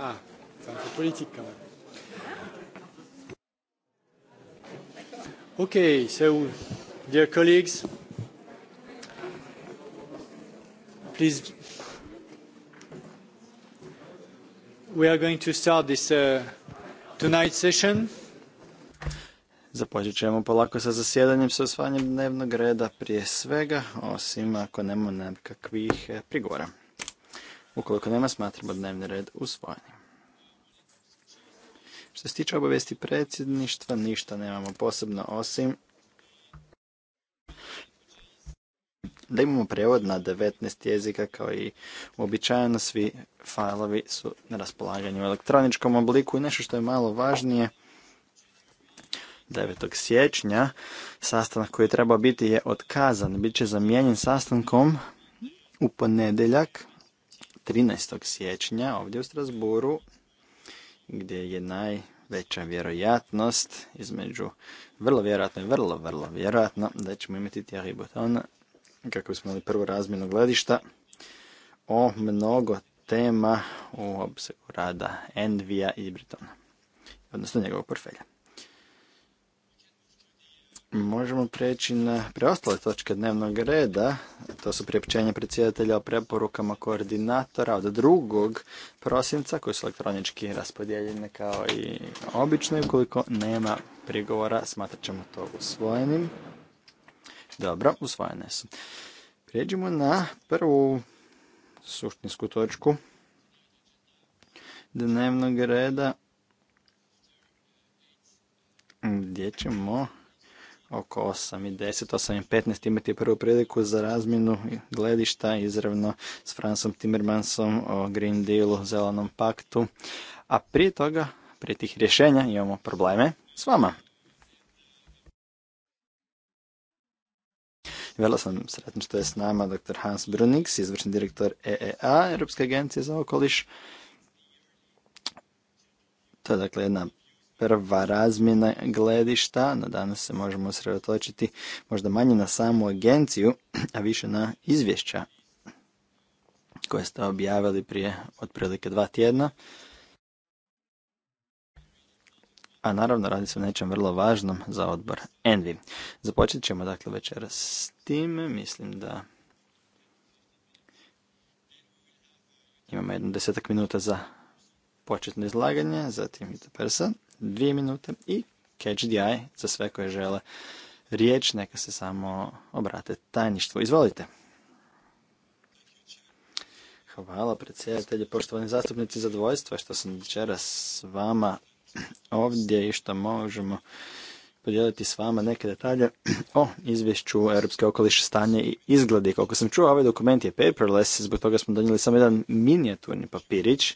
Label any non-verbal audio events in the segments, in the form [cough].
Ah, c'est un peu politique quand même. Okay, so, dear colleagues, please, we are going to start this uh, tonight's session. Započet ćemo polako sa zasjedanjem sa osvanjem dnevnog reda prije svega, osim ako nema nekakvih eh, prigora. Ukoliko nema, smatramo dnevni red usvojenim. Što se tiče obavijesti predsjedništva, ništa nemamo posebno osim da imamo prevod na 19 jezika kao i uobičajeno svi failovi su na raspolaganju u elektroničkom obliku i nešto što je malo važnije 9. siječnja sastanak koji je trebao biti je otkazan, bit će zamijenjen sastankom u ponedjeljak 13. siječnja ovdje u Strasburu gdje je najveća vjerojatnost između vrlo vjerojatno i vrlo, vrlo vjerojatno da ćemo imati Thierry Bouton, kako bismo imali prvo razmjeno gledišta o mnogo tema u obsegu rada Envija i Britona, odnosno njegovog portfelja. Možemo preći na preostale točke dnevnog reda. To su priopćenje predsjedatelja o preporukama koordinatora od drugog prosinca koji su elektronički raspodijeljene kao i obično. Ukoliko nema prigovora smatrat ćemo to usvojenim. Dobro, usvojene su. Prijeđimo na prvu suštinsku točku dnevnog reda gdje ćemo oko 8 i 10, 8 i 15 imati prvu priliku za razmjenu gledišta izravno s Fransom Timmermansom o Green Dealu, Zelenom paktu. A prije toga, prije tih rješenja imamo probleme s vama. Vela sam sretan što je s nama dr. Hans Brunix, izvršni direktor EEA, Europske agencije za okoliš. To je dakle jedna prva razmjena gledišta, no danas se možemo sredotočiti možda manje na samu agenciju, a više na izvješća koje ste objavili prije otprilike dva tjedna. A naravno radi se o nečem vrlo važnom za odbor Envi. Započet ćemo dakle večeras s tim. Mislim da imamo jedno desetak minuta za početno izlaganje, zatim i person dvije minute i catch the eye za sve koje žele riječ, neka se samo obrate tajništvu. Izvolite. Hvala predsjedatelje, poštovani zastupnici zadovoljstva što sam večeras s vama ovdje i što možemo podijeliti s vama neke detalje o izvješću Europske okoliše stanje i izgledi. Koliko sam čuo, ovaj dokument je paperless, zbog toga smo donijeli samo jedan minijaturni papirić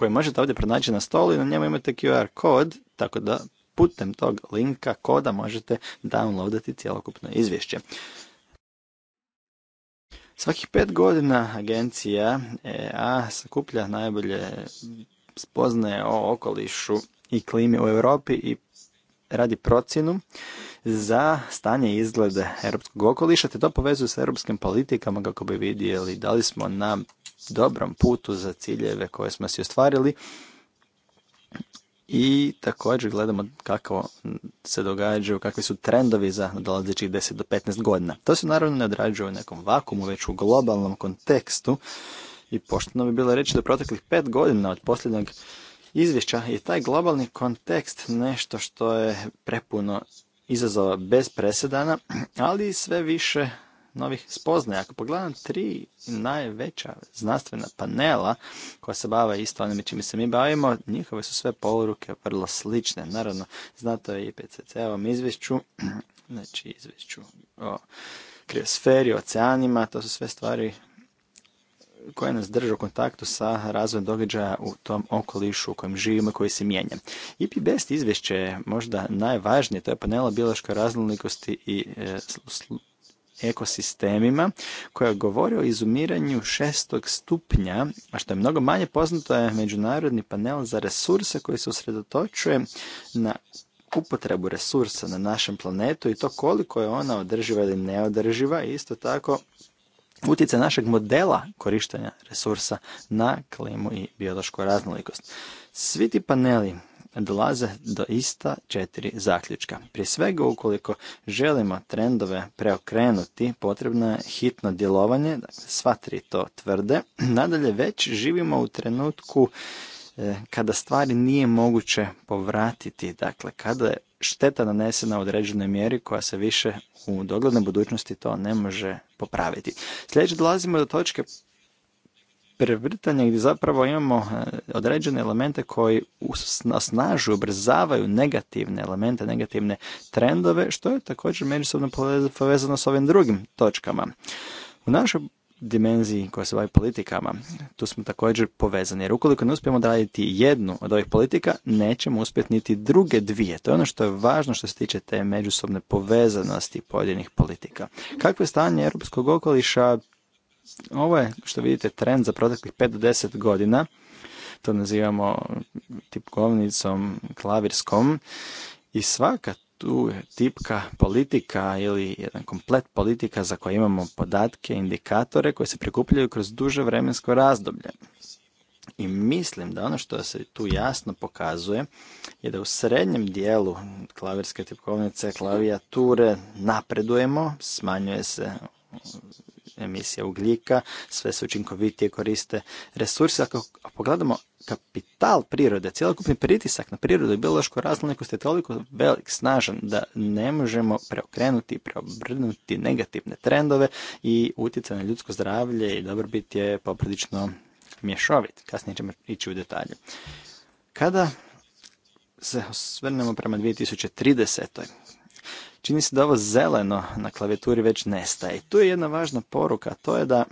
koju možete ovdje pronaći na stolu i na njemu imate QR kod, tako da putem tog linka koda možete downloadati cjelokupno izvješće. Svakih pet godina agencija EA sakuplja najbolje spoznaje o okolišu i klimi u Europi i radi procjenu za stanje i izglede europskog okoliša, te to povezuje sa europskim politikama kako bi vidjeli da li smo na dobrom putu za ciljeve koje smo si ostvarili i također gledamo kako se događaju, kakvi su trendovi za dolazećih 10 do 15 godina. To se naravno ne odrađuje u nekom vakumu, već u globalnom kontekstu i pošteno bi bilo reći da proteklih pet godina od posljednjeg izvješća je taj globalni kontekst nešto što je prepuno izazova bez presedana, ali i sve više novih spoznaja. Ako pogledam tri najveća znanstvena panela koja se bave isto onime čime se mi bavimo, njihove su sve poruke vrlo slične. Naravno, znate je i PCC-ovom izvješću, znači izvješću o kriosferi, oceanima, to su sve stvari koja nas drže u kontaktu sa razvojem događaja u tom okolišu u kojem živimo i koji se mijenja. IP-Best izvješće je možda najvažnije, to je panela biološke raznolikosti i e, ekosistemima koja govori o izumiranju šestog stupnja, a što je mnogo manje poznato je Međunarodni panel za resurse koji se usredotočuje na upotrebu resursa na našem planetu i to koliko je ona održiva ili neodrživa i isto tako utjecaj našeg modela korištenja resursa na klimu i biološku raznolikost. Svi ti paneli dolaze do ista četiri zaključka. Prije svega, ukoliko želimo trendove preokrenuti, potrebno je hitno djelovanje, dakle, sva tri to tvrde. Nadalje, već živimo u trenutku E, kada stvari nije moguće povratiti, dakle kada je šteta nanesena u određenoj mjeri koja se više u doglednoj budućnosti to ne može popraviti. Sljedeće dolazimo do točke prevrtanja gdje zapravo imamo e, određene elemente koji osnažuju, ubrzavaju negativne elemente, negativne trendove, što je također međusobno povezano s ovim drugim točkama. U našoj dimenziji koja se bavi politikama. Tu smo također povezani, jer ukoliko ne uspijemo raditi jednu od ovih politika, nećemo uspjeti niti druge dvije. To je ono što je važno što se tiče te međusobne povezanosti pojedinih politika. Kakvo je stanje europskog okoliša? Ovo je, što vidite, trend za proteklih 5 do 10 godina. To nazivamo tipkovnicom klavirskom. I svaka tu tipka politika ili jedan komplet politika za koje imamo podatke, indikatore koje se prikupljaju kroz duže vremensko razdoblje. I mislim da ono što se tu jasno pokazuje je da u srednjem dijelu klavirske tipkovnice klavijature napredujemo, smanjuje se emisija ugljika, sve se učinkovitije koriste resursi. Ako pogledamo kapital prirode, cjelokupni pritisak na prirodu i biološku raznolikost je toliko velik, snažan da ne možemo preokrenuti i preobrnuti negativne trendove i utjecaj na ljudsko zdravlje i dobrobit je poprilično mješovit. Kasnije ćemo ići u detalje. Kada se osvrnemo prema 2030. Čini se da ovo zeleno na klavijaturi već nestaje. I tu je jedna važna poruka, to je da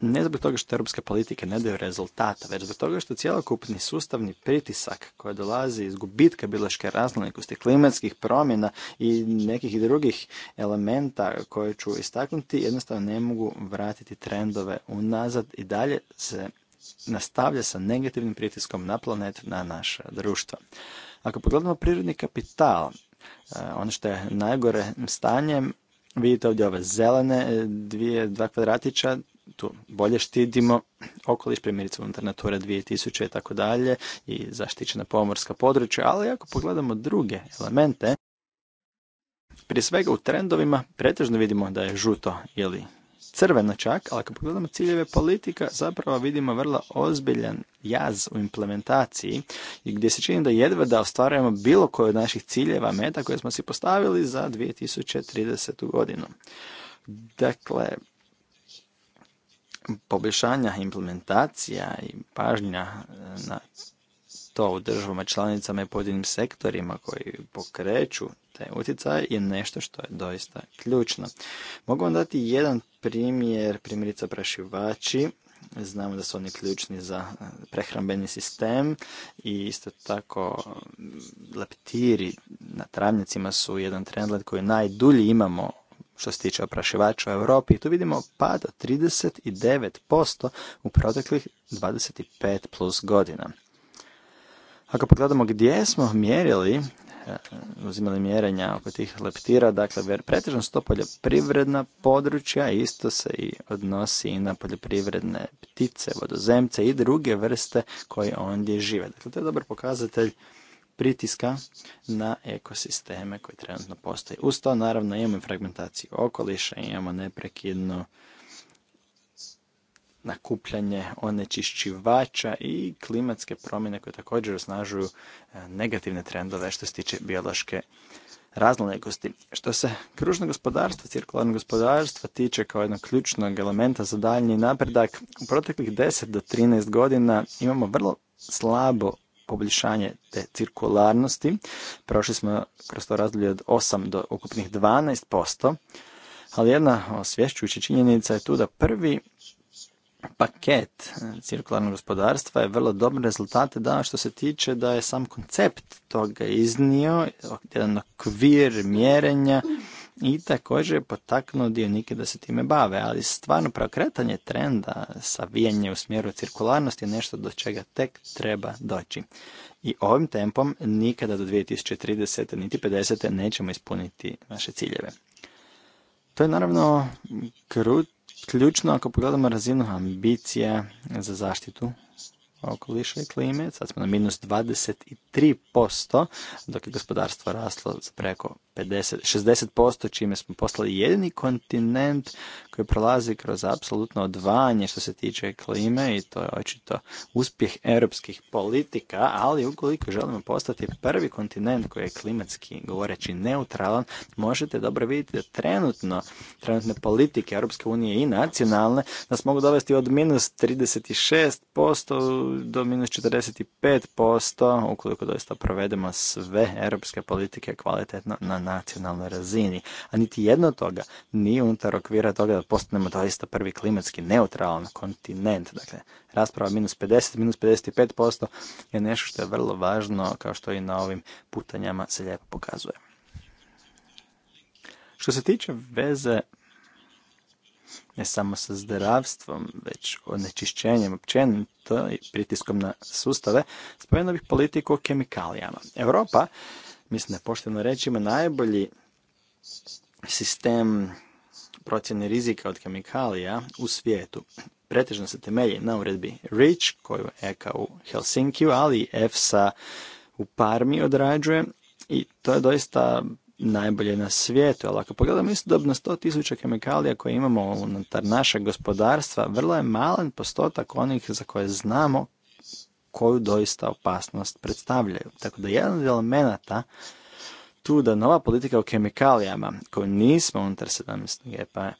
ne zbog toga što europske politike ne daju rezultata, već zbog toga što cjelokupni sustavni pritisak koji dolazi iz gubitka biološke raznolikosti, klimatskih promjena i nekih drugih elementa koje ću istaknuti, jednostavno ne mogu vratiti trendove unazad i dalje se nastavlja sa negativnim pritiskom na planet, na naše društva. Ako pogledamo prirodni kapital, E, ono što je najgore stanje, vidite ovdje ove zelene e, dvije, dva kvadratića, tu bolje štidimo okoliš, primjerice unutar Natura 2000 i tako dalje i zaštićena pomorska područja, ali ako pogledamo druge elemente, prije svega u trendovima pretežno vidimo da je žuto ili crveno čak, ali ako pogledamo ciljeve politika, zapravo vidimo vrlo ozbiljan jaz u implementaciji gdje se čini da jedva da ostvarujemo bilo koje od naših ciljeva meta koje smo si postavili za 2030. godinu. Dakle, poboljšanja implementacija i pažnja na u državama članicama i pojedinim sektorima koji pokreću taj utjecaj je nešto što je doista ključno. Mogu vam dati jedan primjer, primjerice prašivači, znamo da su oni ključni za eh, prehrambeni sistem i isto tako mm, leptiri na travnicima su jedan trendlet koji najdulji imamo što se tiče oprašivača u Europi. I tu vidimo pad od 39% u proteklih 25 plus godina. Ako pogledamo gdje smo mjerili, e, uzimali mjerenja oko tih leptira, dakle pretežno su to poljoprivredna područja, isto se i odnosi i na poljoprivredne ptice, vodozemce i druge vrste koje ondje žive. Dakle, to je dobar pokazatelj pritiska na ekosisteme koji trenutno postoji. Uz to naravno imamo fragmentaciju okoliša, imamo neprekidnu nakupljanje onečišćivača i klimatske promjene koje također osnažuju e, negativne trendove što se tiče biološke raznolikosti. Što se kružno gospodarstvo, cirkularno gospodarstvo tiče kao jednog ključnog elementa za daljnji napredak, u proteklih 10 do 13 godina imamo vrlo slabo poboljšanje te cirkularnosti. Prošli smo kroz to razdoblje od 8 do ukupnih 12%, ali jedna osvješćujuća činjenica je tu da prvi paket eh, cirkularnog gospodarstva je vrlo dobre rezultate danas što se tiče da je sam koncept toga iznio, jedan okvir mjerenja i također je potaknuo dionike da se time bave, ali stvarno preokretanje trenda, savijanje u smjeru cirkularnosti je nešto do čega tek treba doći. I ovim tempom nikada do 2030. niti 50. nećemo ispuniti naše ciljeve. To je naravno krut ključno ako pogledamo razinu ambicija za zaštitu okoliša i klime. Sad smo na minus 23%, dok je gospodarstvo raslo za preko 50, 60%, čime smo poslali jedini kontinent koji prolazi kroz apsolutno odvajanje što se tiče klime i to je očito uspjeh europskih politika, ali ukoliko želimo postati prvi kontinent koji je klimatski govoreći neutralan, možete dobro vidjeti da trenutno, trenutne politike Europske unije i nacionalne nas mogu dovesti od minus 36% do minus 45% ukoliko doista provedemo sve europske politike kvalitetno na nacionalnoj razini, a niti jedno od toga nije unutar okvira toga da postanemo doista prvi klimatski neutralan kontinent. Dakle, rasprava minus 50, minus 55% je nešto što je vrlo važno, kao što i na ovim putanjama se lijepo pokazuje. Što se tiče veze ne samo sa zdravstvom, već onečišćenjem općenito i pritiskom na sustave, spomenuo bih politiku o kemikalijama. Europa mislim da je pošteno reći, ima najbolji sistem procjene rizika od kemikalija u svijetu. Pretežno se temelji na uredbi REACH, koju EKA u Helsinkiju, ali i EFSA u Parmi odrađuje i to je doista najbolje na svijetu, ali ako pogledamo istodobno 100.000 kemikalija koje imamo unutar našeg gospodarstva, vrlo je malen postotak onih za koje znamo koju doista opasnost predstavljaju. Tako da jedan od elemenata tu da nova politika o kemikalijama koju nismo unutar 17. gepa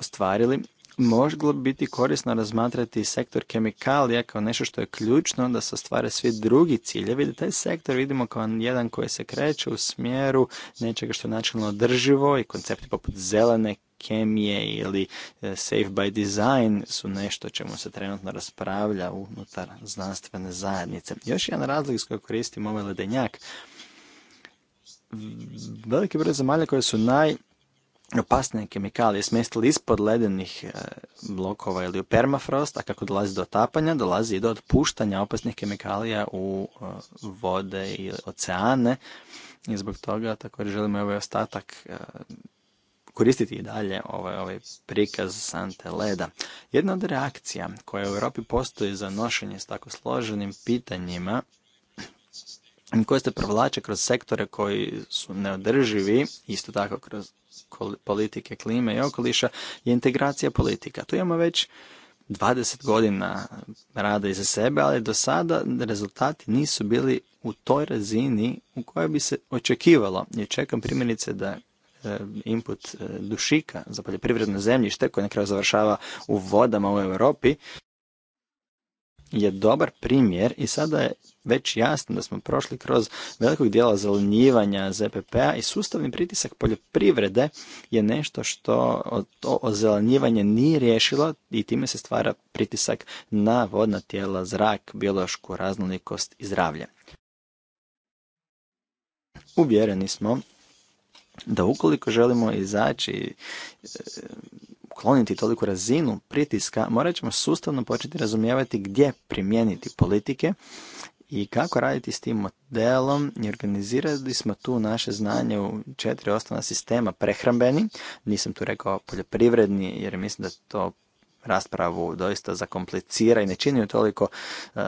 ostvarili, možda biti korisno razmatrati sektor kemikalija kao nešto što je ključno da se ostvare svi drugi ciljevi, da taj sektor vidimo kao jedan koji se kreće u smjeru nečega što je načinno održivo i koncepti poput zelene kemije ili e, safe by design su nešto čemu se trenutno raspravlja unutar znanstvene zajednice. Još jedan razlog iz kojeg koristim ovaj ledenjak. Veliki broj zemalja koje su naj opasne kemikalije smjestili ispod ledenih e, blokova ili u permafrost, a kako dolazi do tapanja, dolazi i do otpuštanja opasnih kemikalija u e, vode i oceane. I zbog toga također želimo ovaj ostatak koristiti i dalje ovaj, ovaj prikaz sante leda. Jedna od reakcija koja u Europi postoji za nošenje s tako složenim pitanjima koje se provlače kroz sektore koji su neodrživi, isto tako kroz politike klime i okoliša, je integracija politika. Tu imamo već 20 godina rada iza sebe, ali do sada rezultati nisu bili u toj razini u kojoj bi se očekivalo. I čekam primjerice da Eh, input eh, dušika za poljoprivredno zemljište koje na završava u vodama u Europi je dobar primjer i sada je već jasno da smo prošli kroz velikog dijela zelenjivanja ZPP-a i sustavni pritisak poljoprivrede je nešto što to ozelenjivanje nije riješilo i time se stvara pritisak na vodna tijela, zrak, biološku raznolikost i zdravlje. Uvjereni smo da ukoliko želimo izaći, e, ukloniti toliku razinu pritiska, morat ćemo sustavno početi razumijevati gdje primijeniti politike i kako raditi s tim modelom i organizirali smo tu naše znanje u četiri osnovna sistema prehrambeni, nisam tu rekao poljoprivredni jer mislim da to raspravu doista zakomplicira i ne čini toliko e,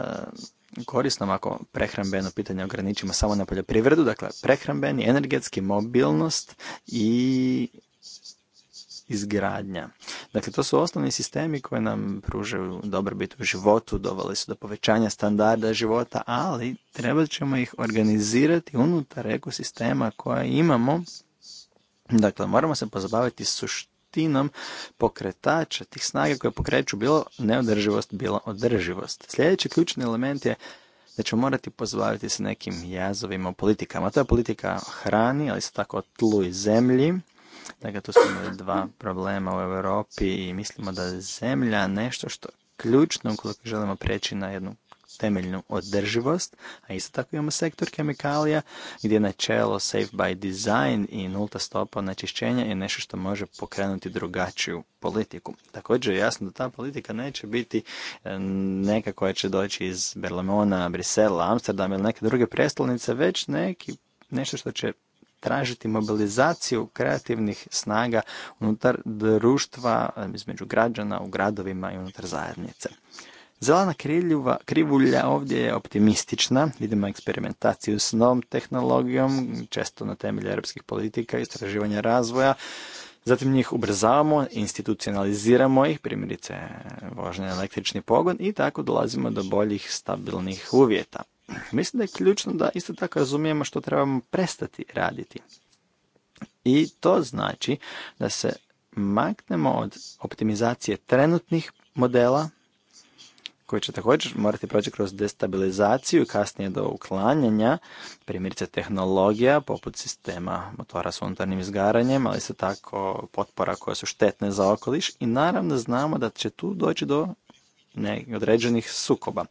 korisnom ako prehrambeno pitanje ograničimo samo na poljoprivredu, dakle prehrambeni, energetski, mobilnost i izgradnja. Dakle, to su osnovni sistemi koji nam pružaju dobrobit u životu, doveli su do povećanja standarda života, ali trebat ćemo ih organizirati unutar ekosistema koja imamo. Dakle, moramo se pozabaviti suštinom nam pokretača tih snaga koje pokreću bilo neodrživost, bilo održivost. Sljedeći ključni element je da ćemo morati pozbaviti se nekim jazovima u politikama. To je politika hrani, ali isto tako tlu i zemlji. Dakle, tu smo dva problema u Europi i mislimo da je zemlja nešto što je ključno ukoliko želimo preći na jednu temeljnu održivost, a isto tako imamo sektor kemikalija gdje je načelo safe by design i nulta stopa onečišćenja je nešto što može pokrenuti drugačiju politiku. Također je jasno da ta politika neće biti e, neka koja će doći iz Berlamona, Brisela, Amsterdam ili neke druge prestolnice, već neki, nešto što će tražiti mobilizaciju kreativnih snaga unutar društva, e, između građana, u gradovima i unutar zajednice. Zelana kriljuva, krivulja ovdje je optimistična, vidimo eksperimentaciju s novom tehnologijom, često na temelju europskih politika, istraživanja razvoja, zatim njih ubrzavamo, institucionaliziramo ih, primjerice vožnje električni pogon i tako dolazimo do boljih stabilnih uvjeta. Mislim da je ključno da isto tako razumijemo što trebamo prestati raditi. I to znači da se maknemo od optimizacije trenutnih modela, koji će također morati proći kroz destabilizaciju i kasnije do uklanjanja, primjerice tehnologija poput sistema motora s unutarnjim izgaranjem, ali se tako potpora koje su štetne za okoliš i naravno znamo da će tu doći do određenih sukoba.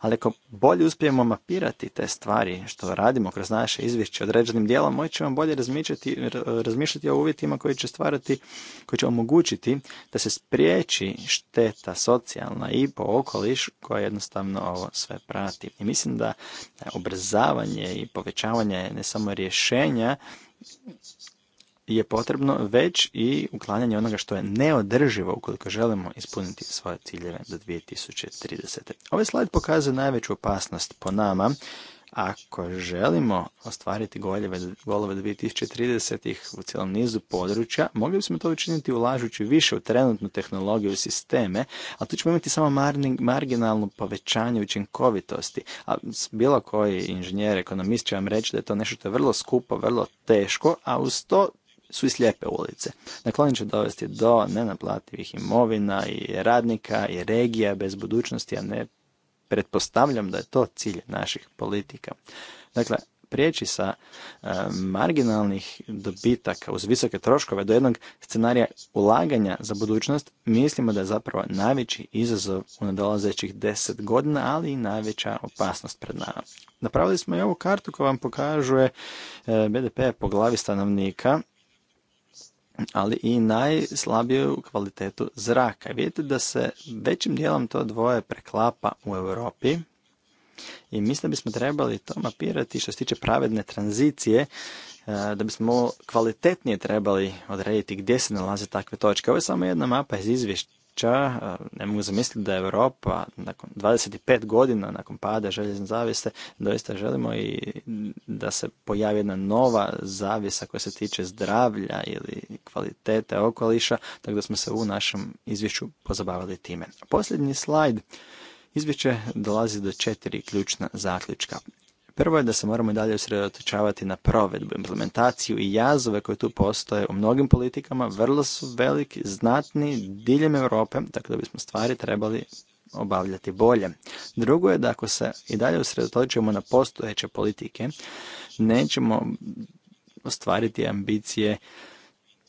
Ali ako bolje uspijemo mapirati te stvari što radimo kroz naše izvješće određenim dijelom, moći ćemo bolje razmišljati, razmišljati o uvjetima koji će stvarati, koji će omogućiti da se spriječi šteta socijalna i po okoliš koja jednostavno ovo sve prati. I mislim da ubrzavanje i povećavanje ne samo rješenja je potrebno već i uklanjanje onoga što je neodrživo ukoliko želimo ispuniti svoje ciljeve do 2030. Ovaj slajd pokazuje najveću opasnost po nama ako želimo ostvariti golove do 2030-ih u cijelom nizu područja, mogli bismo to učiniti ulažući više u trenutnu tehnologiju i sisteme, ali tu ćemo imati samo marginalno povećanje učinkovitosti. A bilo koji inženjer, ekonomist će vam reći da je to nešto što je vrlo skupo, vrlo teško, a uz to su i slijepe ulice. Dakle, oni će dovesti do nenaplativih imovina i radnika i regija bez budućnosti, a ne pretpostavljam da je to cilj naših politika. Dakle, prijeći sa e, marginalnih dobitaka uz visoke troškove do jednog scenarija ulaganja za budućnost, mislimo da je zapravo najveći izazov u nadolazećih deset godina, ali i najveća opasnost pred nama. Napravili smo i ovu kartu koja vam pokažuje e, BDP po glavi stanovnika ali i najslabiju kvalitetu zraka. Vidite da se većim dijelom to dvoje preklapa u Europi i mislim da bismo trebali to mapirati što se tiče pravedne tranzicije e, da bismo kvalitetnije trebali odrediti gdje se nalaze takve točke. Ovo je samo jedna mapa iz izvješća ne mogu zamisliti da Europa nakon 25 godina nakon pada željezne zavise doista želimo i da se pojavi jedna nova zavisa koja se tiče zdravlja ili kvalitete okoliša, tako da smo se u našem izvješću pozabavili time. Posljednji slajd. Izvješće dolazi do četiri ključna zaključka. Prvo je da se moramo i dalje usredotočavati na provedbu, implementaciju i jazove koje tu postoje u mnogim politikama, vrlo su veliki, znatni, diljem Europe, tako da bismo stvari trebali obavljati bolje. Drugo je da ako se i dalje usredotočimo na postojeće politike, nećemo ostvariti ambicije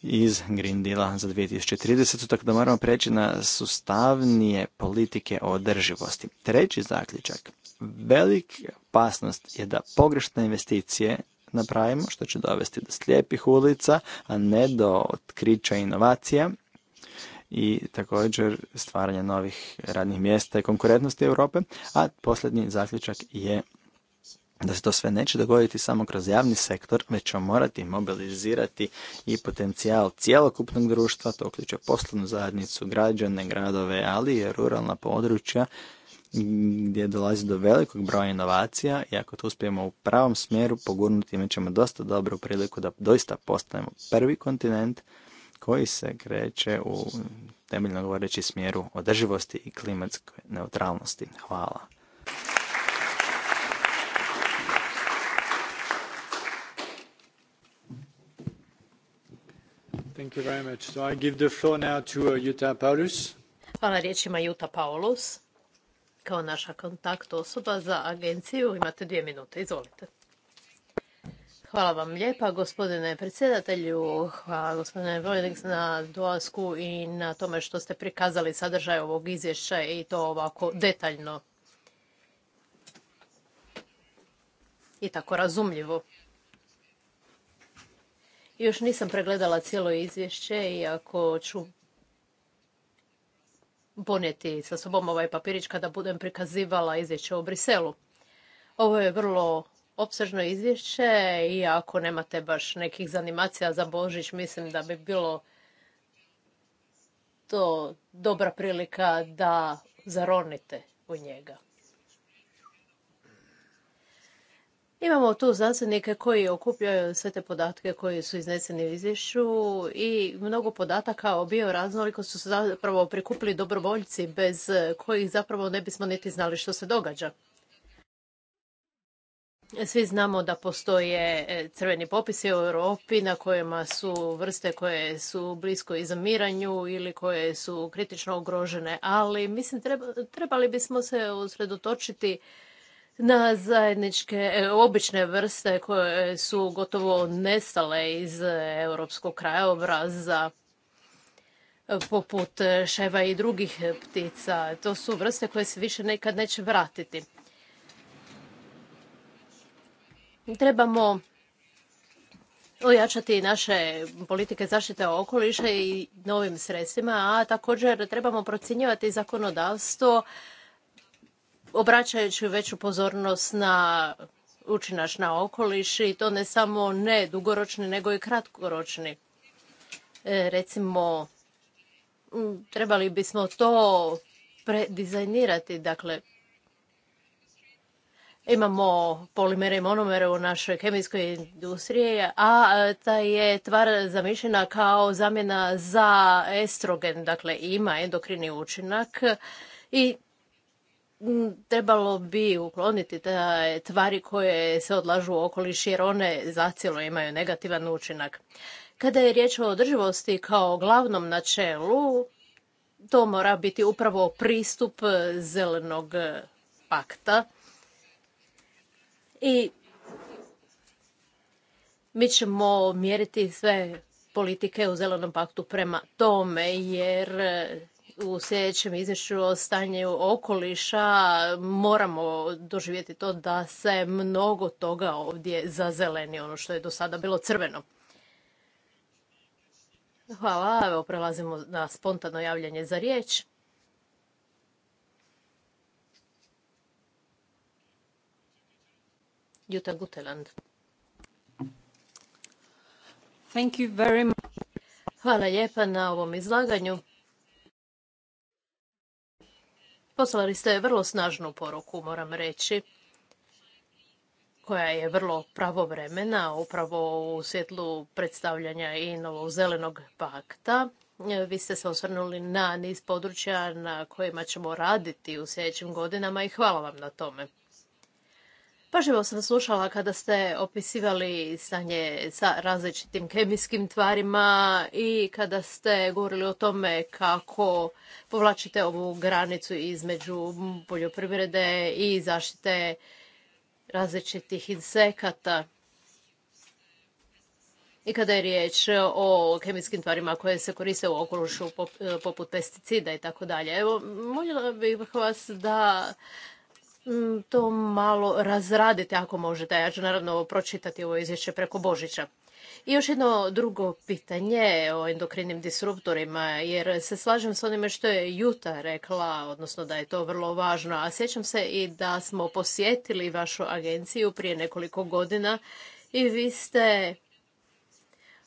iz Green Deala za 2030. Tako da moramo preći na sustavnije politike održivosti. Treći zaključak. Velika opasnost je da pogrešne investicije napravimo, što će dovesti do slijepih ulica, a ne do otkrića inovacija i također stvaranja novih radnih mjesta i konkurentnosti Europe. A posljednji zaključak je da se to sve neće dogoditi samo kroz javni sektor, već ćemo morati mobilizirati i potencijal cijelokupnog društva, to uključuje poslovnu zajednicu, građane, gradove, ali i ruralna područja gdje dolazi do velikog broja inovacija i ako to uspijemo u pravom smjeru pogurnuti, imat ćemo dosta dobru priliku da doista postanemo prvi kontinent koji se kreće u temeljno govoreći smjeru održivosti i klimatske neutralnosti. Hvala. Thank you I give the floor now to uh, Jutta Paulus. Hvala riječima Juta Paulus. Kao naša kontakt osoba za agenciju imate dvije minute. Izvolite. Hvala vam lijepa, gospodine predsjedatelju. Hvala, gospodine Vojnik, na dolasku i na tome što ste prikazali sadržaj ovog izvješća i to ovako detaljno i tako razumljivo. Još nisam pregledala cijelo izvješće i ako ću ponijeti sa sobom ovaj papirić kada budem prikazivala izvješće o Briselu. Ovo je vrlo opsežno izvješće i ako nemate baš nekih zanimacija za Božić, mislim da bi bilo to dobra prilika da zaronite u njega. Imamo tu znanstvenike koji okupljaju sve te podatke koji su izneseni u izvješću i mnogo podataka o bioraznolikosti su se zapravo prikupili dobrovoljci bez kojih zapravo ne bismo niti znali što se događa. Svi znamo da postoje e, crveni popisi u Europi na kojima su vrste koje su blisko izamiranju ili koje su kritično ugrožene, ali mislim trebali bismo se usredotočiti na zajedničke e, obične vrste koje su gotovo nestale iz e, europskog krajobraza e, poput ševa i drugih ptica. To su vrste koje se više nekad neće vratiti. Trebamo ojačati naše politike zaštite okoliša i novim sredstvima, a također trebamo procjenjivati zakonodavstvo obraćajući veću pozornost na učinaš na okoliš i to ne samo ne dugoročni nego i kratkoročni. E, recimo, trebali bismo to predizajnirati, dakle, Imamo polimere i monomere u našoj kemijskoj industriji, a e, ta je tvar zamišljena kao zamjena za estrogen, dakle ima endokrini učinak i trebalo bi ukloniti te tvari koje se odlažu u okoliš jer one zacijelo imaju negativan učinak. Kada je riječ o održivosti kao glavnom načelu, to mora biti upravo pristup zelenog pakta. I mi ćemo mjeriti sve politike u zelenom paktu prema tome jer u sljedećem izvješću o stanju okoliša moramo doživjeti to da se mnogo toga ovdje zazeleni, ono što je do sada bilo crveno. Hvala, evo prelazimo na spontano javljanje za riječ. Juta Guteland. Hvala lijepa na ovom izlaganju. Poslali ste vrlo snažnu poruku, moram reći, koja je vrlo pravovremena, upravo u svjetlu predstavljanja i novog zelenog pakta. Vi ste se osvrnuli na niz područja na kojima ćemo raditi u sljedećim godinama i hvala vam na tome. Pažljivo sam slušala kada ste opisivali stanje sa različitim kemijskim tvarima i kada ste govorili o tome kako povlačite ovu granicu između poljoprivrede i zaštite različitih insekata. I kada je riječ o kemijskim tvarima koje se koriste u okolišu poput pesticida i tako dalje. Evo, moljela bih vas da Mm, to malo razradite ako možete. Ja ću naravno pročitati ovo izvješće preko Božića. I još jedno drugo pitanje o endokrinim disruptorima, jer se slažem s onime što je Juta rekla, odnosno da je to vrlo važno, a sjećam se i da smo posjetili vašu agenciju prije nekoliko godina i vi ste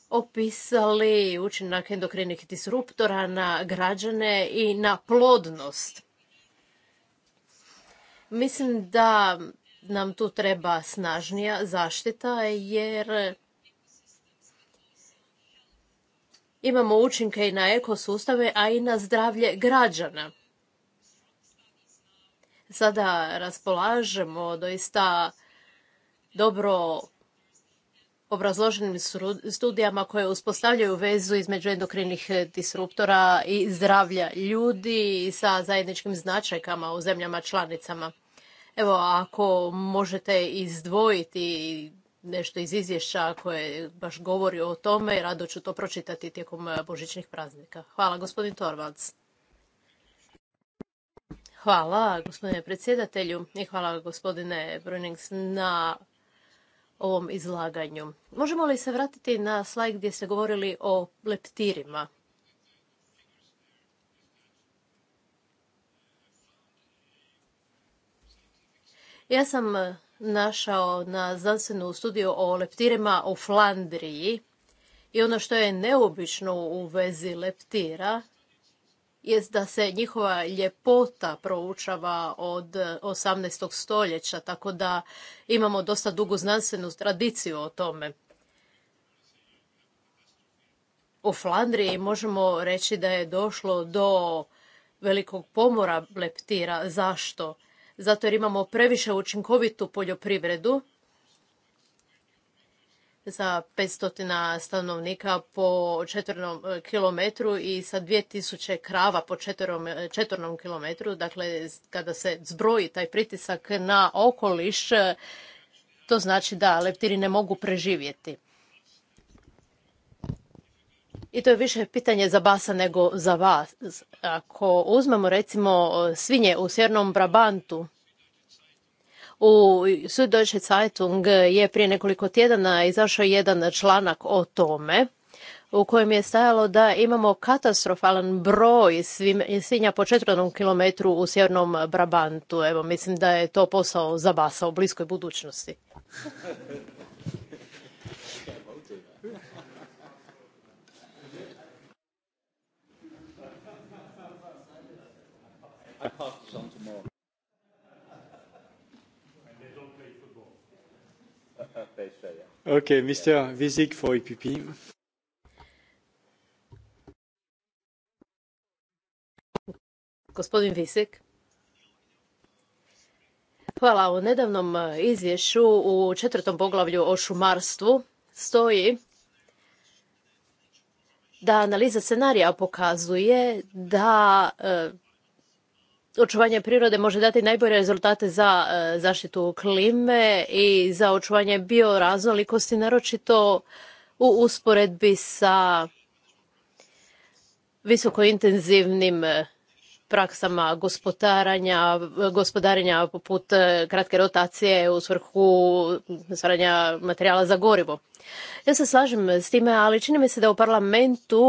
opisali učinak endokrinih disruptora na građane i na plodnost. Mislim da nam tu treba snažnija zaštita jer imamo učinke i na ekosustave, a i na zdravlje građana. Sada raspolažemo doista dobro obrazloženim studijama koje uspostavljaju vezu između endokrinih eh, disruptora i zdravlja ljudi sa zajedničkim značajkama u zemljama članicama. Evo, ako možete izdvojiti nešto iz izvješća koje baš govori o tome, rado ću to pročitati tijekom eh, božićnih praznika. Hvala, gospodin Torvalds. Hvala, gospodine predsjedatelju i hvala, gospodine Brunings, na ovom izlaganju. Možemo li se vratiti na slajd gdje ste govorili o leptirima? Ja sam e, našao na znanstvenu studiju o leptirima u Flandriji i ono što je neobično u vezi leptira jest da se njihova ljepota proučava od 18. stoljeća, tako da imamo dosta dugu znanstvenu tradiciju o tome. U Flandriji možemo reći da je došlo do velikog pomora leptira. Zašto? Zato jer imamo previše učinkovitu poljoprivredu za 500 stanovnika po četvrnom e, kilometru i sa 2000 krava po četvrnom, e, četvrnom kilometru. Dakle, kada se zbroji taj pritisak na okoliš, e, to znači da leptiri ne mogu preživjeti. I to je više pitanje za Basa nego za vas. Ako uzmemo recimo svinje u Sjernom Brabantu, u Süddeutsche Zeitung je prije nekoliko tjedana izašao jedan članak o tome u kojem je stajalo da imamo katastrofalan broj svinja po četvrnom kilometru u sjevernom Brabantu. Evo, mislim da je to posao za basa u bliskoj budućnosti. Okay, Mr. Vizik for EPP. Gospodin Hvala. U nedavnom e, izvješću u četvrtom poglavlju o šumarstvu stoji da analiza scenarija pokazuje da e, očuvanje prirode može dati najbolje rezultate za e, zaštitu klime i za očuvanje bioraznolikosti, naročito u usporedbi sa visokointenzivnim e, praksama gospodaranja, gospodarenja poput e, kratke rotacije u svrhu stvaranja materijala za gorivo. Ja se slažem s time, ali čini mi se da u parlamentu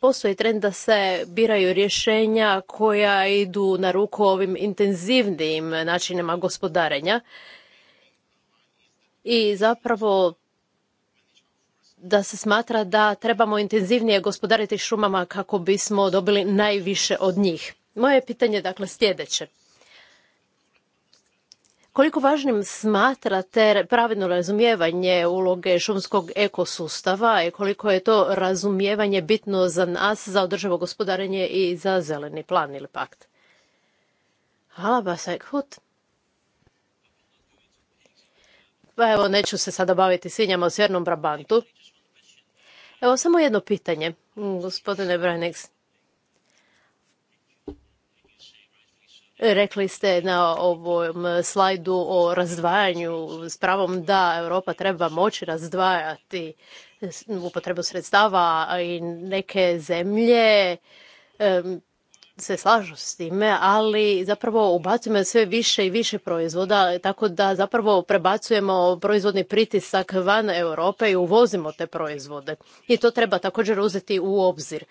postoji trend da se biraju rješenja koja idu na ruku ovim intenzivnim načinima gospodarenja. I zapravo da se smatra da trebamo intenzivnije gospodariti šumama kako bismo dobili najviše od njih. Moje pitanje dakle sljedeće. Koliko važnim smatrate pravedno razumijevanje uloge šumskog ekosustava i koliko je to razumijevanje bitno za nas, za održivo gospodarenje i za zeleni plan ili pakt? Hvala, Pa evo, neću se sada baviti svinjama u Sjernom Brabantu. Evo samo jedno pitanje, mm, gospodine Brajnex. Rekli ste na ovom slajdu o razdvajanju s pravom da Europa treba moći razdvajati upotrebu sredstava i neke zemlje se slažu s time, ali zapravo ubacujemo sve više i više proizvoda, tako da zapravo prebacujemo proizvodni pritisak van Europe i uvozimo te proizvode. I to treba također uzeti u obzir.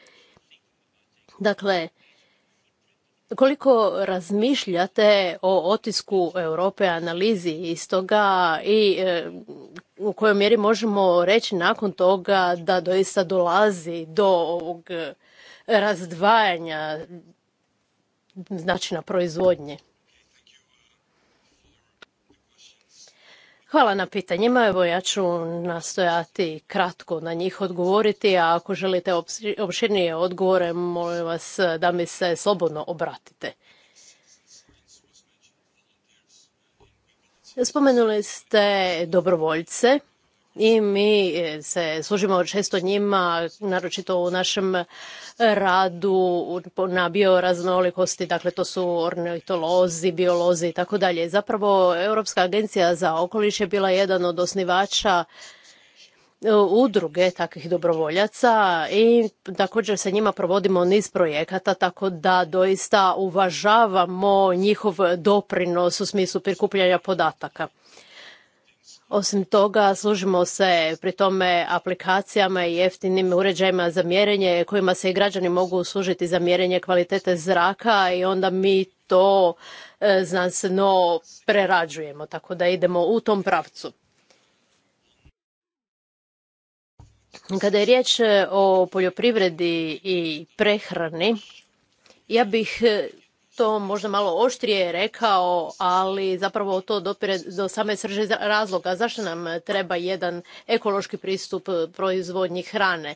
Dakle, koliko razmišljate o otisku Europe, analizi iz toga i e, u kojoj mjeri možemo reći nakon toga da doista dolazi do ovog razdvajanja značina proizvodnje? Hvala na pitanjima. Evo ja ću nastojati kratko na njih odgovoriti, a ako želite opširnije odgovore, molim vas da mi se slobodno obratite. Spomenuli ste dobrovoljce i mi e, se služimo često njima, naročito u našem radu na bioraznolikosti, dakle to su ornitolozi, biolozi i tako dalje. Zapravo Europska agencija za okoliš je bila jedan od osnivača e, udruge takvih dobrovoljaca i također sa njima provodimo niz projekata tako da doista uvažavamo njihov doprinos u smislu prikupljanja podataka. Osim toga, služimo se pri tome aplikacijama i jeftinim uređajima za mjerenje kojima se i građani mogu služiti za mjerenje kvalitete zraka i onda mi to e, znanstveno prerađujemo, tako da idemo u tom pravcu. Kada je riječ e, o poljoprivredi i prehrani, ja bih e, to možda malo oštrije rekao, ali zapravo to dopire do same srže razloga zašto nam treba jedan ekološki pristup proizvodnji hrane.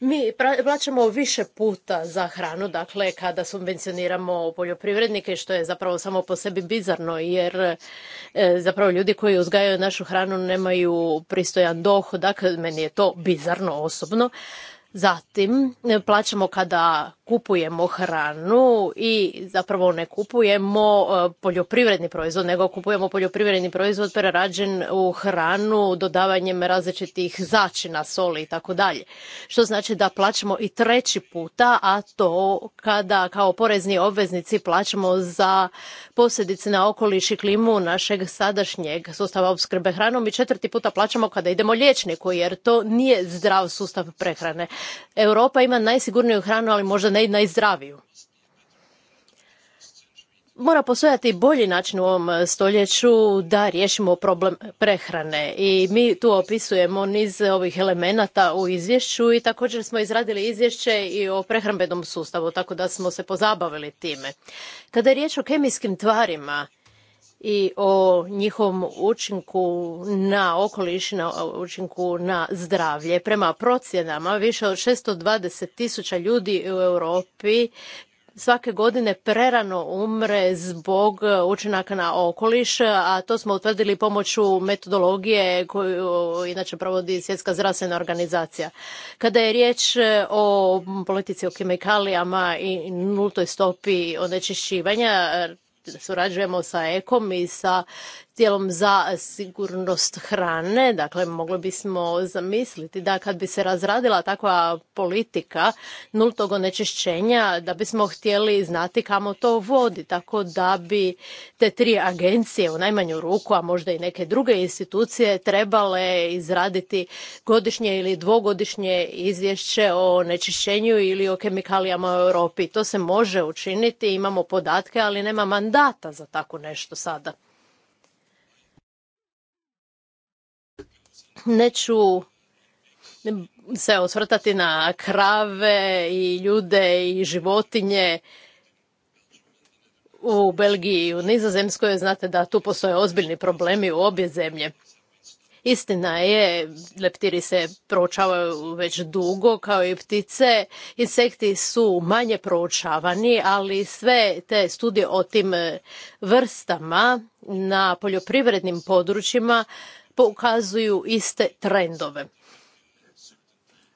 Mi plaćamo više puta za hranu, dakle kada subvencioniramo poljoprivrednike, što je zapravo samo po sebi bizarno, jer e, zapravo ljudi koji uzgajaju našu hranu nemaju pristojan dohodak, meni je to bizarno osobno. Zatim e, plaćamo kada kupujemo hranu i zapravo ne kupujemo e, poljoprivredni proizvod, nego kupujemo poljoprivredni proizvod prerađen u hranu dodavanjem različitih začina, soli i tako dalje. Što znači da plaćamo i treći puta, a to kada kao porezni obveznici plaćamo za posljedice na okoliš i klimu našeg sadašnjeg sustava opskrbe hranom i četvrti puta plaćamo kada idemo liječniku, jer to nije zdrav sustav prehrane. Europa ima najsigurniju hranu, ali možda ne i najzdraviju. Mora postojati bolji način u ovom e, stoljeću da riješimo problem prehrane i mi tu opisujemo niz ovih elemenata u izvješću i također smo izradili izvješće i o prehrambenom sustavu, tako da smo se pozabavili time. Kada je riječ o kemijskim tvarima, i o njihovom učinku na okoliš, na učinku na zdravlje. Prema procjenama više od 620 tisuća ljudi u Europi svake godine prerano umre zbog učinaka na okoliš, a to smo utvrdili pomoću metodologije koju inače provodi Svjetska zdravstvena organizacija. Kada je riječ o politici o kemikalijama i nultoj stopi onečišćivanja, surađujemo sa EKOM i sa tijelom za sigurnost hrane. Dakle, mogli bismo zamisliti da kad bi se razradila takva politika nultog onečišćenja, da bismo htjeli znati kamo to vodi. Tako da bi te tri agencije u najmanju ruku, a možda i neke druge institucije, trebale izraditi godišnje ili dvogodišnje izvješće o onečišćenju ili o kemikalijama u Europi. To se može učiniti, imamo podatke, ali nema mandata za tako nešto sada. Neću se osvrtati na krave i ljude i životinje u Belgiji i u Nizozemskoj. Znate da tu postoje ozbiljni problemi u obje zemlje. Istina je, leptiri se proučavaju već dugo, kao i ptice. Insekti su manje proučavani, ali sve te studije o tim vrstama na poljoprivrednim područjima pokazuju iste trendove.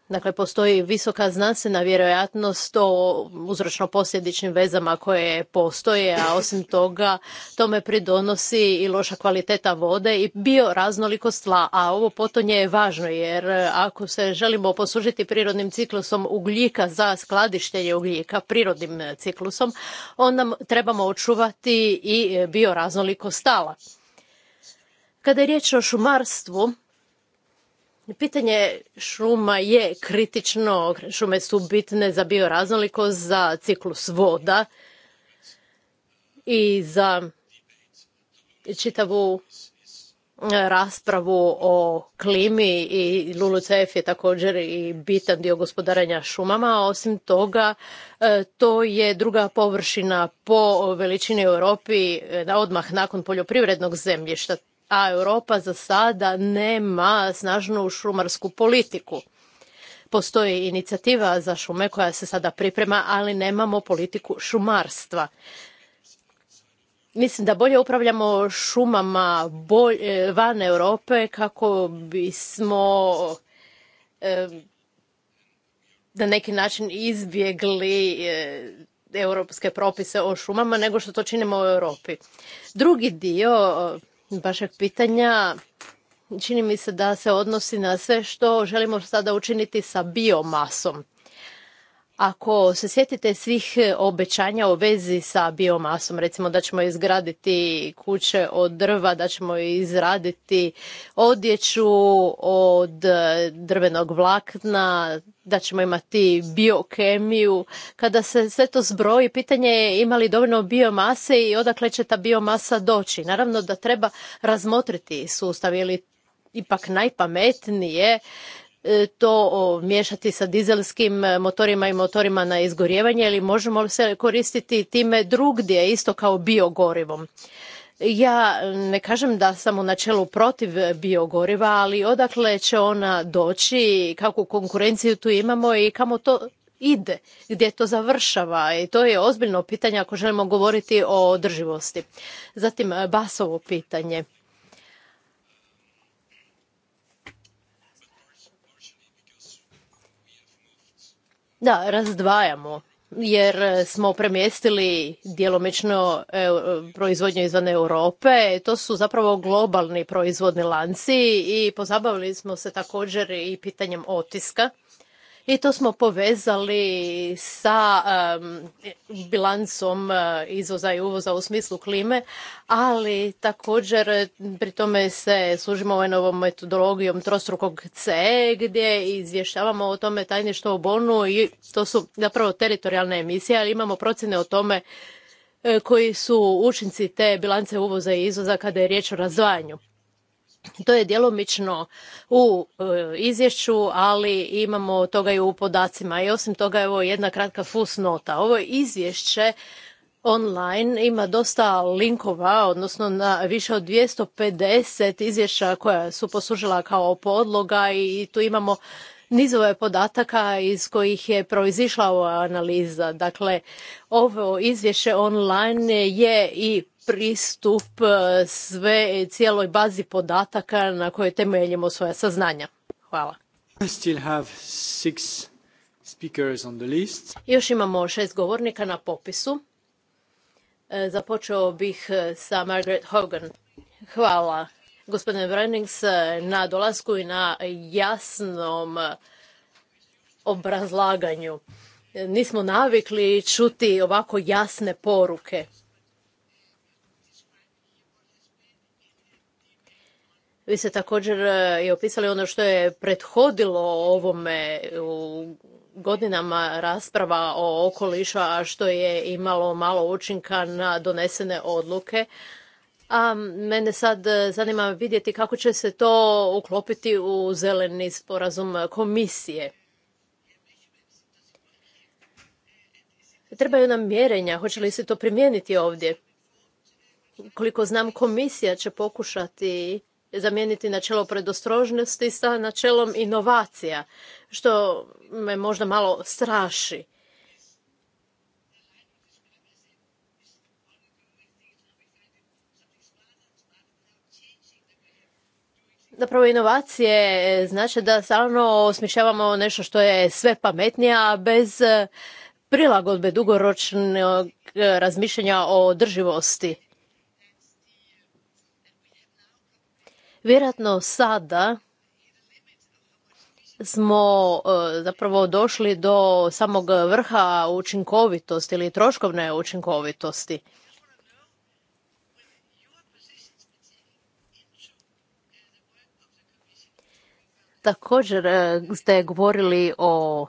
Dakle, postoji visoka znanstvena vjerojatnost o uzročno-posljedičnim vezama koje postoje, a osim toga tome pridonosi i loša kvaliteta vode i bioraznolikost stla, a ovo potonje je važno jer ako se želimo poslužiti prirodnim ciklusom ugljika za skladištenje ugljika prirodnim ciklusom, onda trebamo očuvati i raznoliko stala. Kada je riječ o šumarstvu, Pitanje šuma je kritično. Šume su bitne za bioraznolikost, za ciklus voda i za čitavu e, raspravu o klimi i LULUCF je također i bitan dio gospodaranja šumama. Osim toga, e, to je druga površina po veličini Europi e, odmah nakon poljoprivrednog zemljišta a Europa za sada nema snažnu šumarsku politiku. Postoji inicijativa za šume koja se sada priprema, ali nemamo politiku šumarstva. Mislim da bolje upravljamo šumama e, van Europe kako bismo da e, na neki način izbjegli e, europske propise o šumama nego što to činimo u Europi. Drugi dio vašeg pitanja čini mi se da se odnosi na sve što želimo sada učiniti sa biomasom. Ako se sjetite svih e, obećanja u vezi sa biomasom, recimo da ćemo izgraditi kuće od drva, da ćemo izraditi odjeću od e, drvenog vlakna, da ćemo imati biokemiju, kada se sve to zbroji, pitanje je ima li dovoljno biomase i odakle će ta biomasa doći. Naravno da treba razmotriti sustav, ili ipak najpametnije E, to miješati sa dizelskim e, motorima i motorima na izgorjevanje ili možemo li se koristiti time drugdje isto kao biogorivom. Ja ne kažem da sam u načelu protiv biogoriva, ali odakle će ona doći, kakvu konkurenciju tu imamo i kamo to ide, gdje to završava i to je ozbiljno pitanje ako želimo govoriti o održivosti. Zatim Basovo pitanje. Da, razdvajamo jer smo premjestili djelomično e, proizvodnju izvan Europe. To su zapravo globalni proizvodni lanci i pozabavili smo se također i pitanjem otiska i to smo povezali sa bilancom e, izvoza i uvoza u smislu klime, ali također pri tome se služimo ovaj novom metodologijom trostrukog C gdje izvještavamo o tome tajništvo u Bonu i to su zapravo teritorijalne emisije, ali imamo procjene o tome e, koji su učinci te bilance uvoza i izvoza kada je riječ o razdvajanju. To je djelomično u e, izvješću, ali imamo toga i u podacima. I osim toga, evo jedna kratka fusnota. Ovo izvješće online ima dosta linkova, odnosno na više od 250 izvješća koja su poslužila kao podloga i tu imamo nizove podataka iz kojih je proizišla ova analiza. Dakle, ovo izvješće online je i pristup e, sve cijeloj bazi podataka na kojoj temeljimo svoja saznanja. Hvala. Još imamo šest govornika na popisu. E, započeo bih e, sa Margaret Hogan. Hvala gospodine Brennings na dolasku i na jasnom obrazlaganju. Nismo navikli čuti ovako jasne poruke. Vi ste također e, i opisali ono što je prethodilo ovome u godinama rasprava o okolišu, a što je imalo malo učinka na donesene odluke. A mene sad e, zanima vidjeti kako će se to uklopiti u zeleni sporazum komisije. Trebaju nam mjerenja, hoće li se to primijeniti ovdje? Koliko znam, komisija će pokušati zamijeniti načelo predostrožnosti sa načelom inovacija, što me možda malo straši. zapravo inovacije znači da stalno osmišljavamo nešto što je sve pametnije, a bez prilagodbe dugoročnog razmišljanja o drživosti. Vjerojatno sada smo e, zapravo došli do samog vrha učinkovitosti ili troškovne učinkovitosti. Također e, ste govorili o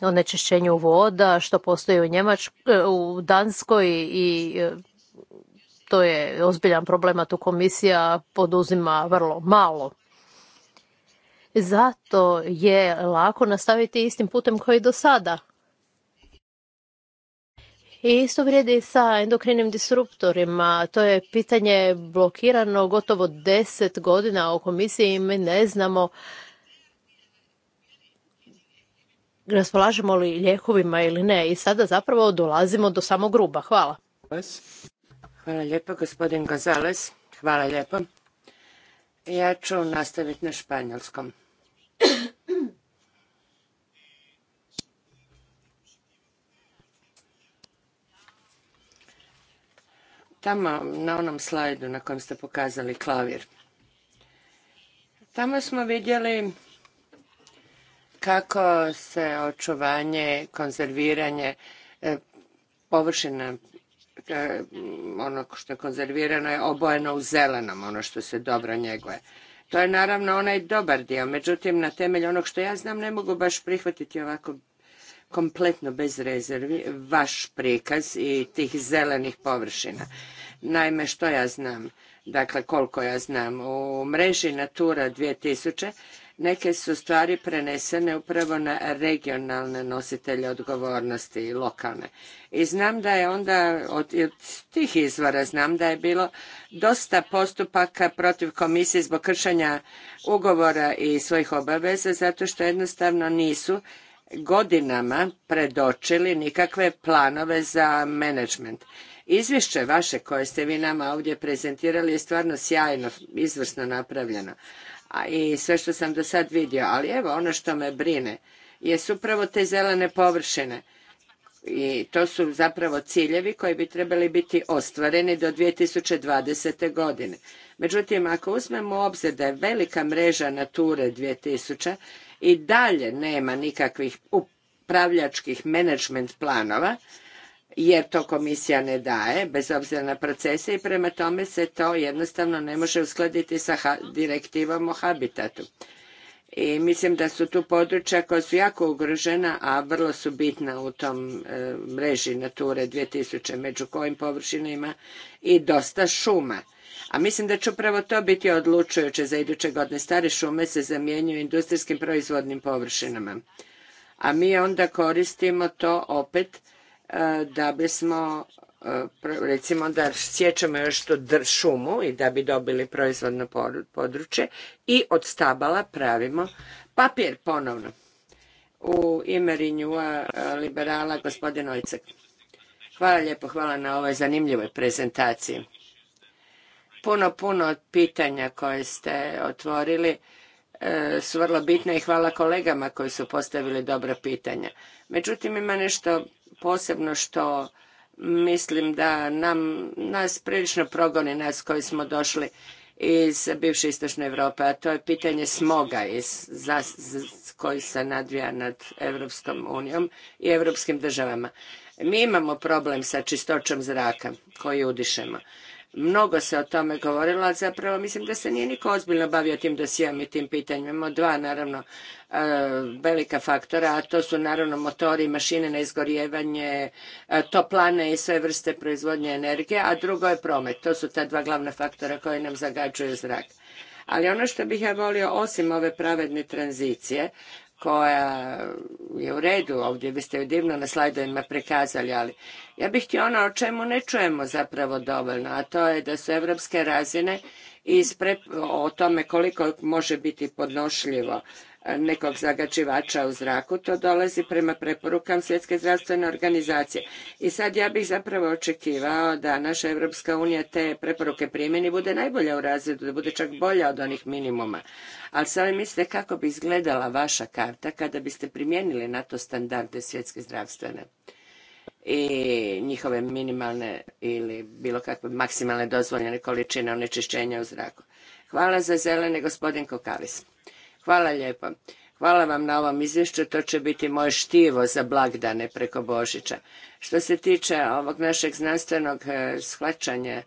onečišćenju voda što postoji u Njemačkoj, e, Danskoj i to je ozbiljan problem, a tu komisija poduzima vrlo malo. Zato je lako nastaviti istim putem koji do sada. I isto vrijedi sa endokrinim disruptorima. To je pitanje blokirano gotovo deset godina u komisiji. Mi ne znamo raspolažemo li lijekovima ili ne. I sada zapravo dolazimo do samog gruba. Hvala. Hvala lijepo, gospodin Gonzales. Hvala lijepo. Ja ću nastaviti na španjolskom. Tamo na onom slajdu na kojem ste pokazali klavir. Tamo smo vidjeli kako se očuvanje, konzerviranje e, površina Dakle, mm, ono što je konzervirano je obojeno u zelenom, ono što se dobro njeguje. To je naravno onaj dobar dio, međutim na temelju onog što ja znam ne mogu baš prihvatiti ovako kompletno bez rezervi vaš prikaz i tih zelenih površina. Naime, što ja znam, dakle koliko ja znam, u mreži Natura 2000 Neke su stvari prenesene upravo na regionalne nositelje odgovornosti i lokalne. I znam da je onda, od, od tih izvora znam da je bilo dosta postupaka protiv komisije zbog kršenja ugovora i svojih obaveza, zato što jednostavno nisu godinama predočili nikakve planove za menadžment. Izvješće vaše koje ste vi nama ovdje prezentirali je stvarno sjajno, izvrsno napravljeno i sve što sam do sad vidio. Ali evo, ono što me brine je upravo te zelene površine. I to su zapravo ciljevi koji bi trebali biti ostvareni do 2020. godine. Međutim, ako uzmemo u obzir da je velika mreža Nature 2000 i dalje nema nikakvih upravljačkih management planova, jer to komisija ne daje, bez obzira na procese i prema tome se to jednostavno ne može uskladiti sa direktivom o habitatu. I mislim da su tu područja koja su jako ugrožena, a vrlo su bitna u tom e, mreži Nature 2000, među kojim površinama i dosta šuma. A mislim da će upravo to biti odlučujuće za iduće godine. Stare šume se zamjenjuju industrijskim proizvodnim površinama. A mi onda koristimo to opet da bismo e, recimo da sjećamo još dr šumu i da bi dobili proizvodno područje i od stabala pravimo papir ponovno. U ime e, liberala gospodin Ojcek. Hvala lijepo, hvala na ovoj zanimljivoj prezentaciji. Puno, puno pitanja koje ste otvorili e, su vrlo bitne i hvala kolegama koji su postavili dobra pitanja. Međutim, ima nešto posebno što mislim da nam, nas prilično progoni nas koji smo došli iz bivše istočne Europe, a to je pitanje smoga iz, za, koji se nadvija nad Europskom unijom i europskim državama. Mi imamo problem sa čistoćom zraka koji udišemo. Mnogo se o tome govorilo, a zapravo mislim da se nije niko ozbiljno bavio tim dosijom i tim pitanjima. Imamo dva, naravno, e, velika faktora, a to su naravno motori, mašine na izgorjevanje, e, toplane i sve vrste proizvodnje energije, a drugo je promet. To su ta dva glavna faktora koje nam zagađuju zrak. Ali ono što bih ja volio, osim ove pravedne tranzicije, koja je u redu ovdje, vi ste ju divno na slajdovima prikazali, ali ja bih htio ono o čemu ne čujemo zapravo dovoljno, a to je da su evropske razine o tome koliko može biti podnošljivo nekog zagađivača u zraku. To dolazi prema preporukama Svjetske zdravstvene organizacije. I sad ja bih zapravo očekivao da naša Evropska unija te preporuke primjeni bude najbolja u razredu, da bude čak bolja od onih minimuma. Ali sad mislite kako bi izgledala vaša karta kada biste primijenili NATO standarde Svjetske zdravstvene i njihove minimalne ili bilo kakve maksimalne dozvoljene količine onečišćenja u zraku. Hvala za zelene, gospodin Kokalis. Hvala lijepo. Hvala vam na ovom izvješću, to će biti moje štivo za blagdane preko Božića. Što se tiče ovog našeg znanstvenog e, shvaćanja e,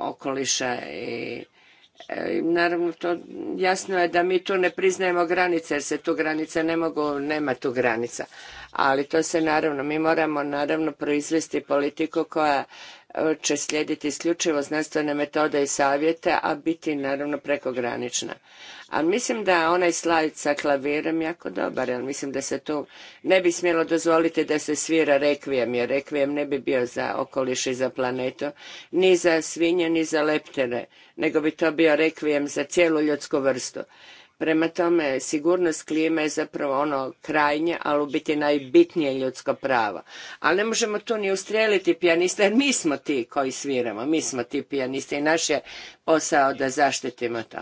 okoliša i e, Naravno, to jasno je da mi tu ne priznajemo granice, jer se tu granice ne mogu, nema tu granica. Ali to se naravno, mi moramo naravno proizvesti politiku koja će slijediti isključivo znanstvene metode i savjete, a biti naravno prekogranična. A mislim da onaj slajd sa klavirom jako dobar, jer mislim da se tu ne bi smjelo dozvoliti da se svira rekvijem, jer rekvijem ne bi bio za okoliš i za planetu, ni za svinje, ni za leptere, nego bi to bio rekvijem za cijelu ljudsku vrstu. Prema tome, sigurnost klime je zapravo ono krajnje, ali u biti najbitnije ljudsko pravo. Ali ne možemo tu ni ustrijeliti pijaniste, jer mi smo ti koji sviramo, mi smo ti pijanisti i naš je posao da zaštitimo to.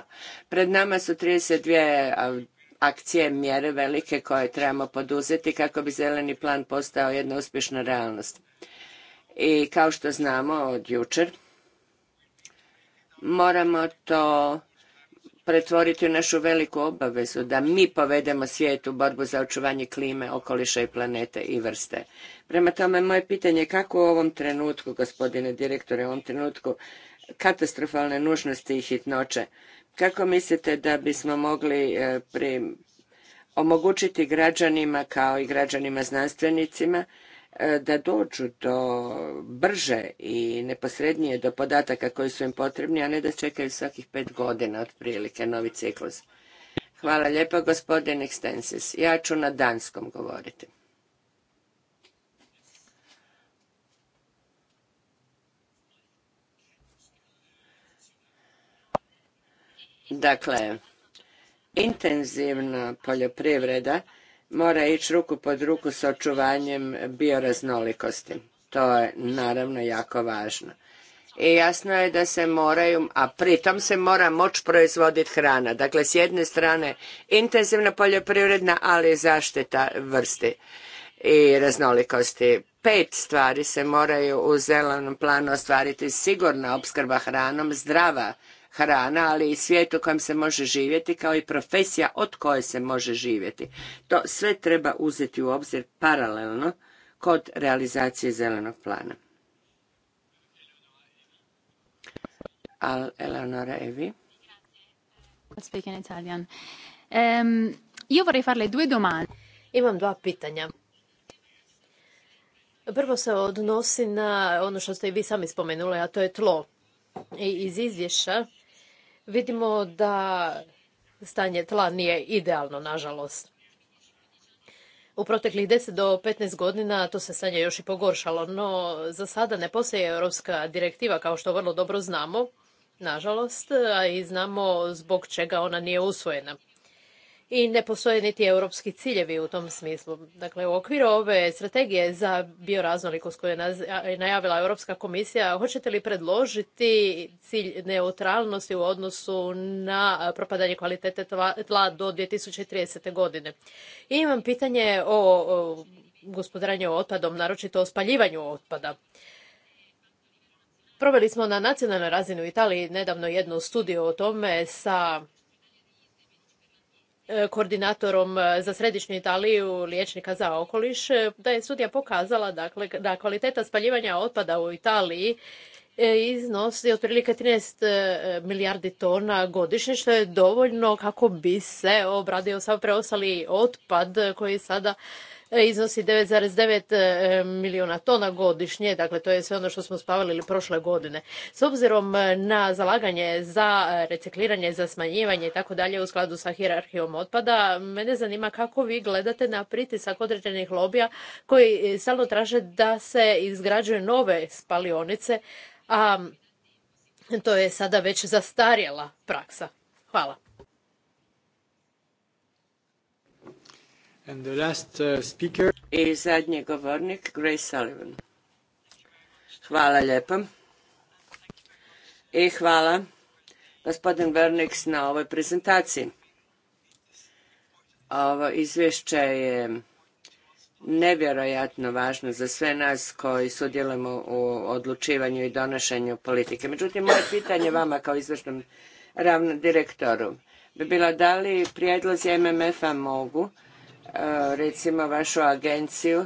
Pred nama su 32 akcije, mjere velike koje trebamo poduzeti kako bi zeleni plan postao jedna uspješna realnost. I kao što znamo od jučer, moramo to pretvoriti u našu veliku obavezu da mi povedemo svijet u borbu za očuvanje klime, okoliša i planete i vrste. Prema tome, moje pitanje je kako u ovom trenutku, gospodine direktore, u ovom trenutku katastrofalne nužnosti i hitnoće, kako mislite da bismo mogli e, pri, omogućiti građanima kao i građanima znanstvenicima E, da dođu do brže i neposrednije do podataka koji su im potrebni, a ne da čekaju svakih pet godina otprilike novi ciklus. Hvala lijepa gospodin Extensis. Ja ću na danskom govoriti. Dakle, intenzivna poljoprivreda mora ići ruku pod ruku s očuvanjem bioraznolikosti. To je naravno jako važno. I jasno je da se moraju, a pritom se mora moć proizvoditi hrana. Dakle, s jedne strane intenzivna poljoprivredna, ali i zaštita vrsti i raznolikosti. Pet stvari se moraju u zelenom planu ostvariti. Sigurna opskrba hranom, zdrava hrana, ali i svijet u kojem se može živjeti, kao i profesija od koje se može živjeti. To sve treba uzeti u obzir paralelno kod realizacije zelenog plana. Ehm, Imam dva pitanja. Prvo se odnosi na ono što ste i vi sami spomenuli, a to je tlo. iz izvješća vidimo da stanje tla nije idealno, nažalost. U proteklih 10 do 15 godina to se stanje još i pogoršalo, no za sada ne postoji europska direktiva, kao što vrlo dobro znamo, nažalost, a i znamo zbog čega ona nije usvojena i ne postoje niti europski ciljevi u tom smislu. Dakle, u okviru ove strategije za bioraznolikost koju je najavila Europska komisija, hoćete li predložiti cilj neutralnosti u odnosu na propadanje kvalitete tla do 2030. godine? I imam pitanje o gospodaranju otpadom, naročito o spaljivanju otpada. Proveli smo na nacionalnoj razini u Italiji nedavno jednu studiju o tome sa E, koordinatorom e, za središnju Italiju liječnika za okoliš, e, da je studija pokazala dakle, da kvaliteta spaljivanja otpada u Italiji iznosi otprilike 13 milijardi tona godišnje, što je dovoljno kako bi se obradio sav preostali otpad koji sada E, iznosi 9,9 e, milijuna tona godišnje, dakle to je sve ono što smo spavali prošle godine. S obzirom e, na zalaganje za recikliranje, za smanjivanje i tako dalje u skladu sa hijerarhijom otpada, mene zanima kako vi gledate na pritisak određenih lobija koji stalno traže da se izgrađuju nove spalionice, a to je sada već zastarjela praksa. Hvala. Uh, I zadnji govornik, Grace Sullivan. Hvala lijepo. I hvala gospodin Vernix na ovoj prezentaciji. Ovo izvješće je nevjerojatno važno za sve nas koji sudjelujemo u odlučivanju i donošenju politike. Međutim, moje pitanje vama kao izvršnom ravnom direktoru bi bilo da li prijedlozi MMF-a mogu recimo vašu agenciju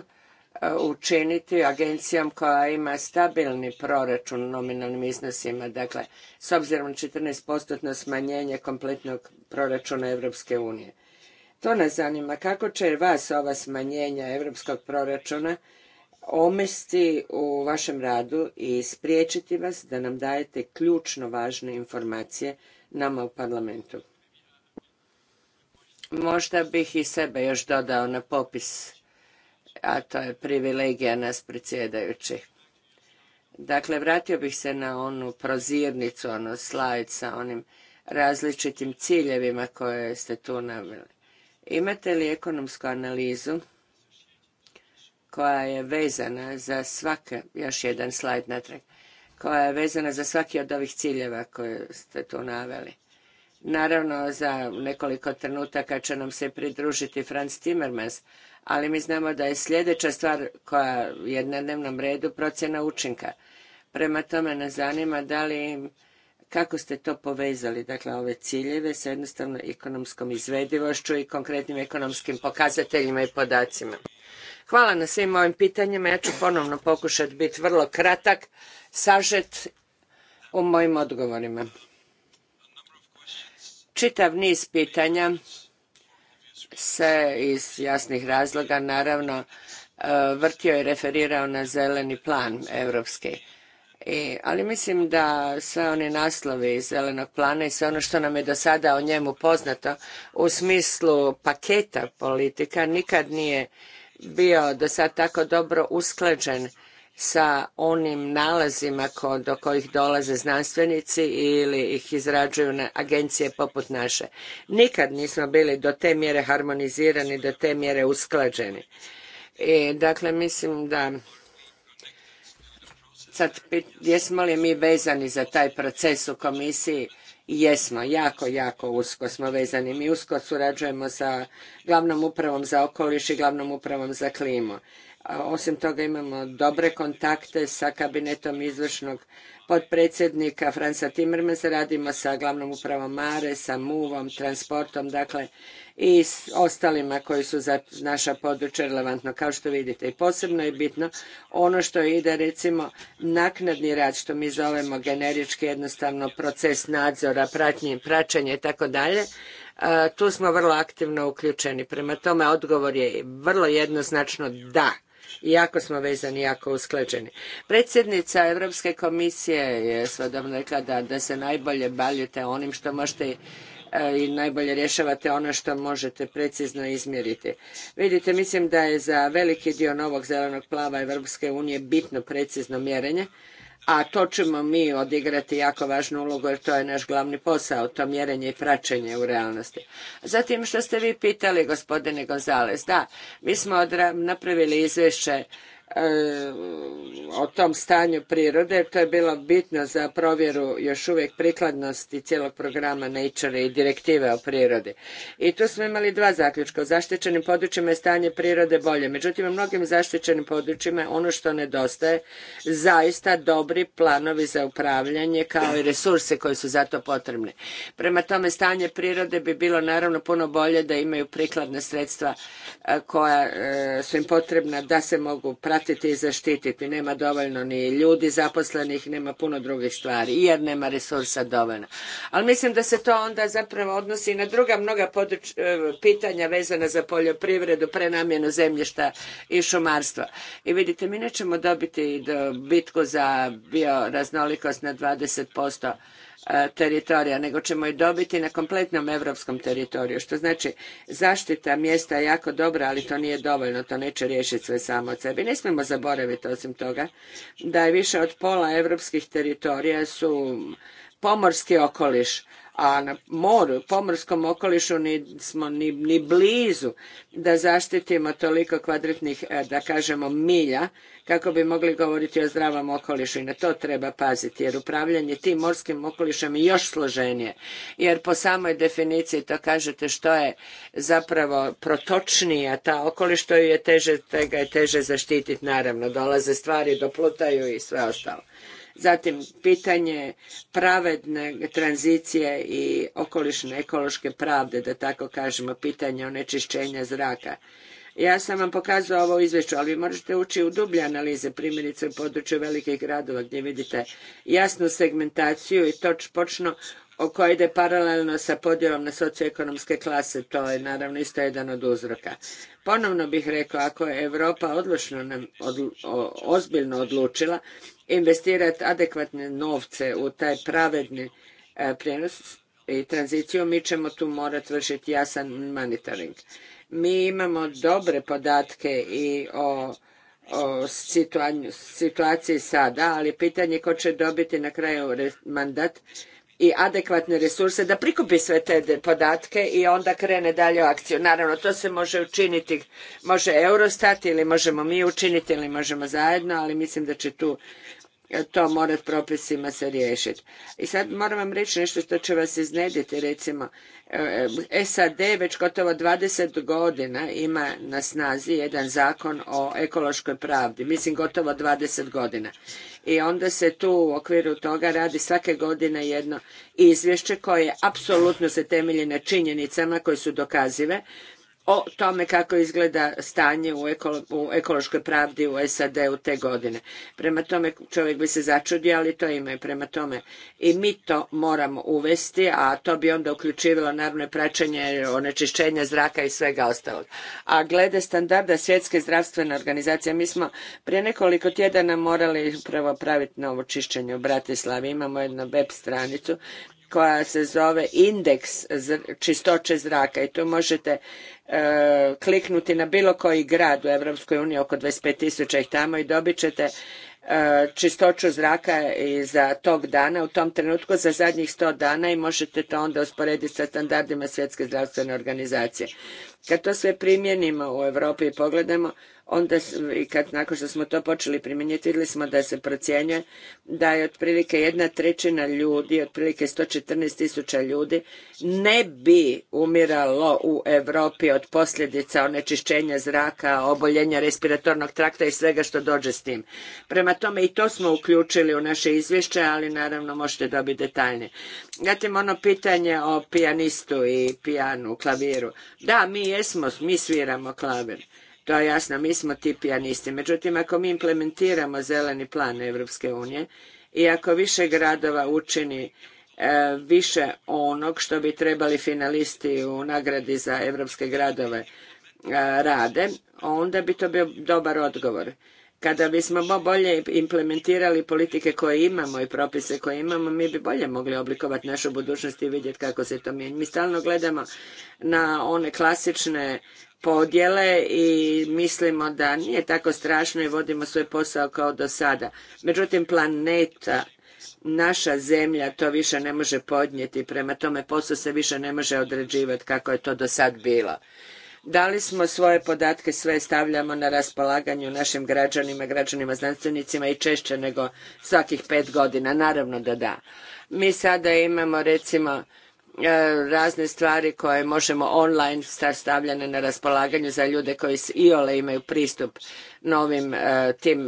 e, učiniti agencijom koja ima stabilni proračun u nominalnim iznosima, dakle s obzirom na 14% smanjenje kompletnog proračuna Europske unije. To nas zanima kako će vas ova smanjenja europskog proračuna omesti u vašem radu i spriječiti vas da nam dajete ključno važne informacije nama u parlamentu. Možda bih i sebe još dodao na popis, a to je privilegija nas predsjedajućih. Dakle, vratio bih se na onu prozirnicu, ono slajd sa onim različitim ciljevima koje ste tu naveli. Imate li ekonomsku analizu koja je vezana za svake, još jedan slajd natrag, koja je vezana za svaki od ovih ciljeva koje ste tu naveli? Naravno, za nekoliko trenutaka će nam se pridružiti Franz Timmermans, ali mi znamo da je sljedeća stvar koja je na dnevnom redu procjena učinka. Prema tome nas zanima da li kako ste to povezali, dakle ove ciljeve sa jednostavno ekonomskom izvedivošću i konkretnim ekonomskim pokazateljima i podacima. Hvala na svim ovim pitanjima. Ja ću ponovno pokušati biti vrlo kratak, sažet u mojim odgovorima. Čitav niz pitanja se iz jasnih razloga naravno e, vrtio i referirao na zeleni plan europski. ali mislim da sve oni naslovi iz zelenog plana i sve ono što nam je do sada o njemu poznato u smislu paketa politika nikad nije bio do sad tako dobro usklađen sa onim nalazima do kojih dolaze znanstvenici ili ih izrađuju na agencije poput naše. Nikad nismo bili do te mjere harmonizirani, do te mjere usklađeni. I, e, dakle, mislim da sad jesmo li mi vezani za taj proces u komisiji? Jesmo, jako, jako usko smo vezani. Mi usko surađujemo sa glavnom upravom za okoliš i glavnom upravom za klimu. Osim toga imamo dobre kontakte sa kabinetom izvršnog potpredsjednika Franca Timmermansa, radimo sa glavnom upravom Mare, sa MUV-om, transportom, dakle i s ostalima koji su za naša područja relevantno, kao što vidite. I posebno je bitno ono što ide recimo naknadni rad, što mi zovemo generički jednostavno proces nadzora, pratnje, praćenje i tako dalje. Tu smo vrlo aktivno uključeni. Prema tome odgovor je vrlo jednoznačno da i jako smo vezani, jako usklađeni. Predsjednica Europske komisije je svodom rekla da, da se najbolje baljete onim što možete e, i najbolje rješavate ono što možete precizno izmjeriti. Vidite, mislim da je za veliki dio novog zelenog plava Europske unije bitno precizno mjerenje a to ćemo mi odigrati jako važnu ulogu jer to je naš glavni posao, to mjerenje i praćenje u realnosti. Zatim što ste vi pitali gospodine Gonzales, da, mi smo napravili izvješće E, o tom stanju prirode, to je bilo bitno za provjeru još uvijek prikladnosti cijelog programa Nature i direktive o prirodi. I tu smo imali dva zaključka. U zaštićenim područjima je stanje prirode bolje. Međutim, u mnogim zaštićenim područjima ono što nedostaje zaista dobri planovi za upravljanje kao i resurse koji su za to potrebni. Prema tome, stanje prirode bi bilo naravno puno bolje da imaju prikladne sredstva e, koja e, su im potrebna da se mogu pratiti pratiti i zaštititi. Nema dovoljno ni ljudi zaposlenih, nema puno drugih stvari, jer nema resursa dovoljno. Ali mislim da se to onda zapravo odnosi i na druga mnoga e, pitanja vezana za poljoprivredu, prenamjenu zemljišta i šumarstva. I vidite, mi nećemo dobiti bitku za bioraznolikost na 20% E, teritorija, nego ćemo je dobiti na kompletnom europskom teritoriju, što znači zaštita mjesta je jako dobra, ali to nije dovoljno, to neće riješiti sve samo od sebe. Ne smijemo zaboraviti osim toga da je više od pola europskih teritorija su pomorski okoliš, a na moru, pomorskom okolišu nismo smo ni, blizu da zaštitimo toliko kvadratnih, e, da kažemo, milja kako bi mogli govoriti o zdravom okolišu i na to treba paziti jer upravljanje tim morskim okolišem je još složenije jer po samoj definiciji to kažete što je zapravo protočnija ta okoliš to je teže, te je teže zaštititi naravno dolaze stvari doplutaju i sve ostalo. Zatim, pitanje pravedne tranzicije i okolišne ekološke pravde, da tako kažemo, pitanje onečišćenja zraka. Ja sam vam pokazala ovo izvješće, ali vi možete ući u dublje analize, primjerice u području velikih gradova gdje vidite jasnu segmentaciju i toč, počno koja ide paralelno sa podjelom na socioekonomske klase. To je naravno isto jedan od uzroka. Ponovno bih rekao, ako je Europa odlučno ozbiljno odlučila investirati adekvatne novce u taj pravedni e, prijenos i tranziciju, mi ćemo tu morati vršiti jasan monitoring. Mi imamo dobre podatke i o situaciji sada, ali pitanje ko će dobiti na kraju mandat i adekvatne resurse da prikupi sve te podatke i onda krene dalje u akciju. Naravno, to se može učiniti, može Eurostat ili možemo mi učiniti ili možemo zajedno, ali mislim da će tu to morat propisima se riješiti. I sad moram vam reći nešto što će vas iznediti, recimo e, e, SAD već gotovo 20 godina ima na snazi jedan zakon o ekološkoj pravdi, mislim gotovo 20 godina. I onda se tu u okviru toga radi svake godine jedno izvješće koje apsolutno se temelji na činjenicama koje su dokazive, o tome kako izgleda stanje u, ekološkoj pravdi u SAD-u te godine. Prema tome čovjek bi se začudio, ali to ima i prema tome i mi to moramo uvesti, a to bi onda uključivalo naravno praćenje onečišćenja zraka i svega ostalog. A glede standarda svjetske zdravstvene organizacije, mi smo prije nekoliko tjedana morali upravo praviti novo čišćenje u Bratislavi. Imamo jednu web stranicu koja se zove indeks čistoće zraka i tu možete E, kliknuti na bilo koji grad u Europskoj uniji, oko 25.000 ih tamo i dobit ćete e, čistoću zraka za tog dana u tom trenutku za zadnjih 100 dana i možete to onda usporediti sa standardima svjetske zdravstvene organizacije. Kad to sve primijenimo u Europi i pogledamo, onda i kad nakon što smo to počeli primjenjivati vidjeli smo da se procjenjuje da je otprilike jedna trećina ljudi, otprilike 114 tisuća ljudi ne bi umiralo u Europi od posljedica onečišćenja zraka, oboljenja respiratornog trakta i svega što dođe s tim. Prema tome i to smo uključili u naše izvješće, ali naravno možete dobiti detaljnije. Zatim ono pitanje o pijanistu i pijanu, klaviru. Da, mi jesmo, mi sviramo klavir to je jasno, mi smo ti pijanisti. Međutim, ako mi implementiramo zeleni plan Europske unije i ako više gradova učini e, više onog što bi trebali finalisti u nagradi za europske gradove e, rade, onda bi to bio dobar odgovor. Kada bismo bolje implementirali politike koje imamo i propise koje imamo, mi bi bolje mogli oblikovati našu budućnost i vidjeti kako se to mijenja. Mi stalno gledamo na one klasične podjele i mislimo da nije tako strašno i vodimo svoj posao kao do sada. Međutim, planeta, naša zemlja to više ne može podnijeti, prema tome posao se više ne može određivati kako je to do sad bilo. Da li smo svoje podatke sve stavljamo na raspolaganju našim građanima, građanima znanstvenicima i češće nego svakih pet godina? Naravno da da. Mi sada imamo recimo E, razne stvari koje možemo online stavljene na raspolaganju za ljude koji s iole imaju pristup novim e, tim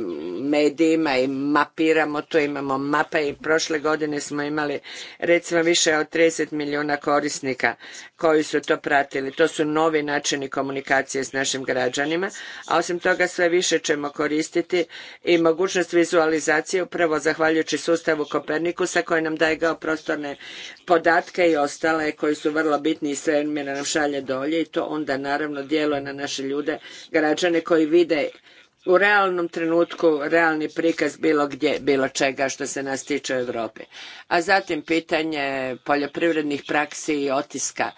medijima i mapiramo, to, imamo mapa i prošle godine smo imali recimo više od 30 milijuna korisnika koji su to pratili. To su novi načini komunikacije s našim građanima, a osim toga sve više ćemo koristiti i mogućnost vizualizacije upravo zahvaljujući sustavu Kopernikusa koji nam daje prostorne podatke i ostale koji su vrlo bitni i sve nam šalje dolje i to onda naravno djeluje na naše ljude, građane koji vide u realnom trenutku realni prikaz bilo gdje, bilo čega što se nas tiče u Europi. A zatim pitanje poljoprivrednih praksi i otiska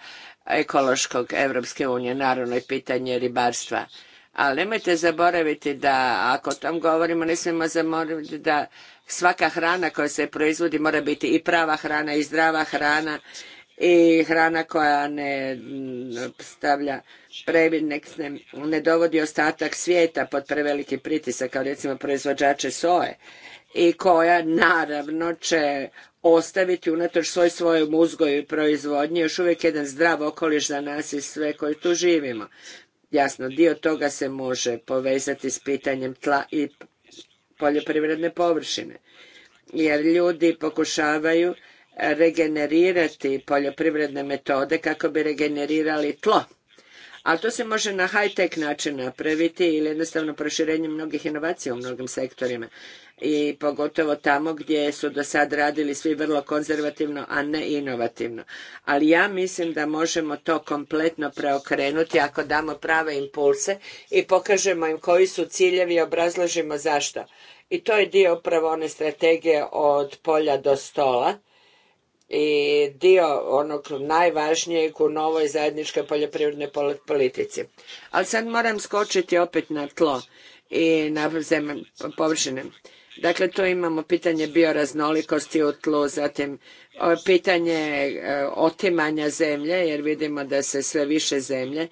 ekološkog EU, unije, naravno i pitanje ribarstva. Ali nemojte zaboraviti da ako o govorimo ne smijemo zaboraviti da svaka hrana koja se proizvodi mora biti i prava hrana i zdrava hrana i hrana koja ne stavlja previnek, ne, ne dovodi ostatak svijeta pod preveliki pritisak, kao recimo proizvođače soje i koja naravno će ostaviti unatoč svoj svojom uzgoju i proizvodnji još uvijek jedan zdrav okoliš za nas i sve koji tu živimo. Jasno, dio toga se može povezati s pitanjem tla i poljoprivredne površine. Jer ljudi pokušavaju regenerirati poljoprivredne metode kako bi regenerirali tlo. Ali to se može na high-tech način napraviti ili jednostavno proširenjem mnogih inovacija u mnogim sektorima. I pogotovo tamo gdje su do sad radili svi vrlo konzervativno, a ne inovativno. Ali ja mislim da možemo to kompletno preokrenuti ako damo prave impulse i pokažemo im koji su ciljevi i obrazložimo zašto. I to je dio upravo one strategije od polja do stola i dio onog najvažnijeg u novoj zajedničkoj poljoprivrednoj politici. Ali sad moram skočiti opet na tlo i na površine. Dakle, tu imamo pitanje bioraznolikosti u tlu, zatim pitanje e, otimanja zemlje, jer vidimo da se sve više zemlje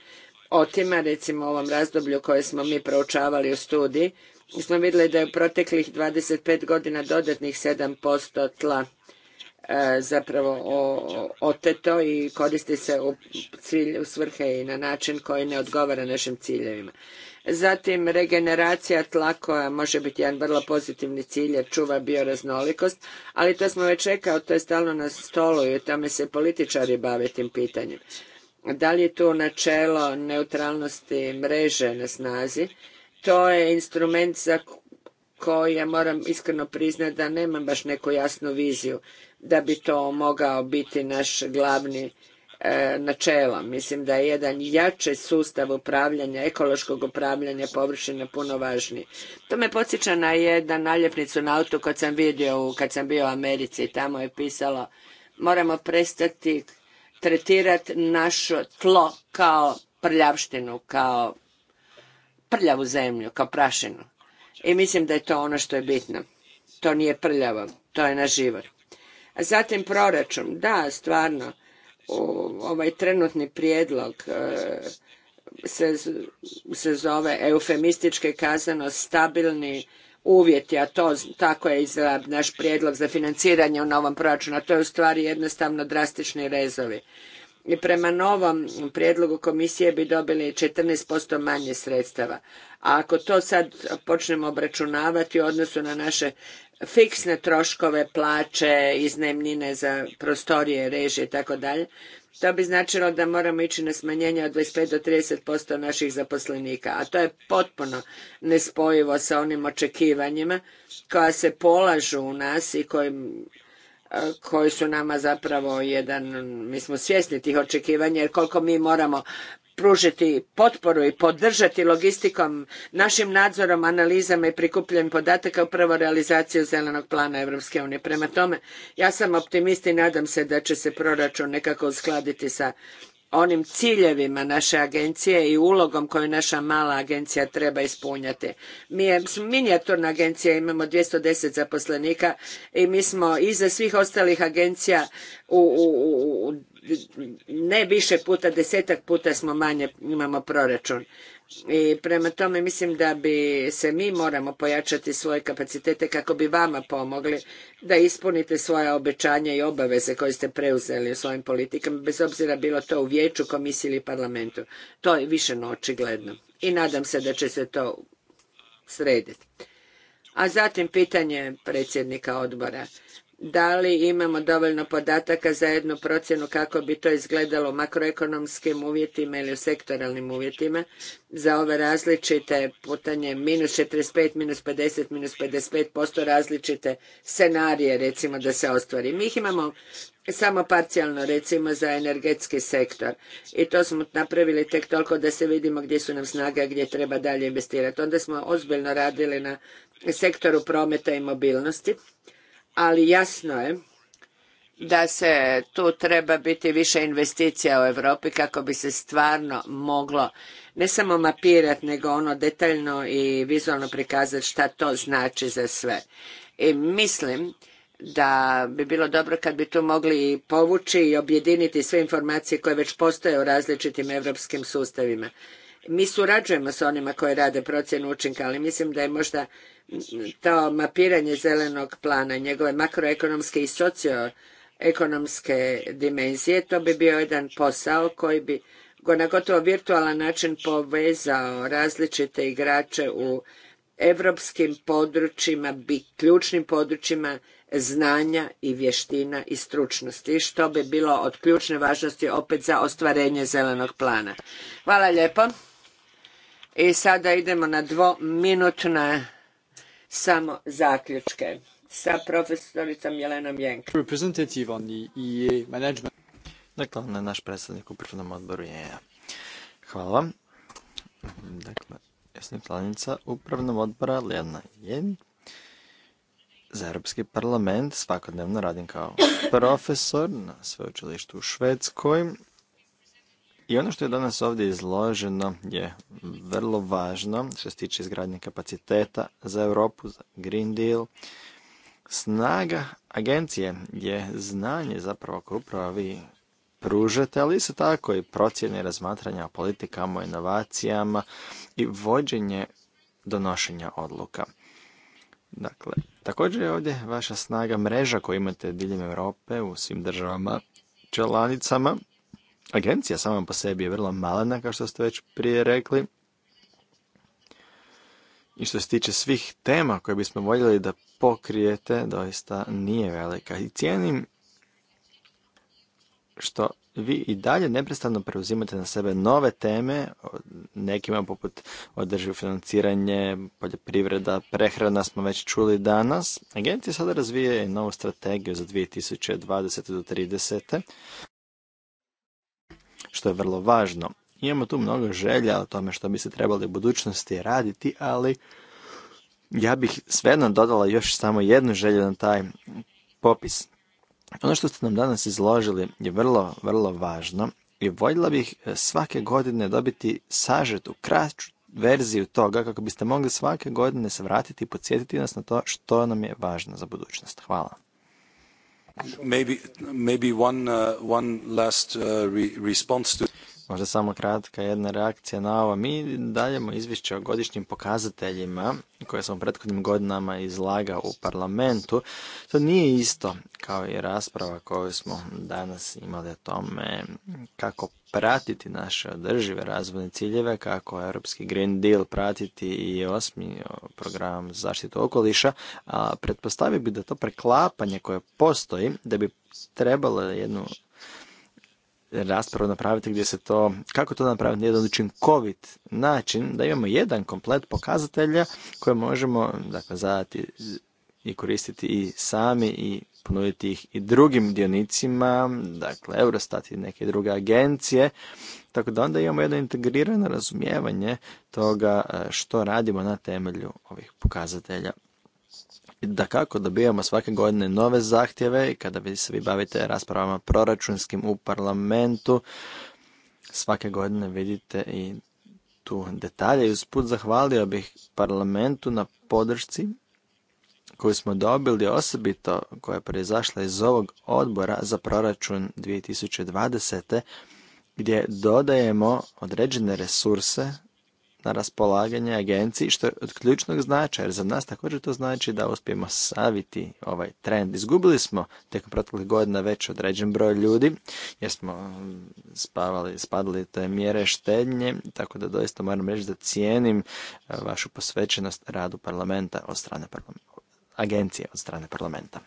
otima, recimo u ovom razdoblju koje smo mi proučavali u studiji, smo vidjeli da je u proteklih 25 godina dodatnih 7% tla E, zapravo oteto i koristi se u, cilj, u svrhe i na način koji ne odgovara našim ciljevima. Zatim regeneracija tla koja može biti jedan vrlo pozitivni cilj jer čuva bioraznolikost, ali to smo već rekao, to je stalno na stolu i tome se političari bave tim pitanjem. Da li je tu načelo neutralnosti mreže na snazi? To je instrument za koje moram iskreno priznati da nemam baš neku jasnu viziju da bi to mogao biti naš glavni e, načelo. Mislim da je jedan jači sustav upravljanja, ekološkog upravljanja površina puno važniji. To me podsjeća na jedan naljepnicu na autu kad sam vidio kad sam bio u Americi i tamo je pisalo moramo prestati tretirati naše tlo kao prljavštinu, kao prljavu zemlju, kao prašinu i mislim da je to ono što je bitno. To nije prljavo, to je na život. A zatim proračun. Da, stvarno, ovaj trenutni prijedlog e, se, zove eufemistički kazano stabilni uvjeti, a to tako je i za naš prijedlog za financiranje u novom proračunu, a to je u stvari jednostavno drastični rezovi. I prema novom prijedlogu komisije bi dobili 14% manje sredstava, a ako to sad počnemo obračunavati u odnosu na naše fiksne troškove, plaće, iznajmnine za prostorije, režije i tako dalje, to bi značilo da moramo ići na smanjenje od 25 do 30% naših zaposlenika, a to je potpuno nespojivo sa onim očekivanjima koja se polažu u nas i koji, e, koji su nama zapravo jedan, mi smo svjesni tih očekivanja jer koliko mi moramo pružiti potporu i podržati logistikom, našim nadzorom, analizama i prikupljanjem podataka upravo realizaciju zelenog plana Europske unije. Prema tome, ja sam optimist i nadam se da će se proračun nekako uskladiti sa onim ciljevima naše agencije i ulogom koju naša mala agencija treba ispunjati. Mi je minijaturna agencija, imamo 210 zaposlenika i mi smo iza svih ostalih agencija u ne više puta, desetak puta smo manje, imamo proračun. I prema tome mislim da bi se mi moramo pojačati svoje kapacitete kako bi vama pomogli da ispunite svoja obećanja i obaveze koje ste preuzeli u svojim politikama, bez obzira bilo to u vijeću, komisiji ili parlamentu. To je više no očigledno. I nadam se da će se to srediti. A zatim pitanje predsjednika odbora da li imamo dovoljno podataka za jednu procjenu kako bi to izgledalo u makroekonomskim uvjetima ili u sektoralnim uvjetima za ove različite putanje minus 45, minus 50, minus 55% različite scenarije recimo da se ostvari. Mi ih imamo samo parcijalno recimo za energetski sektor i to smo napravili tek toliko da se vidimo gdje su nam snage, gdje treba dalje investirati. Onda smo ozbiljno radili na sektoru prometa i mobilnosti ali jasno je da se tu treba biti više investicija u Europi kako bi se stvarno moglo ne samo mapirati, nego ono detaljno i vizualno prikazati šta to znači za sve. I mislim da bi bilo dobro kad bi tu mogli povući i objediniti sve informacije koje već postoje u različitim europskim sustavima mi surađujemo s onima koji rade procjenu učinka, ali mislim da je možda to mapiranje zelenog plana, njegove makroekonomske i socioekonomske dimenzije, to bi bio jedan posao koji bi na gotovo virtualan način povezao različite igrače u europskim područjima, bi, ključnim područjima znanja i vještina i stručnosti, što bi bilo od ključne važnosti opet za ostvarenje zelenog plana. Hvala lijepo. I e, sada idemo na dvominutne samo zaključke sa profesoricom Jelenom Jenk. E dakle, on je naš predstavnik u Upravnom odboru ja. E Hvala vam. Dakle, ja sam članica Upravnog odbora Lijana jen Za Europski parlament svakodnevno radim kao profesor na sveučilištu u Švedskoj i ono što je danas ovdje izloženo je vrlo važno što se tiče izgradnje kapaciteta za Europu, za Green Deal. Snaga agencije je znanje zapravo koje upravo vi pružete, ali isto tako i procjene razmatranja o politikama, inovacijama i vođenje donošenja odluka. Dakle, također je ovdje vaša snaga mreža koju imate diljem Europe u svim državama članicama. Agencija sama po sebi je vrlo malena, kao što ste već prije rekli. I što se tiče svih tema koje bismo voljeli da pokrijete, doista nije velika. I cijenim što vi i dalje neprestano preuzimate na sebe nove teme, nekima poput održivo financiranje, poljoprivreda, prehrana smo već čuli danas. Agencija sada razvije novu strategiju za 2020. do 2030 što je vrlo važno. Imamo tu mnogo želja o tome što bi se trebali u budućnosti raditi, ali ja bih svejedno dodala još samo jednu želju na taj popis. Ono što ste nam danas izložili je vrlo, vrlo važno i voljela bih e, svake godine dobiti sažetu, kraću verziju toga kako biste mogli svake godine se vratiti i podsjetiti nas na to što nam je važno za budućnost. Hvala. Maybe, one, uh, last uh, response to Možda samo kratka jedna reakcija na ovo. Mi daljemo izvješće o godišnjim pokazateljima koje sam u prethodnim godinama izlagao u parlamentu. To nije isto kao i rasprava koju smo danas imali o tome kako pratiti naše održive razvojne ciljeve, kako Europski Green Deal pratiti i osmi program zaštitu okoliša, a pretpostavio bi da to preklapanje koje postoji, da bi trebalo jednu raspravu napraviti gdje se to, kako to napraviti na jedan učinkovit način, da imamo jedan komplet pokazatelja koje možemo dakle, zadati i koristiti i sami i ponuditi ih i drugim dionicima, dakle Eurostat i neke druge agencije, tako da onda imamo jedno integrirano razumijevanje toga e, što radimo na temelju ovih pokazatelja da kako dobijamo svake godine nove zahtjeve i kada vi se vi bavite raspravama proračunskim u parlamentu, svake godine vidite i tu detalje. I usput zahvalio bih parlamentu na podršci koju smo dobili osobito koja je proizašla iz ovog odbora za proračun 2020. gdje dodajemo određene resurse na raspolaganje agenciji, što je od ključnog značaja, jer za nas također to znači da uspijemo saviti ovaj trend. Izgubili smo tijekom proteklih godina već određen broj ljudi, jer smo spavali, spadali te mjere štednje, tako da doista moram reći da cijenim eh, vašu posvećenost radu parlamenta od strane parlamenta agencije od strane parlamenta.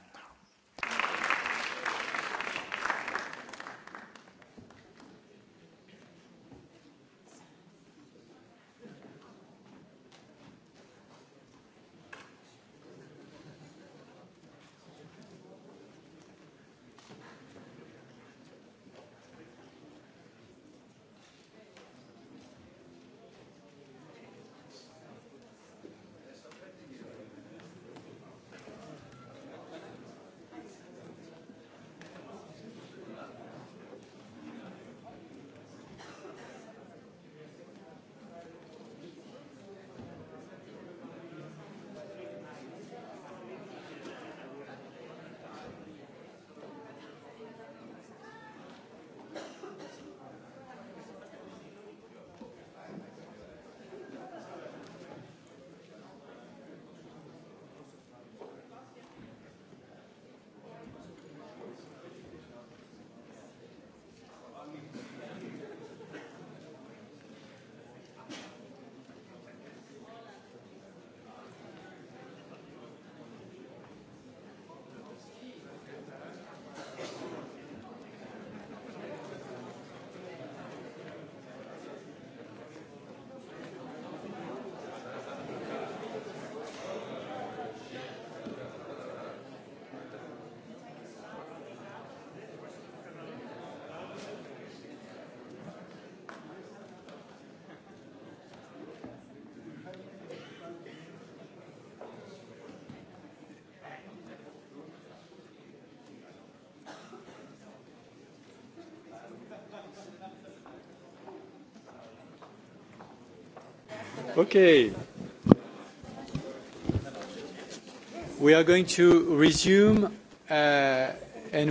We are going to uh, uh,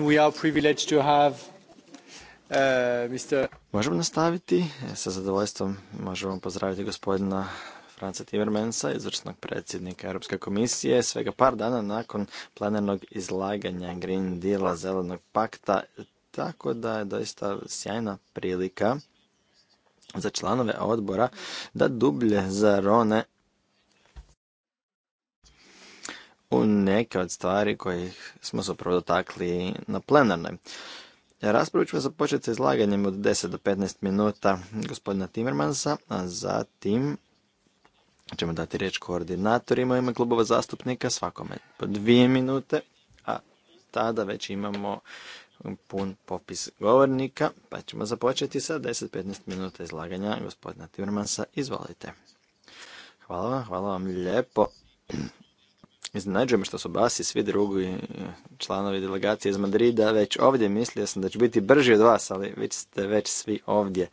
Možemo nastaviti. Sa zadovoljstvom možemo pozdraviti gospodina Franca Timmermansa, izvršnog predsjednika Europske komisije, svega par dana nakon plenarnog izlaganja Green Deala, Zelenog pakta, tako da je doista sjajna prilika za članove odbora da dublje zarone u neke od stvari kojih smo se upravo dotakli na plenarnoj. Raspravu ćemo započeti sa izlaganjem od 10 do 15 minuta gospodina Timmermansa, a zatim ćemo dati riječ koordinatorima u ime klubova zastupnika, svakome po dvije minute, a tada već imamo pun popis govornika, pa ćemo započeti sa 10-15 minuta izlaganja gospodina Timmermansa. Izvolite. Hvala vam, hvala vam lijepo. Iznenađujem što su Basi svi drugi e, članovi delegacije iz Madrida već ovdje. Mislio sam da ću biti brži od vas, ali vi ste već svi ovdje.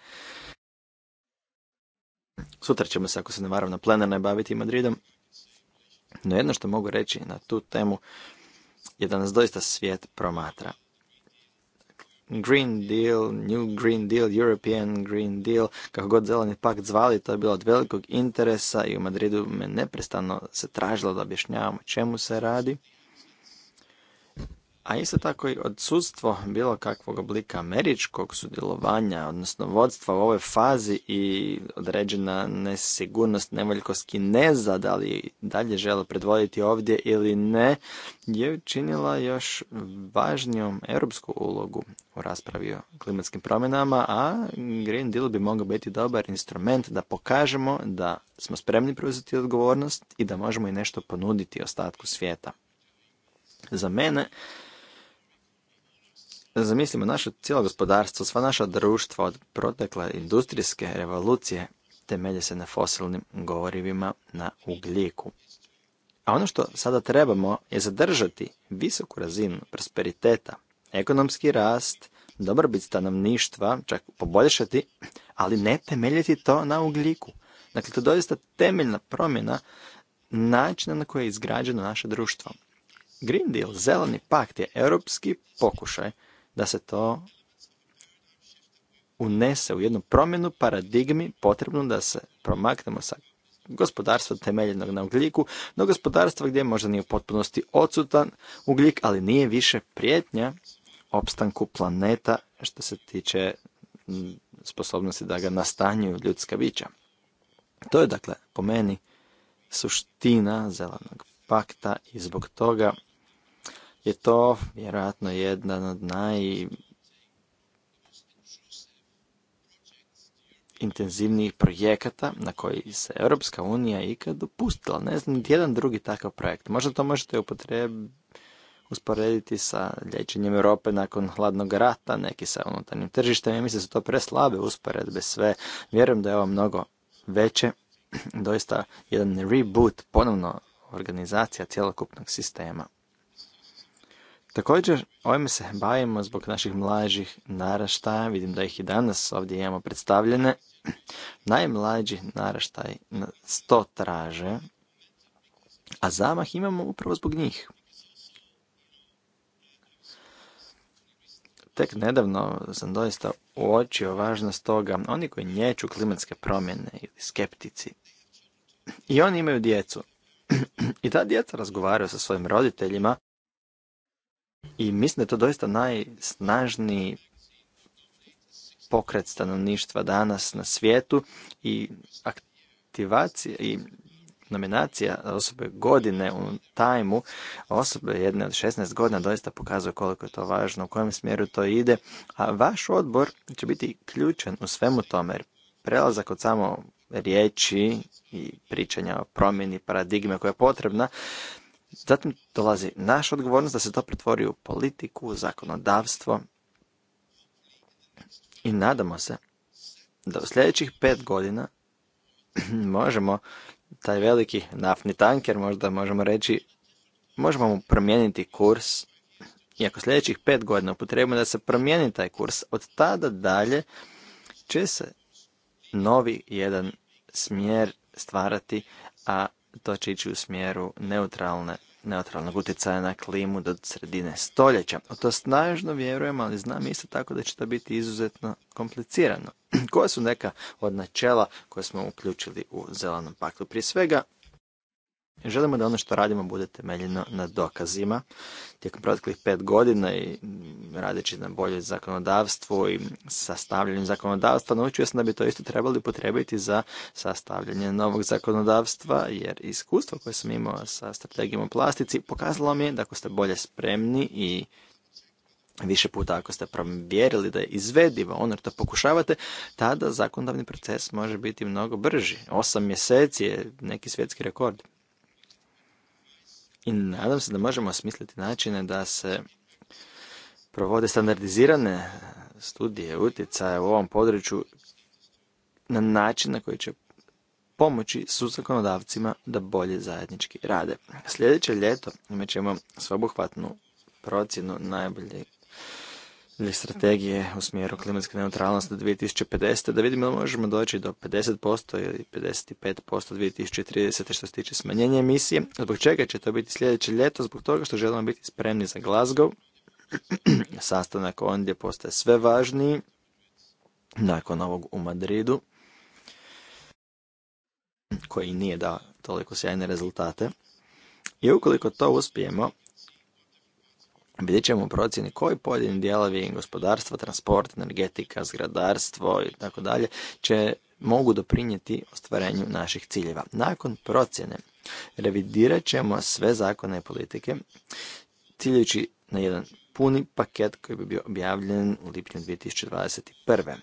Sutra ćemo se, ako se ne varam, na plenarnoj baviti Madridom. No jedno što mogu reći na tu temu je da nas doista svijet promatra. Green Deal, New Green Deal, European Green Deal, kako god zeleni pakt zvali, to je bilo od velikog interesa i u Madridu me neprestano se tražilo da objašnjavam o čemu se radi a isto tako i odsustvo bilo kakvog oblika američkog sudjelovanja, odnosno vodstva u ovoj fazi i određena nesigurnost, nevoljkost Kineza, da li dalje žele predvoditi ovdje ili ne, je učinila još važnijom europsku ulogu u raspravi o klimatskim promjenama, a Green Deal bi mogao biti dobar instrument da pokažemo da smo spremni preuzeti odgovornost i da možemo i nešto ponuditi ostatku svijeta. Za mene zamislimo naše cijelo gospodarstvo, sva naša društva od protekle industrijske revolucije temelje se na fosilnim gorivima na ugljiku. A ono što sada trebamo je zadržati visoku razinu prosperiteta, ekonomski rast, dobrobit stanovništva, čak poboljšati, ali ne temeljiti to na ugljiku. Dakle, to je doista temeljna promjena načina na koji je izgrađeno naše društvo. Green Deal, zeleni pakt je europski pokušaj da se to unese u jednu promjenu paradigmi potrebno da se promaknemo sa gospodarstva temeljenog na ugljiku no gospodarstva gdje možda nije u potpunosti odsutan ugljik, ali nije više prijetnja opstanku planeta što se tiče sposobnosti da ga nastanjuju ljudska bića. To je dakle po meni suština zelenog pakta i zbog toga je to vjerojatno jedan od naj intenzivnijih projekata na koji se Europska unija ikad dopustila. Ne znam, jedan drugi takav projekt. Možda to možete upotrebi usporediti sa liječenjem Europe nakon hladnog rata, neki sa unutarnjim tržištem. Ja mislim da su to preslabe usporedbe sve. Vjerujem da je ovo mnogo veće. [clears throat] Doista jedan reboot, ponovno organizacija cjelokupnog sistema. Također, ovime se bavimo zbog naših mlađih naraštaja, vidim da ih i danas ovdje imamo predstavljene. [clears throat] Najmlađi naraštaj na sto traže, a zamah imamo upravo zbog njih. Tek nedavno sam doista uočio važnost toga, oni koji nječu klimatske promjene ili skeptici. I oni imaju djecu. [clears throat] I ta djeca razgovaraju sa svojim roditeljima i mislim da je to doista najsnažniji pokret stanovništva danas na svijetu i aktivacija i nominacija osobe godine u tajmu osobe jedne od 16 godina doista pokazuje koliko je to važno, u kojem smjeru to ide, a vaš odbor će biti ključan u svemu tome jer prelazak od samo riječi i pričanja o promjeni paradigme koja je potrebna Zatim dolazi naša odgovornost da se to pretvori u politiku, u zakonodavstvo i nadamo se da u sljedećih pet godina [clears throat] možemo taj veliki naftni tanker, možda možemo reći, možemo mu promijeniti kurs i ako sljedećih pet godina upotrebujemo da se promijeni taj kurs, od tada dalje će se novi jedan smjer stvarati, a to će ići u smjeru neutralne, neutralnog utjecaja na klimu do sredine stoljeća. O to snažno vjerujem, ali znam isto tako da će to biti izuzetno komplicirano. [clears throat] Koja su neka od načela koje smo uključili u zelenom paktu? Prije svega, Želimo da ono što radimo bude temeljeno na dokazima. Tijekom proteklih pet godina i radeći na bolje zakonodavstvu i sastavljanju zakonodavstva, naučio sam da bi to isto trebali potrebiti za sastavljanje novog zakonodavstva, jer iskustvo koje sam imao sa strategijom u plastici pokazalo mi je da ako ste bolje spremni i više puta ako ste provjerili da je izvedivo ono što pokušavate, tada zakonodavni proces može biti mnogo brži. Osam mjeseci je neki svjetski rekord. I nadam se da možemo osmisliti načine da se provode standardizirane studije utjecaja u ovom području na način na koji će pomoći suzakonodavcima da bolje zajednički rade. Sljedeće ljeto imat ćemo sveobuhvatnu procjenu najbolje ili strategije u smjeru klimatske neutralnosti do 2050. da vidimo da možemo doći do 50% ili 55% 2030. što se tiče smanjenja emisije. Zbog čega će to biti sljedeće ljeto? Zbog toga što želimo biti spremni za Glasgow. [clears throat] Sastanak ondje postaje sve važniji nakon ovog u Madridu koji nije dao toliko sjajne rezultate. I ukoliko to uspijemo, Vidjet ćemo u procjeni koji pojedini dijelovi gospodarstvo, transport, energetika, zgradarstvo i tako dalje će mogu doprinijeti ostvarenju naših ciljeva. Nakon procjene revidirat ćemo sve zakone i politike ciljajući na jedan puni paket koji bi bio objavljen u lipnju 2021.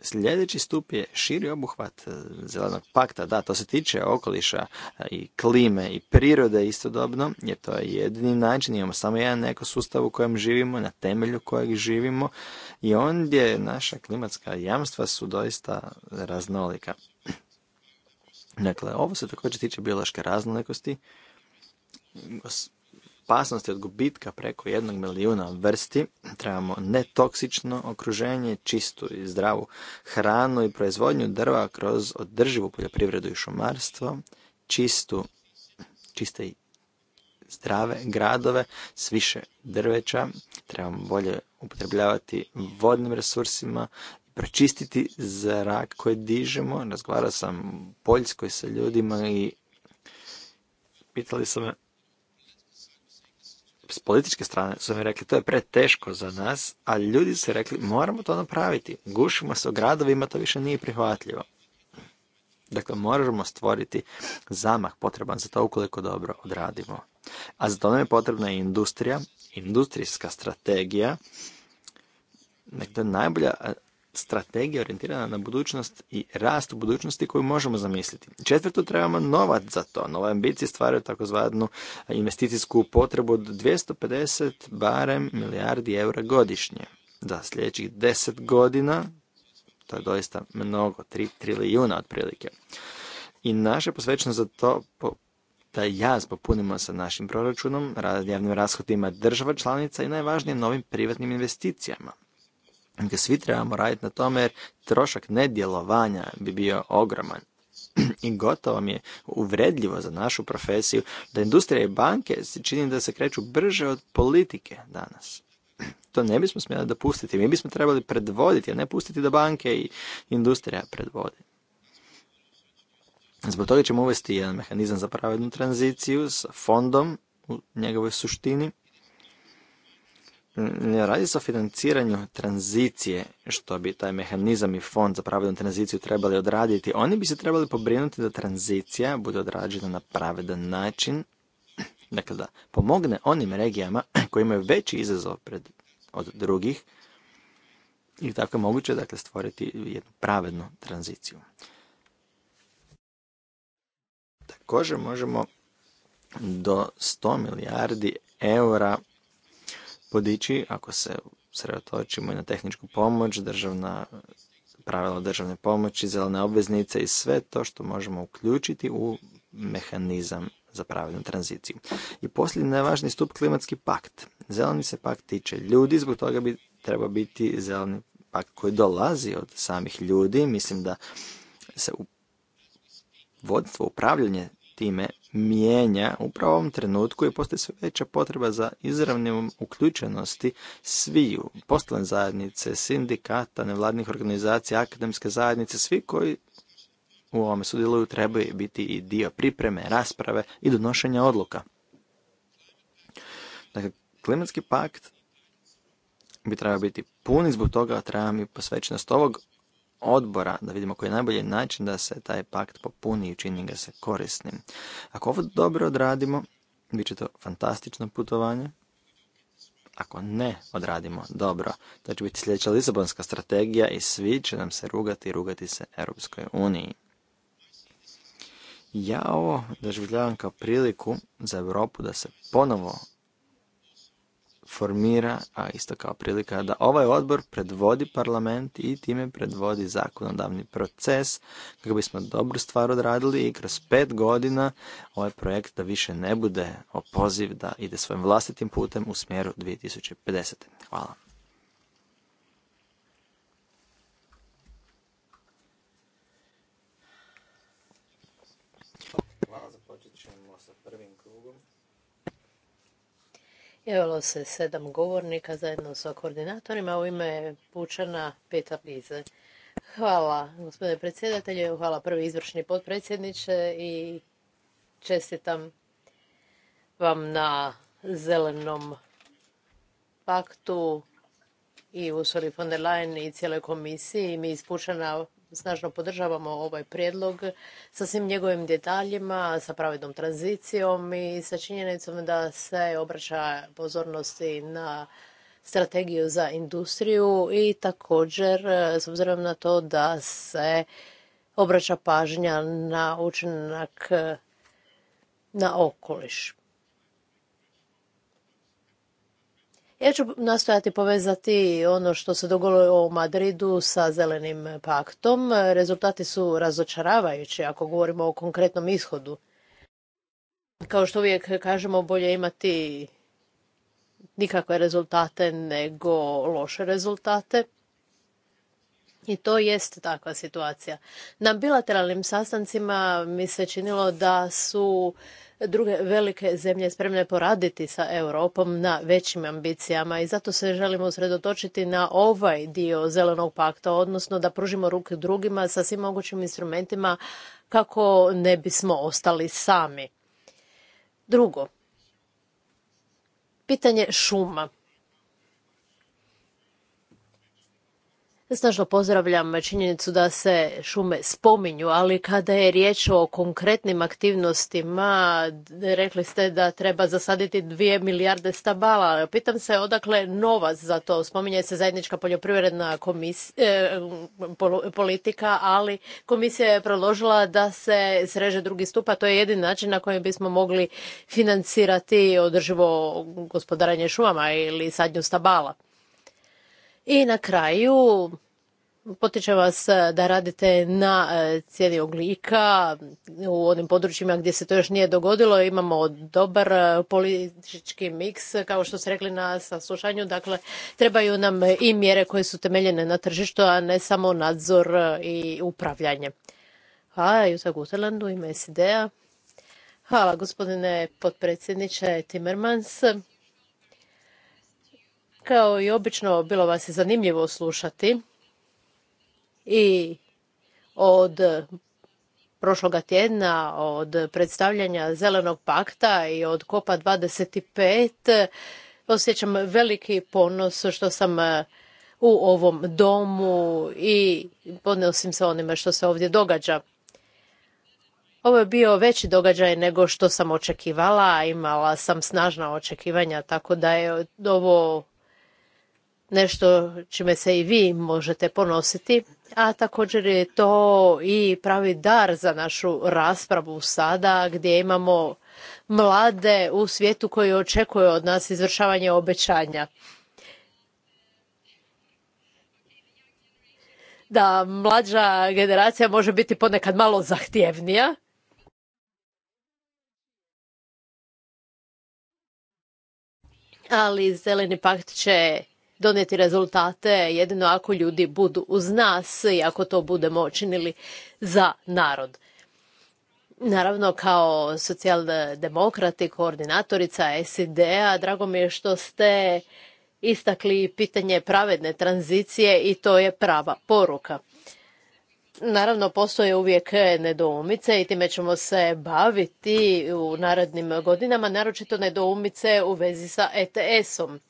Sljedeći stup je širi obuhvat e, zelenog pakta. Da, to se tiče okoliša e, i klime i prirode istodobno, jer to je jedini način. Imamo samo jedan ekosustav u kojem živimo, na temelju kojeg živimo i ondje naša klimatska jamstva su doista raznolika. Dakle, ovo se također tiče biološke raznolikosti opasnosti od gubitka preko jednog milijuna vrsti, trebamo netoksično okruženje, čistu i zdravu hranu i proizvodnju drva kroz održivu poljoprivredu i šumarstvo, čistu, čiste i zdrave gradove s više drveća, trebamo bolje upotrebljavati vodnim resursima, pročistiti zrak koji dižemo. Razgovarao sam u Poljskoj sa ljudima i pitali su me s političke strane su mi rekli to je preteško za nas, a ljudi su rekli moramo to napraviti, gušimo se u gradovima, to više nije prihvatljivo. Dakle, moramo stvoriti zamah potreban za to ukoliko dobro odradimo. A za to nam je potrebna i industrija, industrijska strategija, Dakle, najbolja strategija orijentirana na budućnost i rast u budućnosti koju možemo zamisliti. Četvrto, trebamo novac za to. Nova ambicija stvaraju takozvanu investicijsku potrebu od 250 barem milijardi eura godišnje. Za sljedećih deset godina, to je doista mnogo, 3 trilijuna otprilike. I naše posvećenost za to po da jaz popunimo sa našim proračunom, javnim rashodima država članica i najvažnije novim privatnim investicijama svi trebamo raditi na tome jer trošak nedjelovanja bi bio ogroman. [clears throat] I gotovo mi je uvredljivo za našu profesiju da industrija i banke se čini da se kreću brže od politike danas. [clears throat] To ne bismo smjeli dopustiti. Mi bismo trebali predvoditi, a ne pustiti da banke i industrija predvode. Zbog toga ćemo uvesti jedan mehanizam za pravednu tranziciju s fondom u njegovoj suštini ne radi se o financiranju tranzicije, što bi taj mehanizam i fond za pravednu tranziciju trebali odraditi. Oni bi se trebali pobrinuti da tranzicija bude odrađena na pravedan način, dakle da pomogne onim regijama koji imaju veći izazov pred, od drugih i tako je moguće dakle, stvoriti jednu pravednu tranziciju. Također možemo do 100 milijardi eura podići ako se sredotočimo na tehničku pomoć, državna pravila državne pomoći, zelene obveznice i sve to što možemo uključiti u mehanizam za pravilnu tranziciju. I posljednji najvažniji stup klimatski pakt. Zeleni se pakt tiče ljudi, zbog toga bi treba biti zeleni pakt koji dolazi od samih ljudi. Mislim da se vodstvo, upravljanje time mijenja upravo u ovom trenutku i postoji sve veća potreba za izravnim uključenosti sviju, poslovne zajednice, sindikata, nevladnih organizacija, akademske zajednice, svi koji u ovome sudjeluju trebaju biti i dio pripreme, rasprave i donošenja odluka. Dakle, klimatski pakt bi trebao biti pun i zbog toga treba mi posvećenost ovog odbora da vidimo koji je najbolji način da se taj pakt popuni i čini ga se korisnim. Ako ovo dobro odradimo, bit će to fantastično putovanje. Ako ne odradimo dobro, to će biti sljedeća Lisabonska strategija i svi će nam se rugati i rugati se Europskoj uniji. Ja ovo doživljavam kao priliku za Europu da se ponovo formira, a isto kao prilika da ovaj odbor predvodi parlament i time predvodi zakonodavni proces kako bismo dobru stvar odradili i kroz pet godina ovaj projekt da više ne bude opoziv da ide svojim vlastitim putem u smjeru 2050. Hvala. Javilo se sedam govornika zajedno sa koordinatorima u ime Pučana Peta Lize. Hvala gospodine predsjedatelju, hvala prvi izvršni potpredsjedniče i čestitam vam na zelenom paktu i u von der Leyen i cijeloj komisiji. Mi iz snažno podržavamo ovaj prijedlog sa svim njegovim detaljima, sa pravednom tranzicijom i sa činjenicom da se obraća pozornosti na strategiju za industriju i također e, s obzirom na to da se obraća pažnja na učinak e, na okoliš. Ja ću nastojati povezati ono što se dogodilo u Madridu sa zelenim paktom. Rezultati su razočaravajući ako govorimo o konkretnom ishodu. Kao što uvijek kažemo, bolje imati nikakve rezultate nego loše rezultate. I to jest takva situacija. Na bilateralnim sastancima mi se činilo da su druge velike zemlje spremne poraditi sa Europom na većim ambicijama i zato se želimo usredotočiti na ovaj dio zelenog pakta, odnosno da pružimo ruke drugima sa svim mogućim instrumentima kako ne bismo ostali sami. Drugo, pitanje šuma. Snažno pozdravljam činjenicu da se šume spominju, ali kada je riječ o konkretnim aktivnostima, rekli ste da treba zasaditi dvije milijarde stabala. Pitam se odakle novac za to. Spominje se zajednička poljoprivredna e, politika, ali komisija je proložila da se sreže drugi stup, a to je jedin način na koji bismo mogli financirati održivo gospodaranje šumama ili sadnju stabala. I na kraju potičem vas e, da radite na e, cijeli oglika u onim područjima gdje se to još nije dogodilo. Imamo dobar e, politički miks, kao što ste rekli na saslušanju. Dakle, trebaju nam i mjere koje su temeljene na tržištu, a ne samo nadzor i upravljanje. Hvala, Juta Gutelandu, ime sid Hvala, gospodine potpredsjedniče Timmermans. Kao i obično, bilo vas je zanimljivo slušati i od prošloga tjedna, od predstavljanja Zelenog pakta i od Kopa 25, osjećam veliki ponos što sam e, u ovom domu i podnosim se onime što se ovdje događa. Ovo je bio veći događaj nego što sam očekivala, imala sam snažna očekivanja, tako da je ovo nešto čime se i vi možete ponositi, a također je to i pravi dar za našu raspravu sada gdje imamo mlade u svijetu koji očekuju od nas izvršavanje obećanja. Da, mlađa generacija može biti ponekad malo zahtjevnija. Ali zeleni pakt će donijeti rezultate jedino ako ljudi budu uz nas i ako to budemo činili za narod. Naravno, kao socijaldemokrati, koordinatorica SID-a, drago mi je što ste istakli pitanje pravedne tranzicije i to je prava poruka. Naravno, postoje uvijek nedoumice i time ćemo se baviti u narednim godinama, naročito nedoumice u vezi sa ETS-om.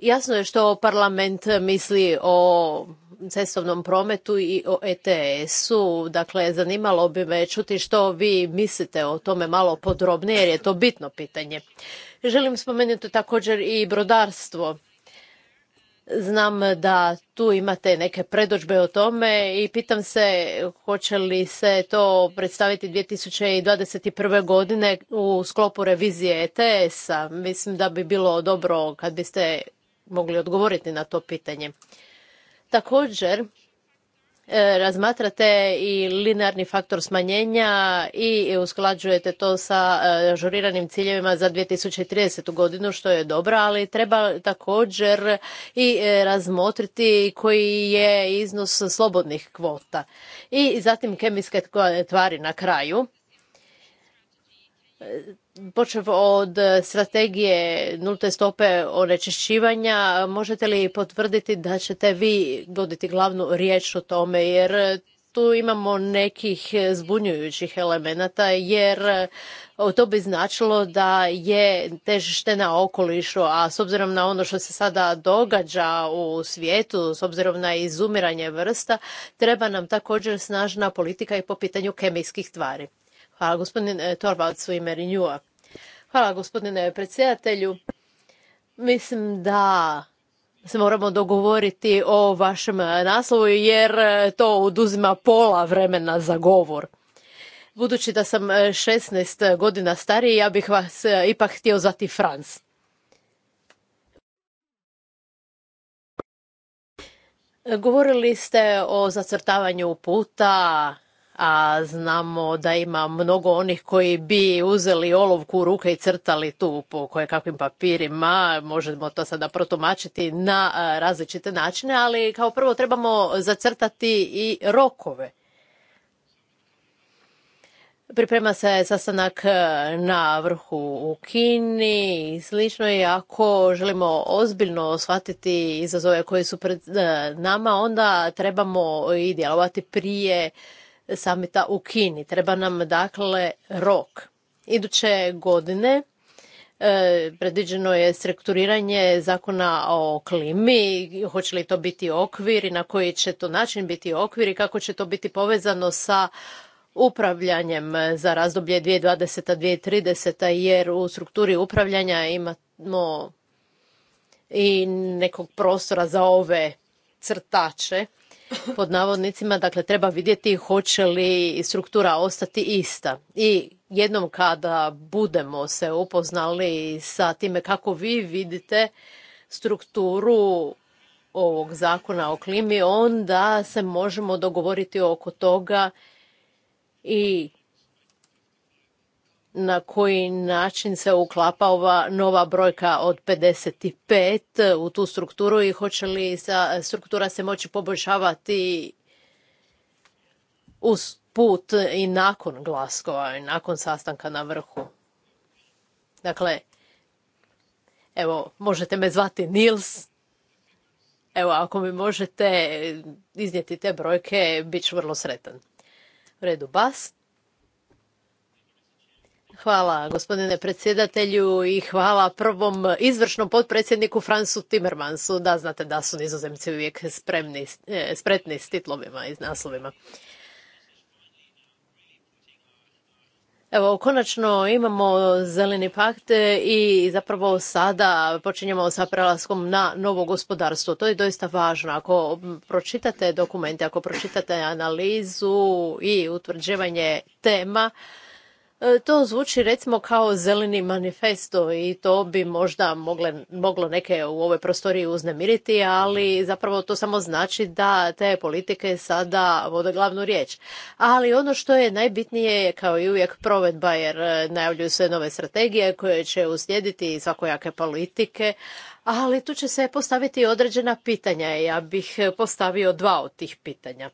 Jasno je što parlament misli o cestovnom prometu i o ETS-u. Dakle, zanimalo bi me čuti što vi mislite o tome malo podrobnije, jer je to bitno pitanje. Želim spomenuti također i brodarstvo. Znam da tu imate neke predođbe o tome i pitam se hoće li se to predstaviti 2021. godine u sklopu revizije ETS-a. Mislim da bi bilo dobro kad biste mogli odgovoriti na to pitanje. Također, e, razmatrate i linearni faktor smanjenja i usklađujete to sa e, ažuriranim ciljevima za 2030. godinu, što je dobro, ali treba također i e, razmotriti koji je iznos slobodnih kvota. I zatim kemijske tvari na kraju počev od e, strategije nulte stope onečišćivanja, možete li potvrditi da ćete vi voditi glavnu riječ o tome, jer e, tu imamo nekih zbunjujućih elemenata, jer e, to bi značilo da je težište na okolišu, a s obzirom na ono što se sada događa u svijetu, s obzirom na izumiranje vrsta, treba nam također snažna politika i po pitanju kemijskih tvari. Hvala gospodine Torvalds i ime Hvala gospodine predsjedatelju. Mislim da se moramo dogovoriti o vašem naslovu jer e, to oduzima pola vremena za govor. Budući da sam 16 e, godina stariji, ja bih vas e, ipak htio zvati Franz. Govorili ste o zacrtavanju puta, a znamo da ima mnogo onih koji bi uzeli olovku u ruke i crtali tu po kakvim papirima, možemo to sada protumačiti na različite načine, ali kao prvo trebamo zacrtati i rokove. Priprema se sastanak na vrhu u Kini i slično i ako želimo ozbiljno shvatiti izazove koji su pred nama, onda trebamo i djelovati prije samita u Kini. Treba nam dakle rok. Iduće godine e, predviđeno je strukturiranje zakona o klimi, hoće li to biti okvir i na koji će to način biti okvir i kako će to biti povezano sa upravljanjem za razdoblje 2020-2030 jer u strukturi upravljanja imamo i nekog prostora za ove crtače pod navodnicima, dakle treba vidjeti hoće li struktura ostati ista. I jednom kada budemo se upoznali sa time kako vi vidite strukturu ovog zakona o klimi, onda se možemo dogovoriti oko toga i na koji način se uklapa ova nova brojka od 55 u tu strukturu i hoće li sa struktura se moći poboljšavati uz put i nakon glaskova i nakon sastanka na vrhu. Dakle, evo, možete me zvati Nils. Evo, ako mi možete iznijeti te brojke, bit ću vrlo sretan. redu, bast. Hvala gospodine predsjedatelju i hvala prvom izvršnom potpredsjedniku Fransu Timmermansu. Da, znate da su nizozemci uvijek spremni, e, spretni s titlovima i naslovima. Evo, konačno imamo zeleni pakt e, i zapravo sada počinjemo sa prelaskom na novo gospodarstvo. To je doista važno. Ako pročitate dokumente, ako pročitate analizu i utvrđivanje tema, E, to zvuči recimo kao zeleni manifesto i to bi možda mogle, moglo neke u ovoj prostoriji uznemiriti, ali zapravo to samo znači da te politike sada vode glavnu riječ. Ali ono što je najbitnije je kao i uvijek provedba jer e, najavljuju se nove strategije koje će uslijediti svakojake politike, ali tu će se postaviti određena pitanja. Ja bih postavio dva od tih pitanja.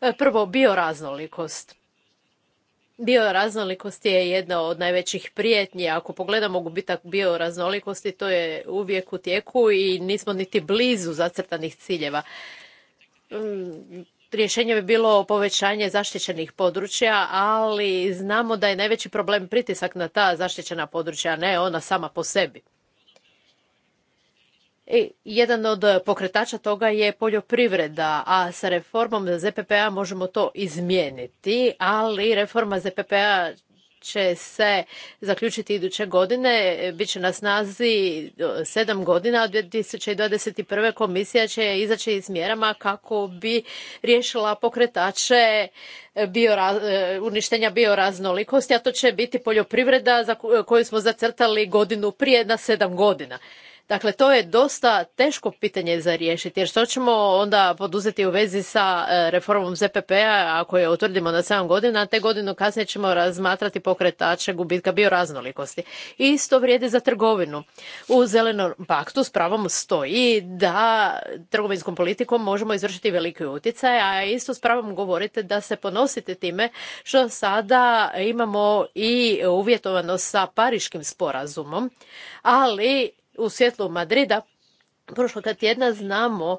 E, prvo, bioraznolikost. Bioraznolikost je jedna od najvećih prijetnji. Ako pogledamo gubitak bioraznolikosti, to je uvijek u tijeku i nismo niti blizu zacrtanih ciljeva. Mm, rješenje bi bilo povećanje zaštićenih područja, ali znamo da je najveći problem pritisak na ta zaštićena područja, a ne ona sama po sebi. E, jedan od eh, pokretača toga je poljoprivreda, a sa reformom ZPP-a možemo to izmijeniti, ali reforma ZPP-a će se zaključiti iduće godine, bit će na snazi eh, sedam godina, od 2021. komisija će izaći s mjerama kako bi riješila pokretače eh, uništenja bioraznolikosti, a to će biti poljoprivreda koju smo zacrtali godinu prije na sedam godina. Dakle, to je dosta teško pitanje za riješiti, jer što ćemo onda poduzeti u vezi sa e, reformom ZPP-a, ako je utvrdimo na 7 godina, a te godinu kasnije ćemo razmatrati pokretače gubitka bioraznolikosti. Isto vrijedi za trgovinu. U zelenom paktu s pravom stoji da trgovinskom politikom možemo izvršiti veliki utjecaj, a isto s pravom govorite da se ponosite time što sada imamo i uvjetovano sa pariškim sporazumom, ali u svjetlu Madrida prošloga tjedna znamo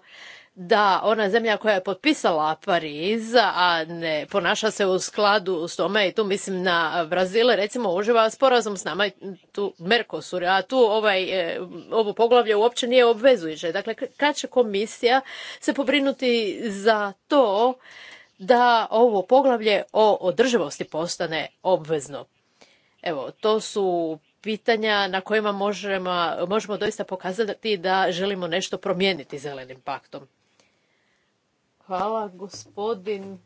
da ona zemlja koja je potpisala Pariz, a ne ponaša se u skladu s tome, i tu mislim na Brazil, recimo uživa sporazum s nama, tu Mercosur, a tu ovaj, e, ovo poglavlje uopće nije obvezujuće. Dakle, kad će komisija se pobrinuti za to da ovo poglavlje o održivosti postane obvezno? Evo, to su pitanja na kojima možemo, možemo doista pokazati da želimo nešto promijeniti zelenim paktom. Hvala gospodin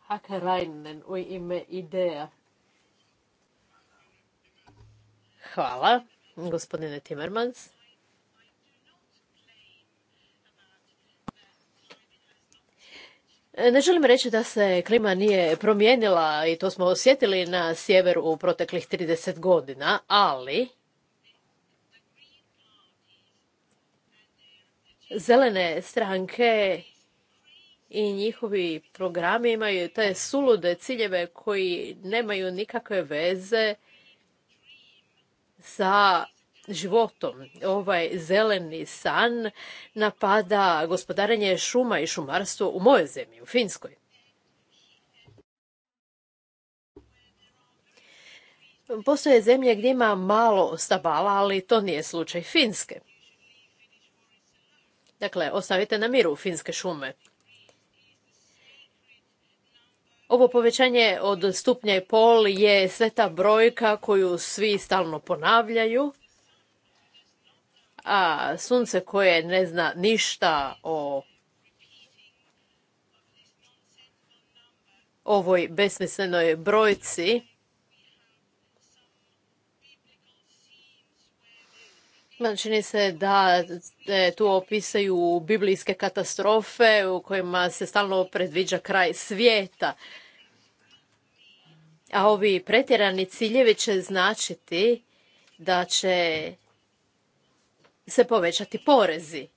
Hakarajnen u ime IDEA. Hvala gospodine Timmermans. E, ne želim reći da se klima nije promijenila i to smo osjetili na sjeveru u proteklih 30 godina, ali zelene stranke i njihovi programi imaju te sulude ciljeve koji nemaju nikakve veze sa životom. Ovaj zeleni san napada gospodarenje šuma i šumarstvo u mojoj zemlji, u Finskoj. Postoje zemlje gdje ima malo stabala, ali to nije slučaj Finske. Dakle, ostavite na miru Finske šume. Ovo povećanje od stupnja i pol je sveta brojka koju svi stalno ponavljaju a sunce koje ne zna ništa o ovoj besmislenoj brojci Čini se da tu opisaju biblijske katastrofe u kojima se stalno predviđa kraj svijeta. A ovi pretjerani ciljevi će značiti da će se povećati porezi.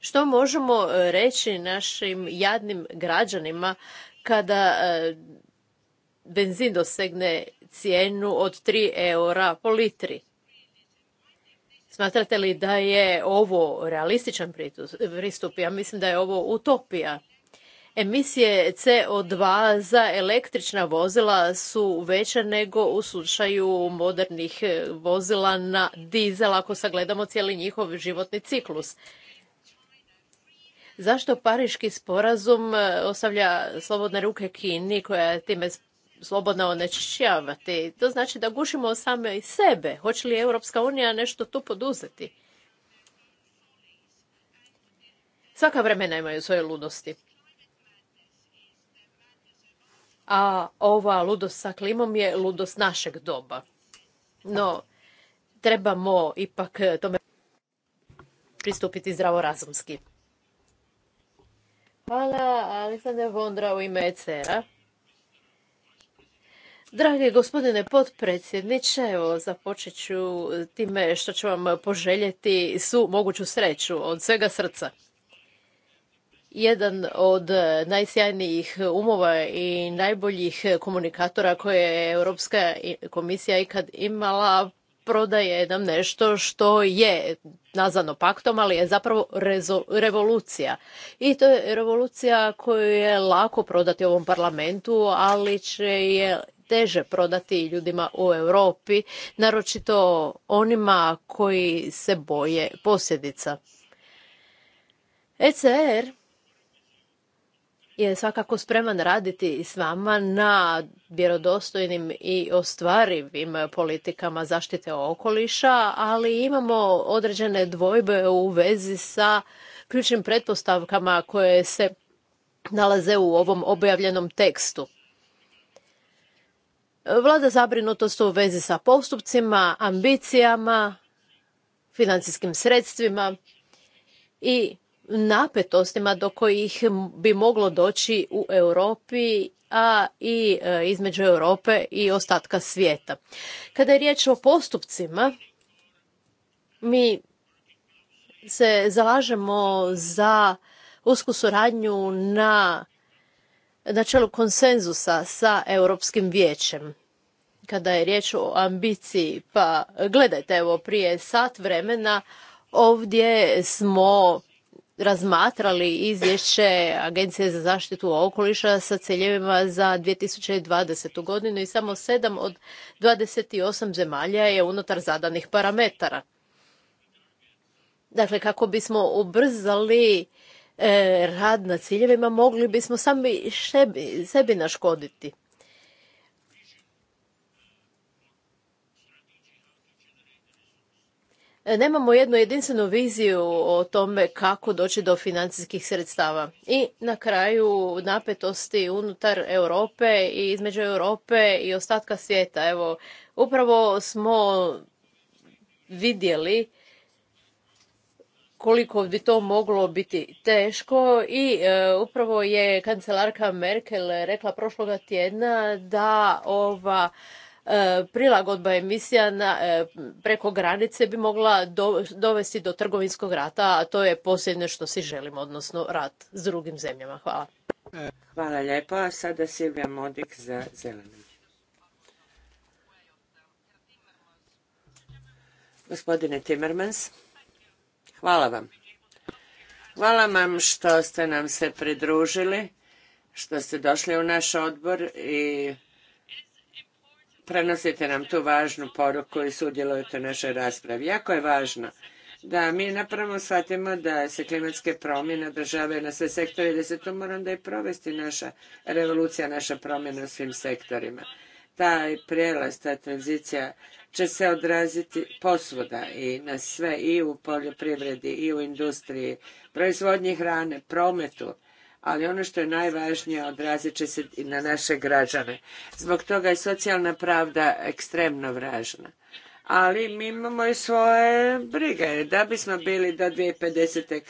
Što možemo e, reći našim jadnim građanima kada e, benzin dosegne cijenu od 3 eura po litri? Smatrate li da je ovo realističan pristup? Ja mislim da je ovo utopija. Emisije CO2 za električna vozila su veće nego u slučaju modernih e, vozila na dizel ako sagledamo cijeli njihov životni ciklus. Zašto Pariški sporazum e, ostavlja slobodne ruke Kini koja je time slobodna onečišćavati? To znači da gušimo same i sebe. Hoće li Europska unija nešto tu poduzeti? Svaka vremena imaju svoje ludosti a ova ludost sa klimom je ludost našeg doba. No, trebamo ipak tome pristupiti zdravorazumski. Hvala, Aleksandar Vondra u ime ECR-a. Dragi gospodine potpredsjedniče, evo započet ću time što ću vam poželjeti su moguću sreću od svega srca jedan od e, najsjajnijih umova i najboljih komunikatora koje je Europska komisija ikad imala prodaje nam nešto što je nazvano paktom, ali je zapravo revolucija. I to je revolucija koju je lako prodati ovom parlamentu, ali će je teže prodati ljudima u Europi, naročito onima koji se boje posljedica. ECR je svakako spreman raditi s vama na vjerodostojnim i ostvarivim politikama zaštite okoliša, ali imamo određene dvojbe u vezi sa ključnim pretpostavkama koje se nalaze u ovom objavljenom tekstu. Vlada zabrinutost u vezi sa postupcima, ambicijama, financijskim sredstvima i napetostima do kojih bi moglo doći u Europi a i e, između Europe i ostatka svijeta. Kada je riječ o postupcima, mi se zalažemo za usku suradnju na načelu konsenzusa sa Europskim vijećem. Kada je riječ o ambiciji, pa gledajte, evo prije sat vremena ovdje smo razmatrali izvješće Agencije za zaštitu okoliša sa ciljevima za 2020. godinu i samo 7 od 28 zemalja je unutar zadanih parametara. Dakle, kako bismo ubrzali eh, rad na ciljevima, mogli bismo sami sebi naškoditi. E, nemamo jednu jedinstvenu viziju o tome kako doći do financijskih sredstava. I na kraju napetosti unutar Europe i između Europe i ostatka svijeta. Evo, upravo smo vidjeli koliko bi to moglo biti teško i e, upravo je kancelarka Merkel rekla prošloga tjedna da ova E, prilagodba emisija na, e, preko granice bi mogla dovesti do trgovinskog rata, a to je posljednje što si želimo, odnosno rat s drugim zemljama. Hvala. Hvala sada Silvija Modik za Gospodine Timmermans, hvala vam. Hvala vam što ste nam se pridružili, što ste došli u naš odbor i prenosite nam tu važnu poruku i sudjelujete u našoj raspravi. Jako je važno da mi napravo shvatimo da se klimatske promjene održavaju na sve sektore i da se to mora da i provesti naša revolucija, naša promjena u svim sektorima. Taj prijelaz, ta tranzicija će se odraziti posvuda i na sve i u poljoprivredi i u industriji, proizvodnji hrane, prometu ali ono što je najvažnije odrazit će se i na naše građane. Zbog toga je socijalna pravda ekstremno vražna. Ali mi imamo i svoje brige. Da bismo bili do 2050.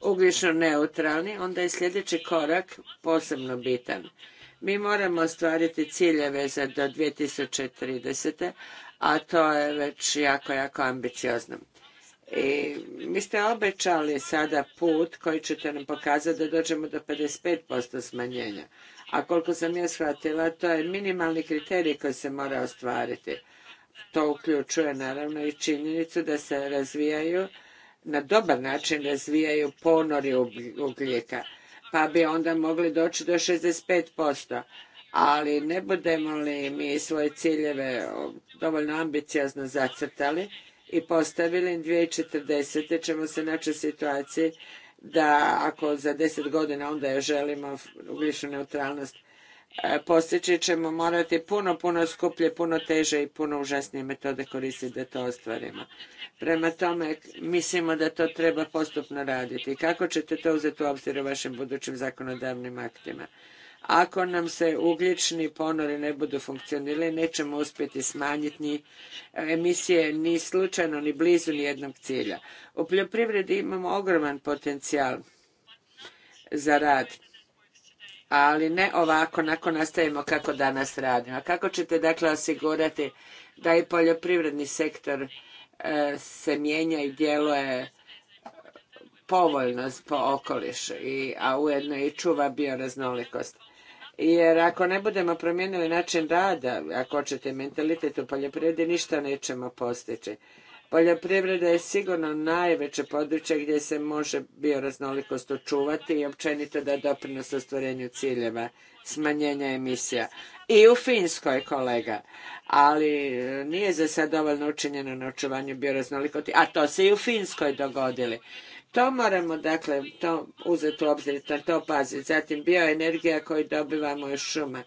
ugljično neutralni, onda je sljedeći korak posebno bitan. Mi moramo ostvariti ciljeve za do 2030. a to je već jako, jako ambiciozno. I mi ste obećali sada put koji ćete nam pokazati da dođemo do 55% smanjenja. A koliko sam ja shvatila, to je minimalni kriterij koji se mora ostvariti. To uključuje naravno i činjenicu da se razvijaju, na dobar način razvijaju ponori ugljika, pa bi onda mogli doći do 65% ali ne budemo li mi svoje ciljeve dovoljno ambiciozno zacrtali i postavili 2040. ćemo se naći u situaciji da ako za deset godina onda još želimo više neutralnost e, postići ćemo morati puno, puno skuplje, puno teže i puno užasnije metode koristiti da to ostvarimo. Prema tome, mislimo da to treba postupno raditi. Kako ćete to uzeti u obzir u vašim budućim zakonodavnim aktima? ako nam se ugljični ponori ne budu funkcionirali, nećemo uspjeti smanjiti emisije ni slučajno, ni blizu ni jednog cilja. U poljoprivredi imamo ogroman potencijal za rad, ali ne ovako, nakon nastavimo kako danas radimo. kako ćete dakle osigurati da i poljoprivredni sektor e, se mijenja i djeluje povoljno po okoliš, a ujedno i čuva bioraznolikost. Jer ako ne budemo promijenili način rada, ako hoćete mentalitet u poljoprivredi, ništa nećemo postići. Poljoprivreda je sigurno najveće područje gdje se može bioraznolikost očuvati i općenito da doprinos ostvarenju ciljeva smanjenja emisija. I u Finskoj, kolega. Ali e, nije za sad dovoljno učinjeno na očuvanju bioraznolikosti, a to se i u Finskoj dogodili. To moramo dakle to uzeti u obzir, na to paziti. Zatim bioenergija koju dobivamo iz šuma.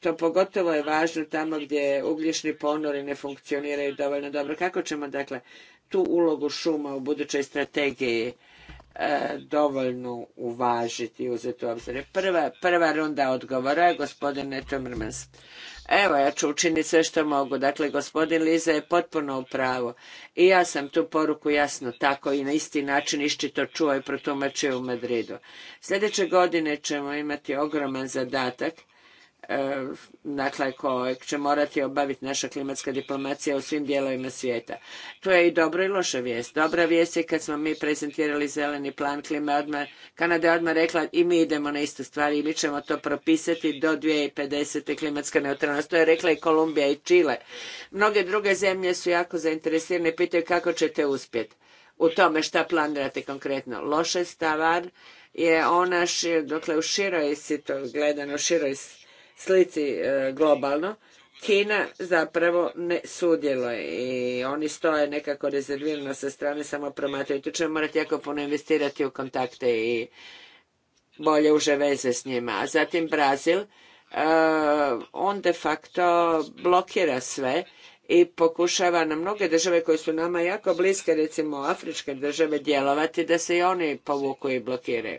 To pogotovo je važno tamo gdje ugljišni ponori ne funkcioniraju dovoljno dobro. Kako ćemo dakle tu ulogu šuma u budućoj strategiji e, dovoljno uvažiti i uzeti u obzir? Prva, runda odgovora je gospodin Evo, ja ću učiniti sve što mogu. Dakle, gospodin Liza je potpuno u pravu. I ja sam tu poruku jasno tako i na isti način iščito čuo i protumačio u Madridu. Sljedeće godine ćemo imati ogroman zadatak dakle kojeg će morati obaviti naša klimatska diplomacija u svim dijelovima svijeta. To je i dobra i loša vijest. Dobra vijest je kad smo mi prezentirali zeleni plan klima, odmah, Kanada je odmah rekla i mi idemo na istu stvari i mi ćemo to propisati do 2050. klimatska neutralnost. To je rekla i Kolumbija i Čile. Mnoge druge zemlje su jako zainteresirane i pitaju kako ćete uspjeti u tome šta planirate konkretno. Loša stvar je ona, šir, dokle u široj, to gledano, u široj slici e, globalno, Kina zapravo ne sudjeluje i oni stoje nekako rezervirano sa strane, samo promatraju. Tu ćemo morati jako puno investirati u kontakte i bolje uže veze s njima. A zatim Brazil, e, on de facto blokira sve i pokušava na mnoge države koje su nama jako bliske, recimo afričke države, djelovati da se i oni povuku i blokiraju.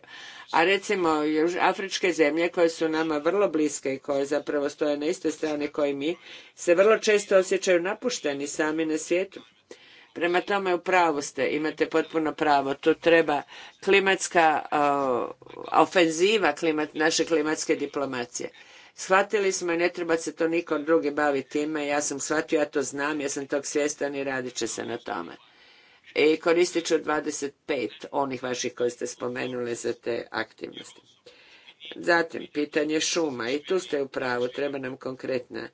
A recimo afričke zemlje koje su nama vrlo bliske i koje zapravo stoje na istoj strani koji mi, se vrlo često osjećaju napušteni sami na svijetu. Prema tome u pravu ste, imate potpuno pravo. Tu treba klimatska ofenziva naše klimatske diplomacije. Shvatili smo i ne treba se to nitko drugi baviti time, ja sam shvatio, ja to znam, ja sam tog svjestan i radit će se na tome. I koristit ću 25 onih vaših koje ste spomenuli za te aktivnosti. Zatim, pitanje šuma i tu ste u pravu, treba nam konkretna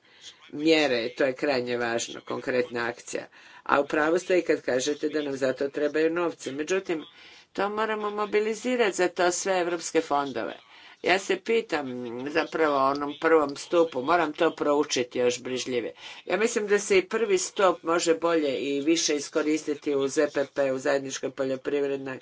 mjere, to je krajnje važno, konkretna akcija. A u pravu ste i kad kažete da nam za to trebaju novce. Međutim, to moramo mobilizirati za to sve evropske fondove. Ja se pitam zapravo onom prvom stupu, moram to proučiti još brižljive. Ja mislim da se i prvi stup može bolje i više iskoristiti u ZPP, u zajedničkoj poljoprivrednoj,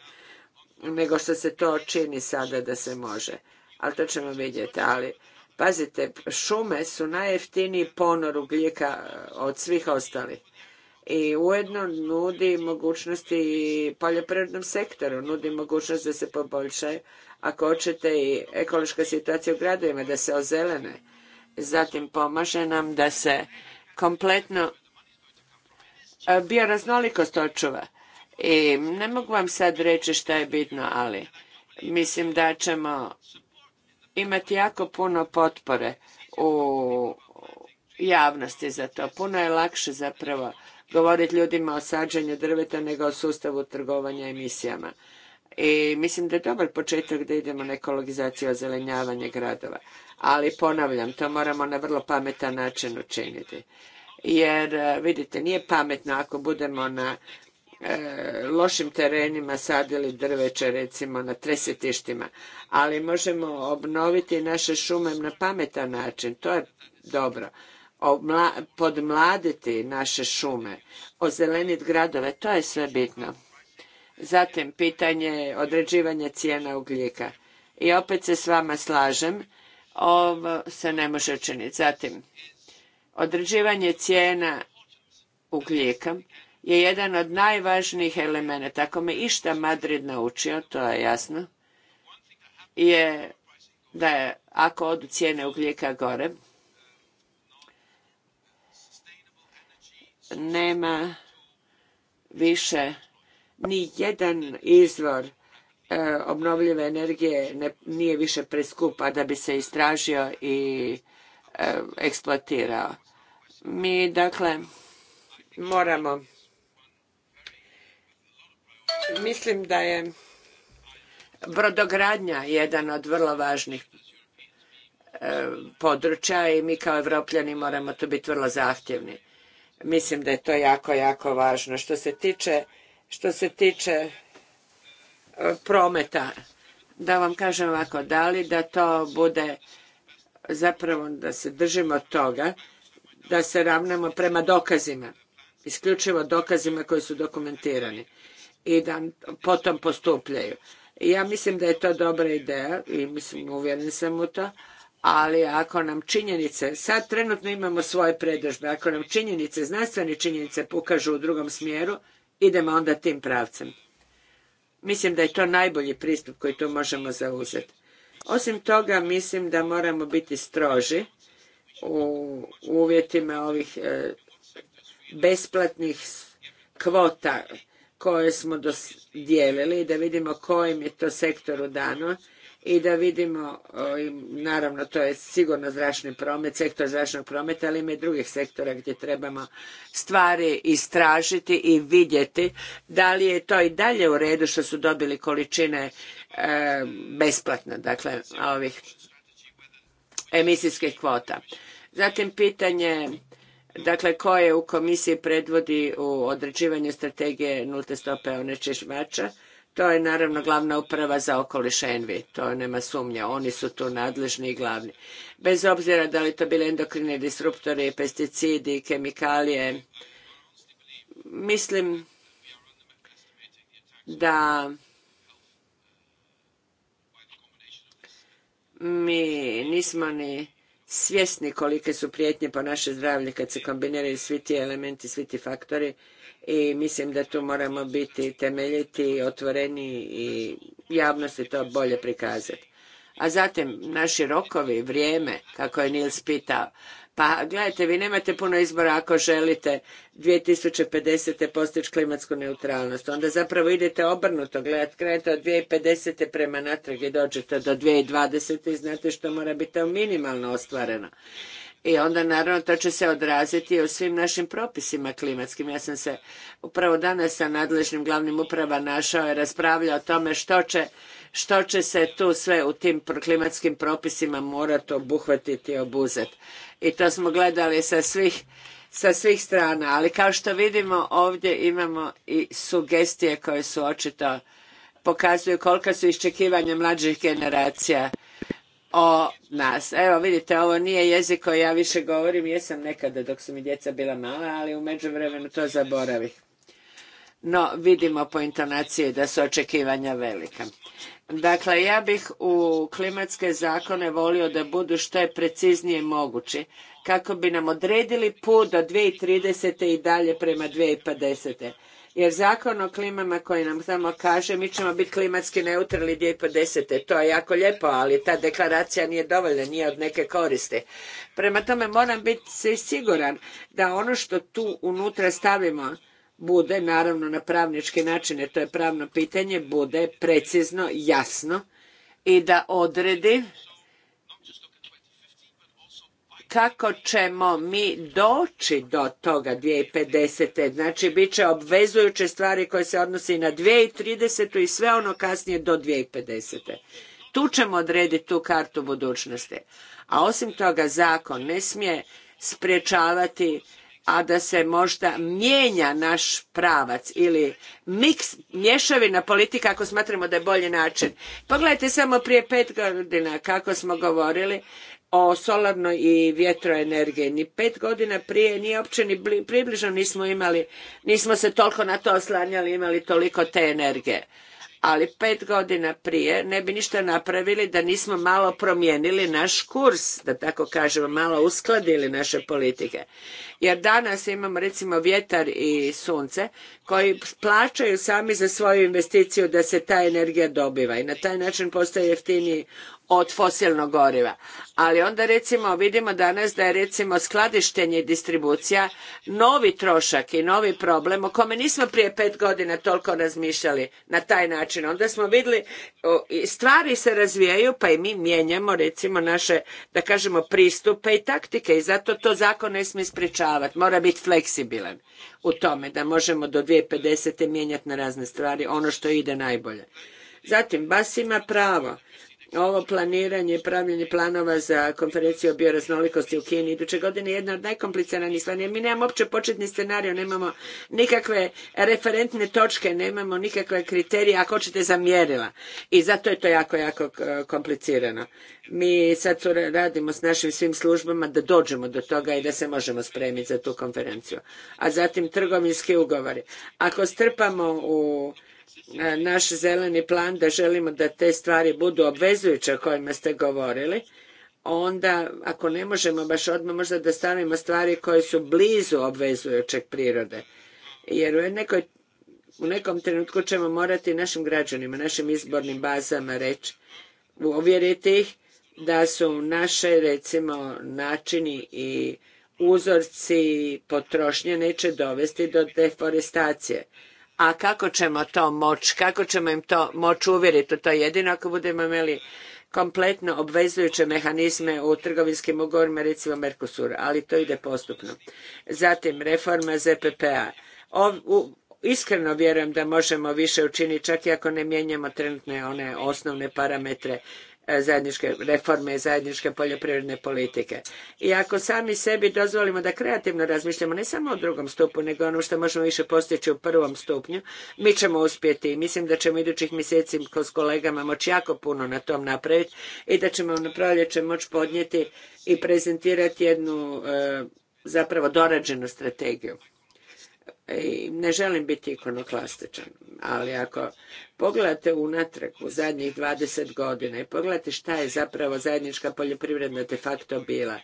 nego što se to čini sada da se može. Ali to ćemo vidjeti. Ali pazite, šume su najjeftiniji ponor ugljika e, od svih ostalih i ujedno nudi mogućnosti poljoprivrednom sektoru, nudi mogućnost da se poboljšaju ako hoćete i ekološka situacija u gradovima da se ozelene. Zatim pomaže nam da se kompletno e, bioraznolikost očuva. I ne mogu vam sad reći šta je bitno, ali mislim da ćemo imati jako puno potpore u javnosti za to. Puno je lakše zapravo govoriti ljudima o sađenju drveta nego o sustavu trgovanja emisijama. I mislim da je dobar početak da idemo na ekologizaciju ozelenjavanje gradova. Ali ponavljam, to moramo na vrlo pametan način učiniti. Jer, e, vidite, nije pametno ako budemo na e, lošim terenima sadili drveće recimo na tresetištima, ali možemo obnoviti naše šume na pametan način, to je dobro. podmladiti naše šume, ozeleniti gradove, to je sve bitno. Zatim pitanje određivanja cijena ugljika. I opet se s vama slažem, ovo se ne može učiniti. Zatim, određivanje cijena ugljika je jedan od najvažnijih elemenata. Ako me išta Madrid naučio, to je jasno, je da je, ako odu cijene ugljika gore, nema više ni jedan izvor e, obnovljive energije nije više preskup, da bi se istražio i e, eksploatirao. Mi, dakle, moramo... Mislim da je brodogradnja jedan od vrlo važnih e, područja i mi kao evropljani moramo to biti vrlo zahtjevni. Mislim da je to jako, jako važno. Što se tiče što se tiče e, prometa, da vam kažem ovako, da li da to bude zapravo da se držimo toga, da se ravnamo prema dokazima, isključivo dokazima koji su dokumentirani i da potom postupljaju. Ja mislim da je to dobra ideja i mislim uvjeren sam u to, ali ako nam činjenice, sad trenutno imamo svoje predržbe, ako nam činjenice, znanstvene činjenice pokažu u drugom smjeru, idemo onda tim pravcem. Mislim da je to najbolji pristup koji tu možemo zauzeti. Osim toga, mislim da moramo biti stroži u uvjetima ovih e, besplatnih kvota koje smo dijelili i da vidimo kojim je to sektoru dano i da vidimo, naravno to je sigurno zračni promet, sektor zračnog prometa, ali ima i drugih sektora gdje trebamo stvari istražiti i vidjeti da li je to i dalje u redu što su dobili količine besplatna, besplatno, dakle ovih emisijskih kvota. Zatim pitanje dakle koje u komisiji predvodi u određivanju strategije nulte stope onečišćivača to je naravno glavna uprava za okoliš Envi, to nema sumnja, oni su tu nadležni i glavni. Bez obzira da li to bili endokrini disruptori, pesticidi, kemikalije, mislim da mi nismo ni svjesni kolike su prijetnje po naše zdravlje kad se kombiniraju svi ti elementi, svi ti faktori i mislim da tu moramo biti temeljiti, otvoreni i javnosti to bolje prikazati. A zatim naši rokovi, vrijeme, kako je Nils pitao, pa gledajte, vi nemate puno izbora ako želite 2050. postići klimatsku neutralnost. Onda zapravo idete obrnuto, gledajte, krenete od 2050. prema natrag i dođete do 2020. i znate što mora biti minimalno ostvareno. I onda naravno to će se odraziti u svim našim propisima klimatskim. Ja sam se upravo danas sa nadležnim glavnim uprava našao i raspravljao o tome što će, što se tu sve u tim klimatskim propisima morati obuhvatiti i obuzeti. I to smo gledali sa svih sa svih strana, ali kao što vidimo ovdje imamo i sugestije koje su očito pokazuju kolika su iščekivanja mlađih generacija o nas. Evo vidite, ovo nije jezik koji ja više govorim, jesam nekada dok su mi djeca bila mala, ali u međuvremenu to zaboravim. No, vidimo po intonaciji da su očekivanja velika. Dakle, ja bih u klimatske zakone volio da budu što je preciznije mogući, kako bi nam odredili put do 2030. i dalje prema 2050 jer zakon o klimama koji nam samo kaže mi ćemo biti klimatski neutralni 2050. To je jako lijepo, ali ta deklaracija nije dovoljna, nije od neke koristi. Prema tome moram biti siguran da ono što tu unutra stavimo bude, naravno na pravnički način, jer to je pravno pitanje, bude precizno, jasno i da odredi kako ćemo mi doći do toga 2050. Znači, bit će obvezujuće stvari koje se odnosi na 2030. i sve ono kasnije do 2050. Tu ćemo odrediti tu kartu budućnosti. A osim toga, zakon ne smije sprječavati a da se možda mijenja naš pravac ili miks, mješavina politika ako smatramo da je bolji način. Pogledajte samo prije pet godina kako smo govorili o solarnoj i vjetroenergiji. Ni pet godina prije nije uopće ni približno nismo imali, nismo se toliko na to oslanjali, imali toliko te energije. Ali pet godina prije ne bi ništa napravili da nismo malo promijenili naš kurs, da tako kažemo, malo uskladili naše politike. Jer danas imamo recimo vjetar i sunce koji plaćaju sami za svoju investiciju da se ta energija dobiva i na taj način postaje jeftiniji od fosilnog goriva. Ali onda recimo vidimo danas da je recimo skladištenje i distribucija novi trošak i novi problem o kome nismo prije pet godina toliko razmišljali na taj način. Onda smo vidjeli stvari se razvijaju pa i mi mijenjamo recimo naše da kažemo pristupe i taktike i zato to zakon ne smije sprječavati. Mora biti fleksibilan u tome da možemo do 2050. mijenjati na razne stvari ono što ide najbolje. Zatim, Bas ima pravo ovo planiranje i pravljenje planova za konferenciju o bioraznolikosti u Kini iduće godine jedna od najkompliciranijih stvari. Mi nemamo uopće početni scenarij, nemamo nikakve referentne točke, nemamo nikakve kriterije, ako hoćete, za mjerila. I zato je to jako, jako eh, komplicirano. Mi sad radimo s našim svim službama da dođemo do toga i da se možemo spremiti za tu konferenciju. A zatim trgovinski ugovori. Ako strpamo u E, naš zeleni plan da želimo da te stvari budu obvezujuće o kojima ste govorili, onda ako ne možemo baš odmah možda da stavimo stvari koje su blizu obvezujućeg prirode. Jer u, u nekom trenutku ćemo morati našim građanima, našim izbornim bazama reći, uvjeriti ih da su naše recimo načini i uzorci potrošnje neće dovesti do deforestacije a kako ćemo to moći, kako ćemo im to moći uvjeriti, to je jedino ako budemo imali kompletno obvezujuće mehanizme u trgovinskim ugovorima, recimo Mercosur, ali to ide postupno. Zatim, reforma ZPP-a. Iskreno vjerujem da možemo više učiniti, čak i ako ne mijenjamo trenutne one osnovne parametre zajedničke reforme i zajedničke poljoprivredne politike. I ako sami sebi dozvolimo da kreativno razmišljamo ne samo o drugom stupu, nego ono što možemo više postići u prvom stupnju, mi ćemo uspjeti i mislim da ćemo idućih mjeseci s kolegama moći jako puno na tom napraviti i da ćemo na proljeće moći podnijeti i prezentirati jednu e, zapravo dorađenu strategiju i ne želim biti ikonoklastičan, ali ako pogledate unatrag u zadnjih 20 godina i pogledate šta je zapravo zajednička poljoprivredna de facto bila.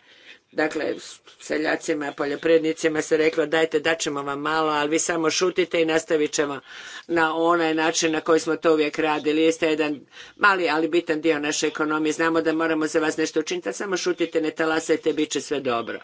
Dakle, seljacima, poljoprivrednicima se reklo dajte dat ćemo vam malo, ali vi samo šutite i nastavit ćemo na onaj način na koji smo to uvijek radili. Jeste jedan mali, ali bitan dio naše ekonomije. Znamo da moramo za vas nešto učiniti, a samo šutite, ne talasajte, bit će sve dobro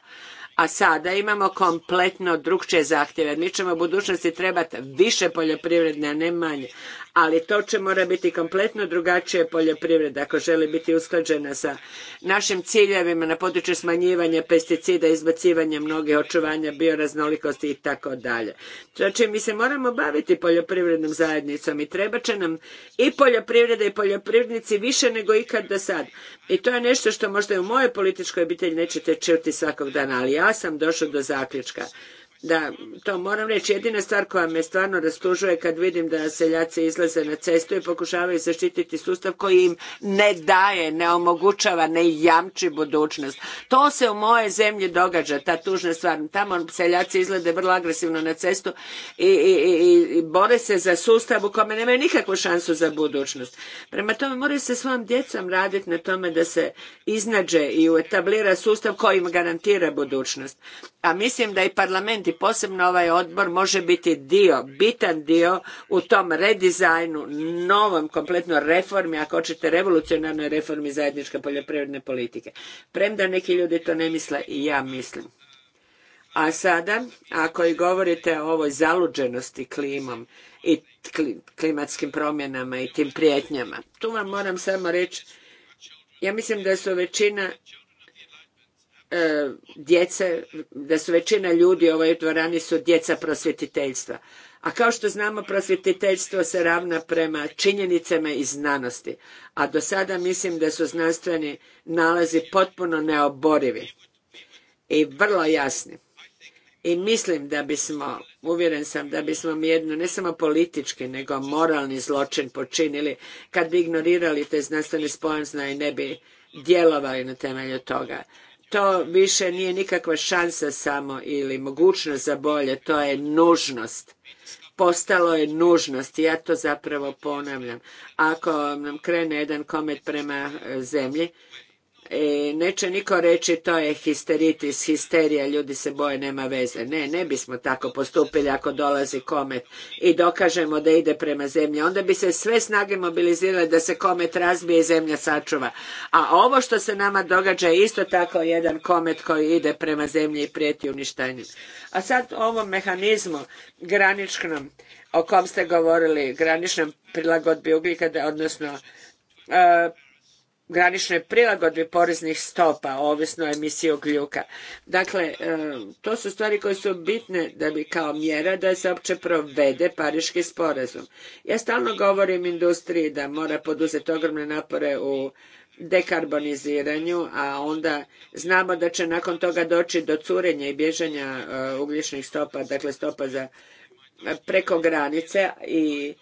a sada imamo kompletno drukčije zahtjeve. Mi ćemo u budućnosti trebati više poljoprivredne, a ne manje ali to će mora biti kompletno drugačije poljoprivreda ako želi biti usklađena sa našim ciljevima na području smanjivanja pesticida, izbacivanja mnogih očuvanja bioraznolikosti i tako dalje. Znači mi se moramo baviti poljoprivrednom zajednicom i treba će nam i poljoprivreda i poljoprivrednici više nego ikad do sad. I to je nešto što možda i u mojoj političkoj obitelji nećete čuti svakog dana, ali ja sam došao do zaključka da, to moram reći. Jedina stvar koja me stvarno rastužuje kad vidim da seljaci izlaze na cestu i pokušavaju zaštititi sustav koji im ne daje, ne omogućava, ne jamči budućnost. To se u moje zemlji događa, ta tužna stvar. Tamo seljaci izlaze vrlo agresivno na cestu i, bore se za sustav u kome nemaju nikakvu šansu za budućnost. Prema tome moraju se svojom djecom raditi na tome da se iznađe i uetablira sustav koji im garantira budućnost. A mislim da i parlament i posebno ovaj odbor može biti dio, bitan dio u tom redizajnu, novom kompletno reformi, ako hoćete revolucionarnoj reformi zajedničke poljoprivredne politike. Premda neki ljudi to ne misle i ja mislim. A sada, ako i govorite o ovoj zaluđenosti klimom i klimatskim promjenama i tim prijetnjama, tu vam moram samo reći, ja mislim da su većina E, djece, da su većina ljudi u ovoj dvorani su djeca prosvjetiteljstva. A kao što znamo, prosvjetiteljstvo se ravna prema činjenicama i znanosti. A do sada mislim da su znanstveni nalazi potpuno neoborivi i vrlo jasni. I mislim da bismo, uvjeren sam da bismo mi ne samo politički nego moralni zločin počinili kad bi ignorirali te znanstvene spoznaje i ne bi djelovali na temelju toga to više nije nikakva šansa samo ili mogućnost za bolje, to je nužnost. Postalo je nužnost i ja to zapravo ponavljam. Ako nam krene jedan komet prema e, zemlji, E, neće niko reći to je histeritis, histerija, ljudi se boje, nema veze. Ne, ne bismo tako postupili ako dolazi komet i dokažemo da ide prema zemlji. Onda bi se sve snage mobilizirale da se komet razbije i zemlja sačuva. A ovo što se nama događa je isto tako jedan komet koji ide prema zemlji i prijeti uništenjem. A sad ovom mehanizmu graničnom o kom ste govorili, graničnom prilagodbi ugljika, odnosno e, Granične prilagodbi poreznih stopa, ovisno o emisiji ugljika Dakle, e, to su stvari koje su bitne da bi kao mjera da se opće provede pariški sporazum. Ja stalno govorim industriji da mora poduzeti ogromne napore u dekarboniziranju, a onda znamo da će nakon toga doći do curenja i bježanja e, ugljičnih stopa, dakle stopa za preko granice i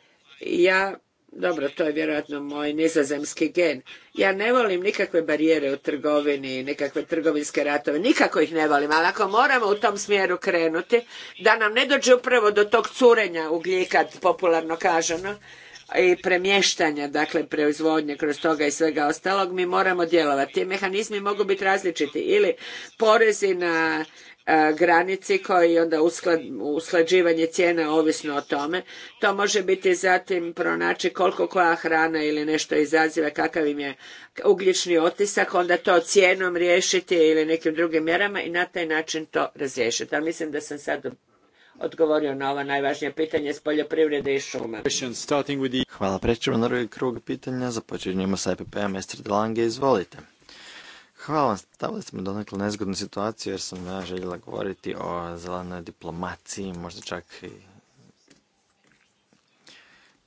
ja dobro, to je vjerojatno moj nizozemski gen. Ja ne volim nikakve barijere u trgovini, nikakve trgovinske ratove, nikako ih ne volim, ali ako moramo u tom smjeru krenuti, da nam ne dođe upravo do tog curenja ugljika, popularno kažano i premještanja, dakle proizvodnje kroz toga i svega ostalog, mi moramo djelovati. Ti mehanizmi mogu biti različiti ili porezi na e, granici koji onda usklađivanje cijena ovisno o tome. To može biti zatim pronaći koliko koja hrana ili nešto izaziva, kakav im je ugljični otisak, onda to cijenom riješiti ili nekim drugim mjerama i na taj način to razriješiti. Ali mislim da sam sad odgovorio na ova najvažnija pitanja s poljoprivrede i šuma. Hvala, prećemo na drugi krug pitanja, započinjemo sa EPP-om Ester Delange, izvolite. Hvala vam, stavili smo donekle nezgodnu situaciju jer sam ja željela govoriti o zelenoj diplomaciji, možda čak i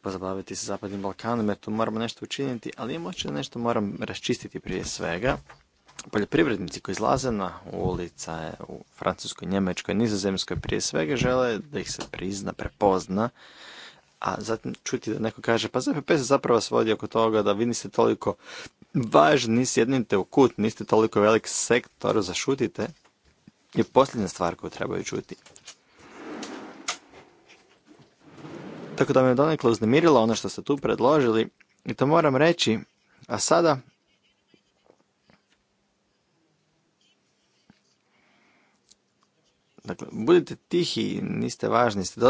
pozabaviti se Zapadnim Balkanom jer tu moramo nešto učiniti, ali ima nešto moram raščistiti prije svega poljoprivrednici koji izlaze na ulica e, u Francuskoj, Njemačkoj, Nizozemskoj prije svega žele da ih se prizna, prepozna, a zatim čuti da neko kaže pa ZPP se zapravo svodi oko toga da vi niste toliko važni, sjednite u kut, niste toliko velik sektor, zašutite, je posljednja stvar koju trebaju čuti. Tako da me donekle uznemirilo ono što ste tu predložili i to moram reći, a sada Dakle, budite tihi, niste važni, ste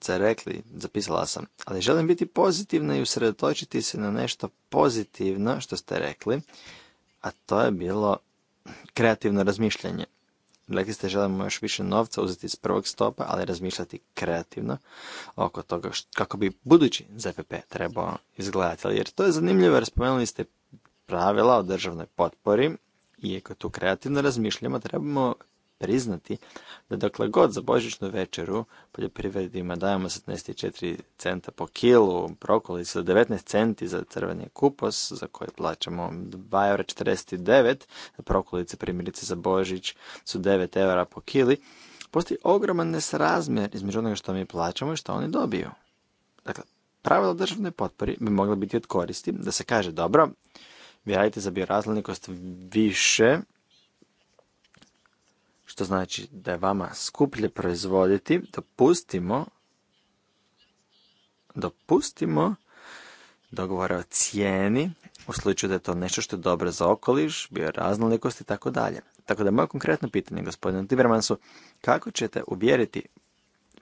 se rekli, zapisala sam, ali želim biti pozitivna i usredotočiti se na nešto pozitivno što ste rekli, a to je bilo kreativno razmišljanje. Rekli ste želimo još više novca uzeti iz prvog stopa, ali razmišljati kreativno oko toga kako bi budući ZPP trebao izgledati. Jer to je zanimljivo jer spomenuli ste pravila o državnoj potpori, iako tu kreativno razmišljamo, trebamo priznati da dokle god za božićnu večeru poljoprivredima dajemo 17,4 centa po kilu sa 19 centi za crveni kupos za koje plaćamo 2,49 prokolice primjerice za božić su 9 eura po kili, postoji ogroman nesrazmjer između onoga što mi plaćamo i što oni dobiju. Dakle, pravila državne potpori bi mogla biti od koristi da se kaže dobro, vi radite za bioraznolikost više što znači da je vama skuplje proizvoditi, dopustimo, dopustimo dogovore o cijeni, u slučaju da je to nešto što je dobro za okoliš, bioraznolikost i tako dalje. Tako da moje konkretno pitanje, gospodinu Tivermansu kako ćete uvjeriti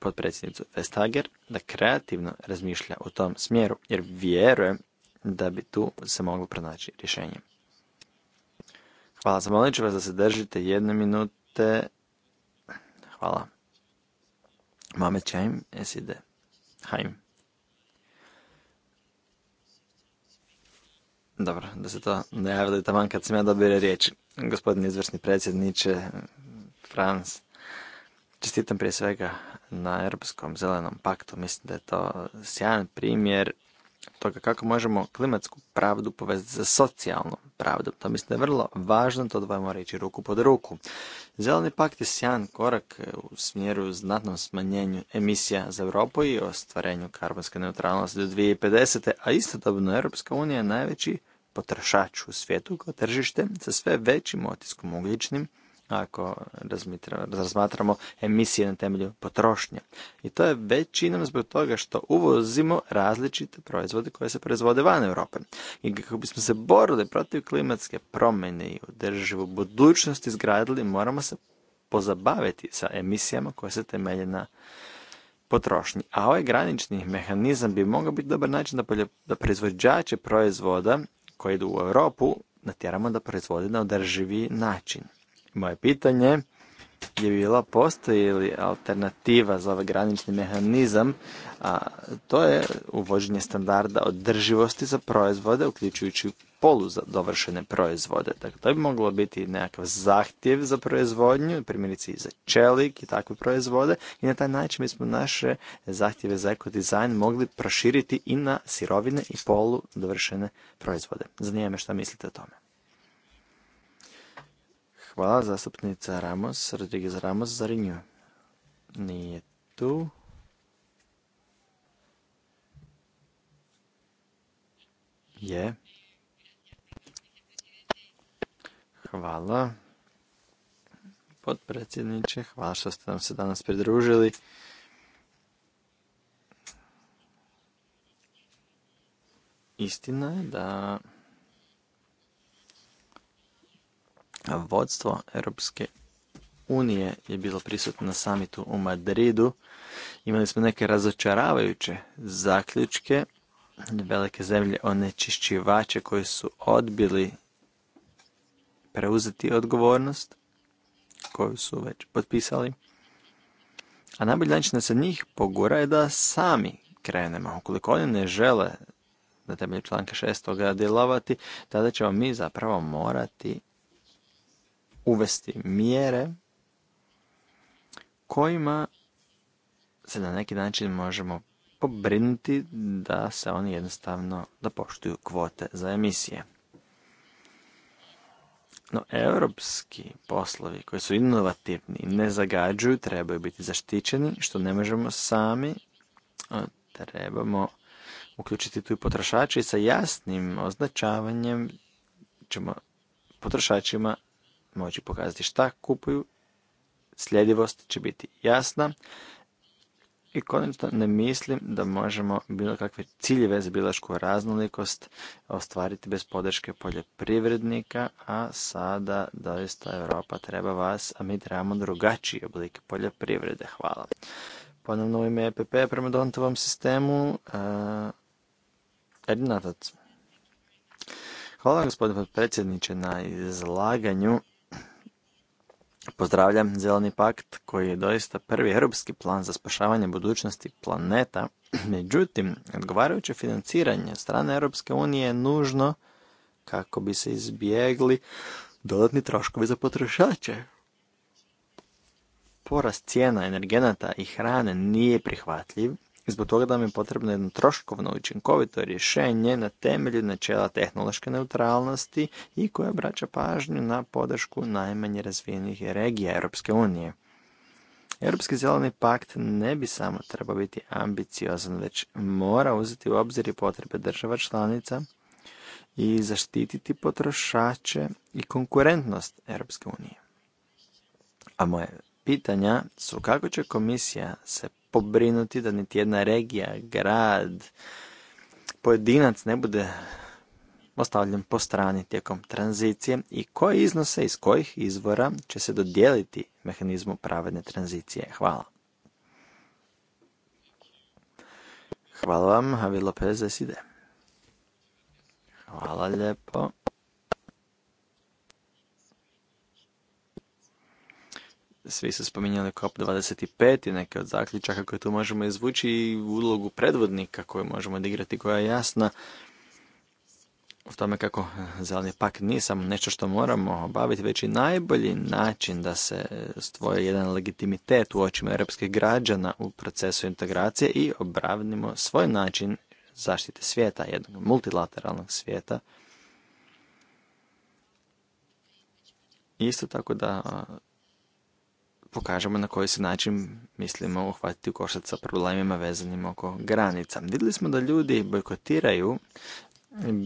potpredsjednicu Vestager da kreativno razmišlja u tom smjeru, jer vjerujem da bi tu se moglo pronaći rješenje. Hvala, zamolit ću vas da se držite jednu minutu te... Hvala. Mame SID. Hajm. Dobro, da se to najavili taman kad sam ja dobio riječ. Gospodin izvršni predsjedniče, Franz, čestitam prije svega na Europskom zelenom paktu. Mislim da je to sjajan primjer toga kako možemo klimatsku pravdu povezati sa socijalnom pravdom. To mislim da je vrlo važno, to dvoje mora ići ruku pod ruku. Zeleni pakt je sjajan korak e, u smjeru znatnom smanjenju emisija za Europu i ostvarenju karbonske neutralnosti do 2050. A istodobno Europska unija je najveći potrošač u svijetu kao tržište sa sve većim otiskom ugljičnim ako razmatramo emisije na temelju potrošnje. I to je većinom zbog toga što uvozimo različite proizvode koje se proizvode van Europe. I kako bismo se borili protiv klimatske promjene i održivu budućnost izgradili, moramo se pozabaviti sa emisijama koje se temelje na potrošnji. A ovaj granični mehanizam bi mogao biti dobar način da, da proizvođače proizvoda koji idu u Europu natjeramo da proizvode na održivi način. Moje pitanje je bila postoji li alternativa za ovaj granični mehanizam, a to je uvođenje standarda održivosti za proizvode, uključujući polu za dovršene proizvode. Dakle, to bi moglo biti nekakav zahtjev za proizvodnju, primjerice i za čelik i takve proizvode i na taj način bismo naše zahtjeve za ekodizajn mogli proširiti i na sirovine i polu dovršene proizvode. Zanima me što mislite o tome. Hvala. Zastupnica Ramos, Rodriguez Ramos, Zarinju. Nije tu. Je. Hvala. Potpredsjedniče, hvala što ste nam se danas pridružili. Istina je da vodstvo Europske unije je bilo prisutno na samitu u Madridu. Imali smo neke razočaravajuće zaključke. Velike zemlje onečišćivače koji su odbili preuzeti odgovornost koju su već potpisali. A najbolji način da se njih pogura je da sami krenemo. Ukoliko oni ne žele na temelju članka šestoga djelovati, tada ćemo mi zapravo morati uvesti mjere kojima se na neki način možemo pobrinuti da se oni jednostavno da poštuju kvote za emisije. No, europski poslovi koji su inovativni i ne zagađuju trebaju biti zaštićeni, što ne možemo sami, trebamo uključiti tu i potrošače i sa jasnim označavanjem ćemo potrošačima moći pokazati šta kupuju, sljedivost će biti jasna i konačno ne mislim da možemo bilo kakve ciljeve za bilašku raznolikost ostvariti bez podrške poljoprivrednika, a sada doista Europa treba vas, a mi trebamo drugačiji oblik poljoprivrede. Hvala. Ponovno u ime EPP prema Dontovom sistemu, uh, e, Edinatac. Hvala gospodine predsjedniče na izlaganju. Pozdravljam Zeleni pakt koji je doista prvi europski plan za spašavanje budućnosti planeta. [clears throat] Međutim, odgovarajuće financiranje strane Europske unije je nužno kako bi se izbjegli dodatni troškovi za potrošače. Porast cijena energenata i hrane nije prihvatljiv Zbog toga nam je potrebno jedno troškovno učinkovito rješenje na temelju načela tehnološke neutralnosti i koje obraća pažnju na podršku najmanje razvijenih regija Europske unije. Europski zeleni pakt ne bi samo trebao biti ambiciozan, već mora uzeti u obzir i potrebe država članica i zaštititi potrošače i konkurentnost Europske unije. A moje pitanja su kako će komisija se pobrinuti da niti jedna regija, grad, pojedinac ne bude ostavljen po strani tijekom tranzicije i koje iznose iz kojih izvora će se dodijeliti mehanizmu pravedne tranzicije. Hvala. Hvala vam, Javi Lopez, ide. Hvala lijepo. Svi su spominjali COP25 i neke od zaključaka koje tu možemo izvući i ulogu predvodnika koju možemo odigrati koja je jasna u tome kako zeleni pak nije samo nešto što moramo obaviti, već i najbolji način da se stvoje jedan legitimitet u očima europskih građana u procesu integracije i obravnimo svoj način zaštite svijeta, jednog multilateralnog svijeta. Isto tako da pokažemo na koji se način mislimo uhvatiti u koštac sa problemima vezanim oko granica. Vidjeli smo da ljudi bojkotiraju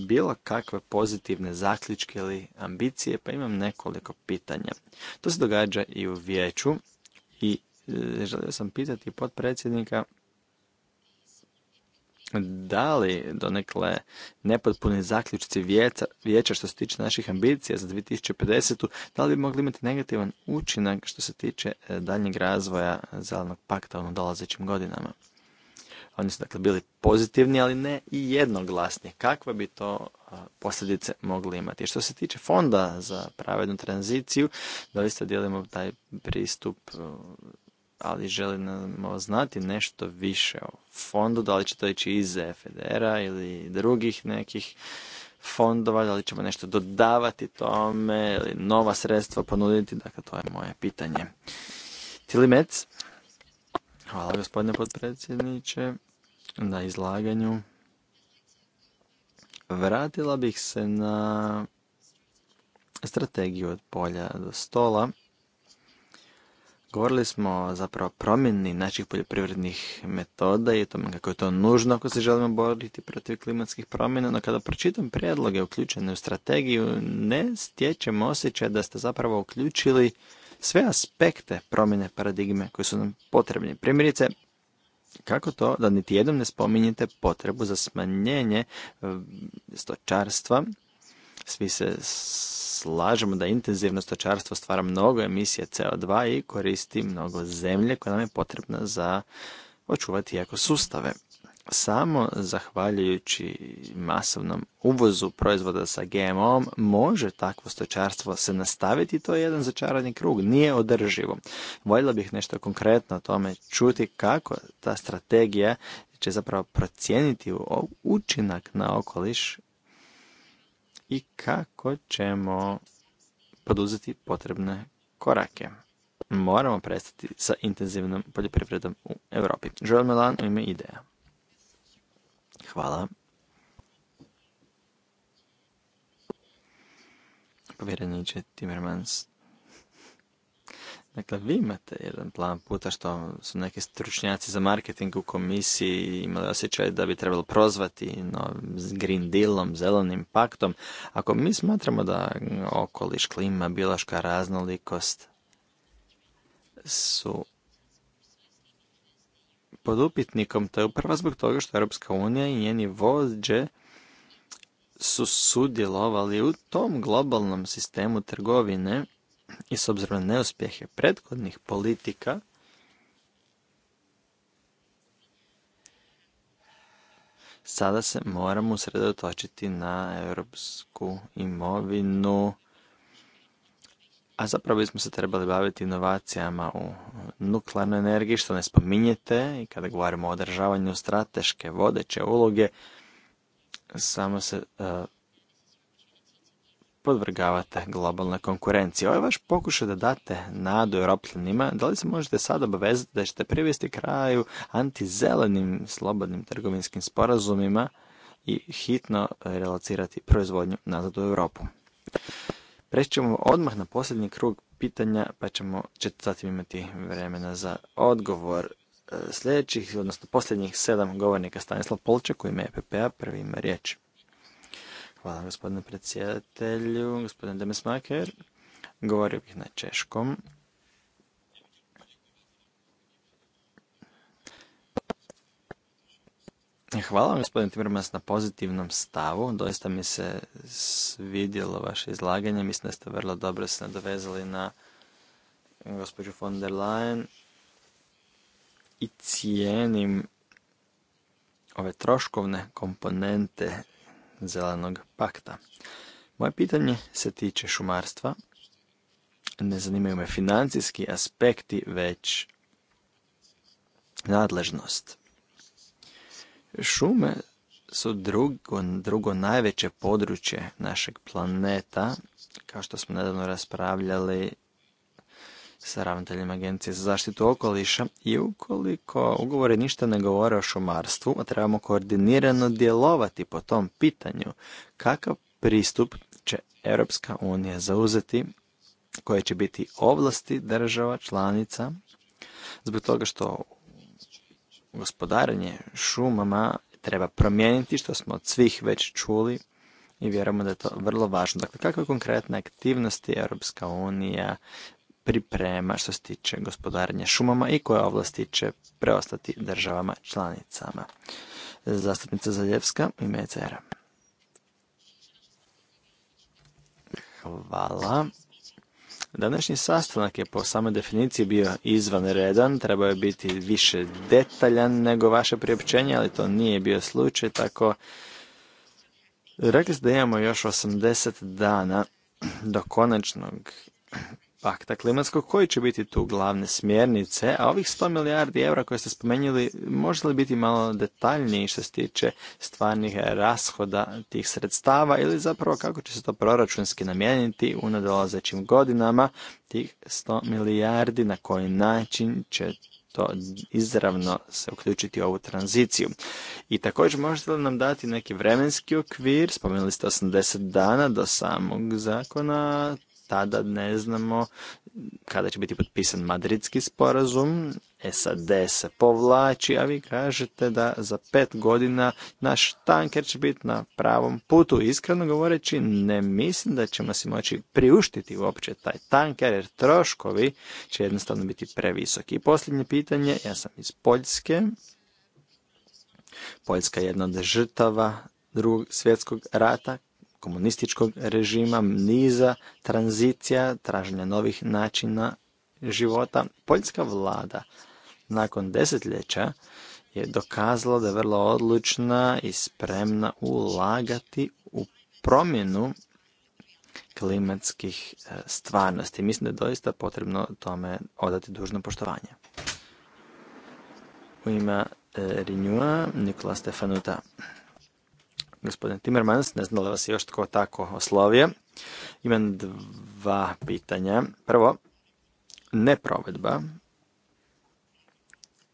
bilo kakve pozitivne zaključke ili ambicije, pa imam nekoliko pitanja. To se događa i u vijeću i e, želio sam pitati potpredsjednika da li donekle nepotpuni zaključci vijeća što se tiče naših ambicija za 2050. da li bi mogli imati negativan učinak što se tiče e, daljnjeg razvoja zelenog pakta u dolazećim godinama? Oni su dakle bili pozitivni, ali ne i jednoglasni. Kakve bi to posljedice mogli imati? Što se tiče fonda za pravednu tranziciju, da doista dijelimo taj pristup ali želimo znati nešto više o fondu, da li će to ići iz FDR-a ili drugih nekih fondova, da li ćemo nešto dodavati tome ili nova sredstva ponuditi, dakle to je moje pitanje. Tilimec, hvala gospodine potpredsjedniče na izlaganju. Vratila bih se na strategiju od polja do stola. Govorili smo zapravo o promjeni naših poljoprivrednih metoda i o tome kako je to nužno ako se želimo boriti protiv klimatskih promjena, no kada pročitam prijedloge uključene u strategiju, ne stječem osjećaj da ste zapravo uključili sve aspekte promjene paradigme koji su nam potrebni. Primjerice, kako to da niti jednom ne spominjete potrebu za smanjenje e, stočarstva, svi se slažemo da intenzivno stočarstvo stvara mnogo emisije CO2 i koristi mnogo zemlje koja nam je potrebna za očuvati sustave. Samo zahvaljujući masovnom uvozu proizvoda sa GMO-om može takvo stočarstvo se nastaviti i to je jedan začarani krug, nije održivo. Voljela bih nešto konkretno o tome čuti kako ta strategija će zapravo procijeniti učinak na okoliš i kako ćemo poduzeti potrebne korake. Moramo prestati sa intenzivnom poljoprivredom u Europi. Joel Melan u ime ideja. Hvala. Povjereniče Timmermans, Dakle, vi imate jedan plan puta što su neki stručnjaci za marketing u komisiji imali osjećaj da bi trebalo prozvati no, s Green Dealom, zelenim paktom. Ako mi smatramo da okoliš, klima, biološka raznolikost su pod upitnikom, to je upravo zbog toga što Europska unija i njeni vođe su sudjelovali u tom globalnom sistemu trgovine i s obzirom na neuspjehe prethodnih politika sada se moramo usredotočiti na europsku imovinu, a zapravo bismo se trebali baviti inovacijama u nuklearnoj energiji, što ne spominjete i kada govorimo o održavanju strateške vodeće uloge, samo se e, podvrgavate globalnoj konkurenciji. Ovo je vaš pokušaj da date nadu europljanima. Da li se možete sad obavezati da ćete privesti kraju antizelenim slobodnim trgovinskim sporazumima i hitno relacirati proizvodnju nazad u Europu? Prećemo odmah na posljednji krug pitanja, pa ćemo ćete imati vremena za odgovor e, sljedećih, odnosno posljednjih sedam govornika Stanislav Polček u ime EPP-a, prvi ima riječ. Hvala gospodine predsjedatelju, gospodine Demesmaker. Govorio bih na češkom. Hvala vam gospodin Timrmas, na pozitivnom stavu. Doista mi se svidjelo vaše izlaganje. Mislim da ste vrlo dobro se nadovezali na gospođu von der Leyen i cijenim ove troškovne komponente zelenog pakta. Moje pitanje se tiče šumarstva. Ne zanimaju me financijski aspekti, već nadležnost. Šume su drugo, drugo najveće područje našeg planeta. Kao što smo nedavno raspravljali, sa ravnateljem Agencije za zaštitu okoliša i ukoliko ugovore ništa ne govore o šumarstvu, a trebamo koordinirano djelovati po tom pitanju, kakav pristup će Europska unija zauzeti koje će biti ovlasti država članica zbog toga što gospodarenje šumama treba promijeniti što smo od svih već čuli i vjerujemo da je to vrlo važno. Dakle, kakve konkretne aktivnosti Europska unija priprema što se tiče gospodarenja šumama i koja ovlasti će preostati državama članicama. Zastupnica Zaljevska i Mecera. Hvala. Današnji sastanak je po samoj definiciji bio izvanredan, trebao je biti više detaljan nego vaše priopćenje, ali to nije bio slučaj, tako rekli ste da imamo još 80 dana do konačnog pakta klimatskog, koji će biti tu glavne smjernice, a ovih 100 milijardi eura koje ste spomenuli, može li biti malo detaljniji što se tiče stvarnih rashoda tih sredstava ili zapravo kako će se to proračunski namijeniti u nadolazećim godinama tih 100 milijardi, na koji način će to izravno se uključiti u ovu tranziciju. I također možete li nam dati neki vremenski okvir, spomenuli ste 80 dana do samog zakona, tada ne znamo kada će biti potpisan madridski sporazum. SAD se povlači, a vi kažete da za pet godina naš tanker će biti na pravom putu. Iskreno govoreći, ne mislim da ćemo si moći priuštiti uopće taj tanker, jer troškovi će jednostavno biti previsoki. I posljednje pitanje, ja sam iz Poljske. Poljska je jedna od žrtava drugog svjetskog rata komunističkog režima, niza tranzicija, traženja novih načina života, poljska vlada nakon desetljeća je dokazala da je vrlo odlučna i spremna ulagati u promjenu klimatskih e, stvarnosti. Mislim da je doista potrebno tome odati dužno poštovanje. U ime e, Rinjua, Nikola Stefanuta. Gospodine Timmermans, ne znam li vas još tko tako oslovio. Imam dva pitanja. Prvo, neprovedba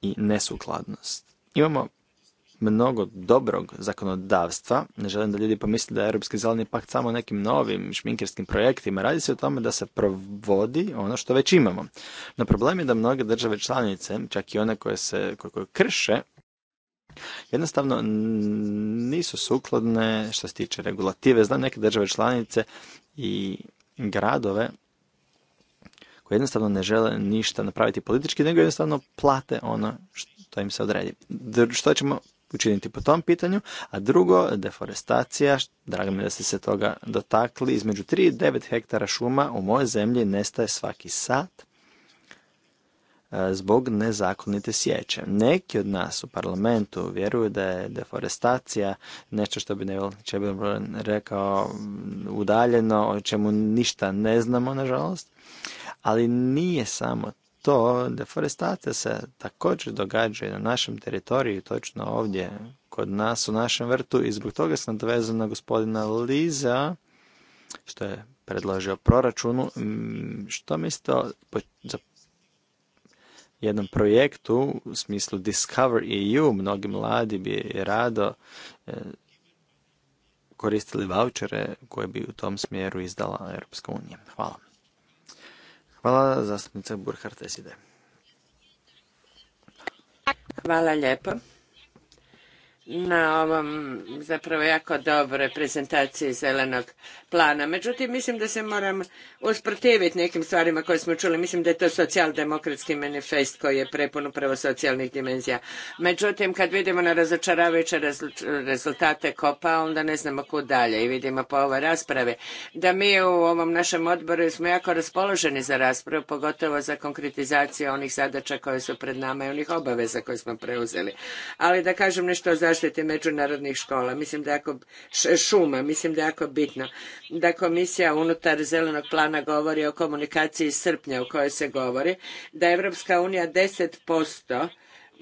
i nesukladnost. Imamo mnogo dobrog zakonodavstva. Ne želim da ljudi pomisle da je Europski zeleni pakt samo nekim novim šminkerskim projektima. Radi se o tome da se provodi ono što već imamo. No problem je da mnoge države članice, čak i one koje se koje krše jednostavno nisu sukladne što se tiče regulative. Znam neke države članice i gradove koji jednostavno ne žele ništa napraviti politički, nego jednostavno plate ono što im se odredi. što ćemo učiniti po tom pitanju, a drugo, deforestacija, drago mi da ste se toga dotakli, između 3 i 9 hektara šuma u mojoj zemlji nestaje svaki sat, E, zbog nezakonite sjeće. Neki od nas u parlamentu vjeruju da je deforestacija nešto što bi Neville Chamberlain rekao mm, udaljeno, o čemu ništa ne znamo, nažalost. Ali nije samo to, deforestacija se također događa i na našem teritoriju, točno ovdje kod nas u našem vrtu i zbog toga sam dovezan na gospodina Liza, što je predložio proračunu. Mm, što mislite za jednom projektu u smislu Discover EU. Mnogi mladi bi rado e, koristili vouchere koje bi u tom smjeru izdala Europska unija. Hvala. Hvala zastupnica Burkhardt SID. Hvala lijepo na ovom zapravo jako dobroj prezentaciji zelenog plana. Međutim, mislim da se moram usprotiviti nekim stvarima koje smo čuli. Mislim da je to socijaldemokratski manifest koji je prepun upravo socijalnih dimenzija. Međutim, kad vidimo na razočaravajuće rezultate kopa, onda ne znamo kud dalje i vidimo po ovoj raspravi da mi u ovom našem odboru smo jako raspoloženi za raspravu, pogotovo za konkretizaciju onih zadaća koje su pred nama i onih obaveza koje smo preuzeli. Ali da kažem nešto o zaštiti međunarodnih škola, mislim da šuma, mislim da je jako bitno da komisija unutar zelenog plana govori o komunikaciji srpnja u kojoj se govori da Evropska unija 10%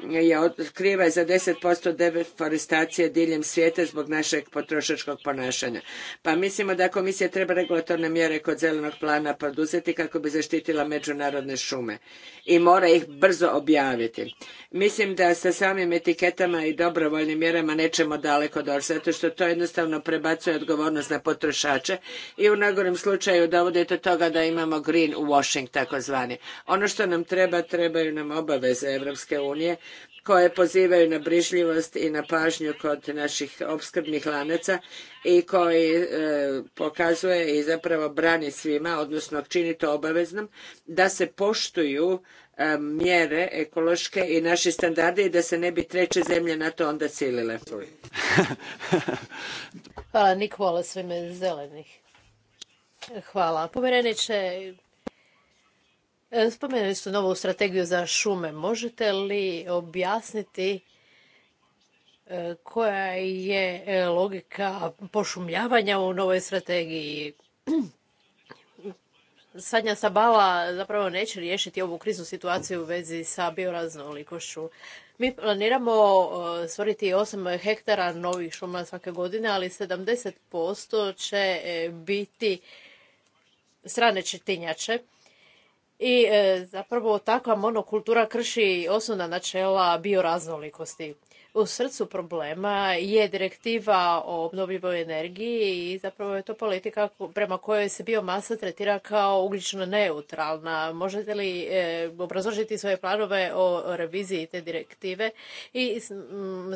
je kriva za 10% deforestacije diljem svijeta zbog našeg potrošačkog ponašanja. Pa mislimo da komisija treba regulatorne mjere kod zelenog plana poduzeti kako bi zaštitila međunarodne šume i mora ih brzo objaviti. Mislim da sa samim etiketama i dobrovoljnim mjerama nećemo daleko doći, zato što to jednostavno prebacuje odgovornost na potrošače i u najgorem slučaju dovodi do toga da imamo green washing takozvani. Ono što nam treba, trebaju nam obaveze Europske unije koje pozivaju na brižljivost i na pažnju kod naših opskrbnih lanaca i koji e, pokazuje i zapravo brani svima, odnosno čini to obaveznom, da se poštuju e, mjere ekološke i naši standardi i da se ne bi treće zemlje na to onda cilile. Hvala Nikola zelenih. Hvala. E, spomenuli ste novu strategiju za šume. Možete li objasniti e, koja je e, logika pošumljavanja u novoj strategiji? [clears throat] Sadnja Sabala zapravo neće riješiti ovu kriznu situaciju u vezi sa bioraznolikošću. Mi planiramo stvoriti 8 hektara novih šuma svake godine, ali 70% će biti strane četinjače. I e, zapravo takva monokultura krši osnovna načela bioraznolikosti. U srcu problema je direktiva o obnovljivoj energiji i zapravo je to politika prema kojoj se biomasa tretira kao ugljično neutralna. Možete li e, obrazložiti svoje planove o reviziji te direktive i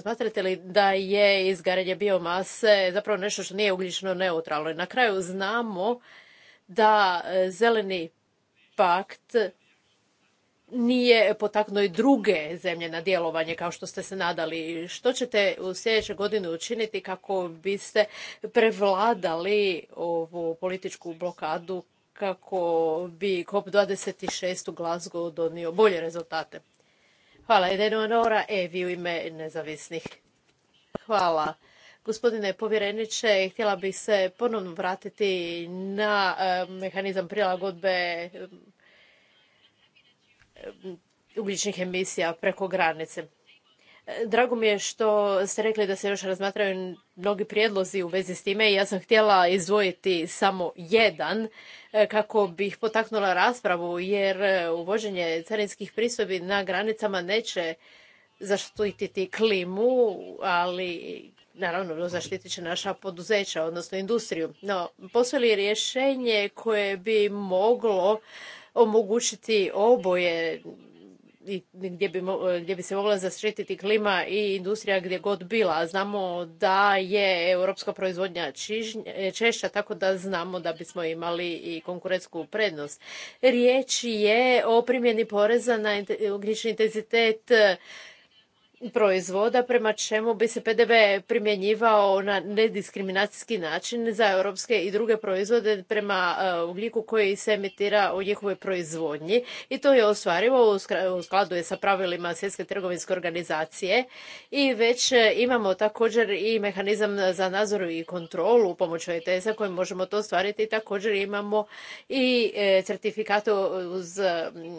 smatrate li da je izgaranje biomase zapravo nešto što nije ugljično neutralno? I na kraju znamo da e, zeleni pakt nije potaknuo i druge zemlje na djelovanje kao što ste se nadali. Što ćete u sljedećoj godini učiniti kako biste prevladali ovu političku blokadu kako bi COP26 u Glasgow donio bolje rezultate? Hvala, Edenora, Evi u ime nezavisnih. Hvala. Gospodine povjereniče, htjela bih se ponovno vratiti na e, mehanizam prilagodbe e, ugljičnih emisija preko granice. E, drago mi je što ste rekli da se još razmatraju mnogi prijedlozi u vezi s time i ja sam htjela izdvojiti samo jedan kako bih potaknula raspravu jer uvođenje carinskih pristojbi na granicama neće zaštititi klimu, ali naravno zaštitit će naša poduzeća, odnosno industriju. No, postoji li rješenje koje bi moglo omogućiti oboje i gdje bi, gdje se mogla zaštititi klima i industrija gdje god bila. Znamo da je europska proizvodnja češća, tako da znamo da bismo imali i konkurentsku prednost. Riječ je o primjeni poreza na ugljični intenzitet proizvoda prema čemu bi se PDV primjenjivao na nediskriminacijski način za europske i druge proizvode prema e, ugljiku koji se emitira u njihovoj proizvodnji i to je ostvarivo u skladu je sa pravilima Svjetske trgovinske organizacije i već e, imamo također i mehanizam za nadzor i kontrolu pomoću ETS-a kojim možemo to ostvariti i također imamo i e, certifikat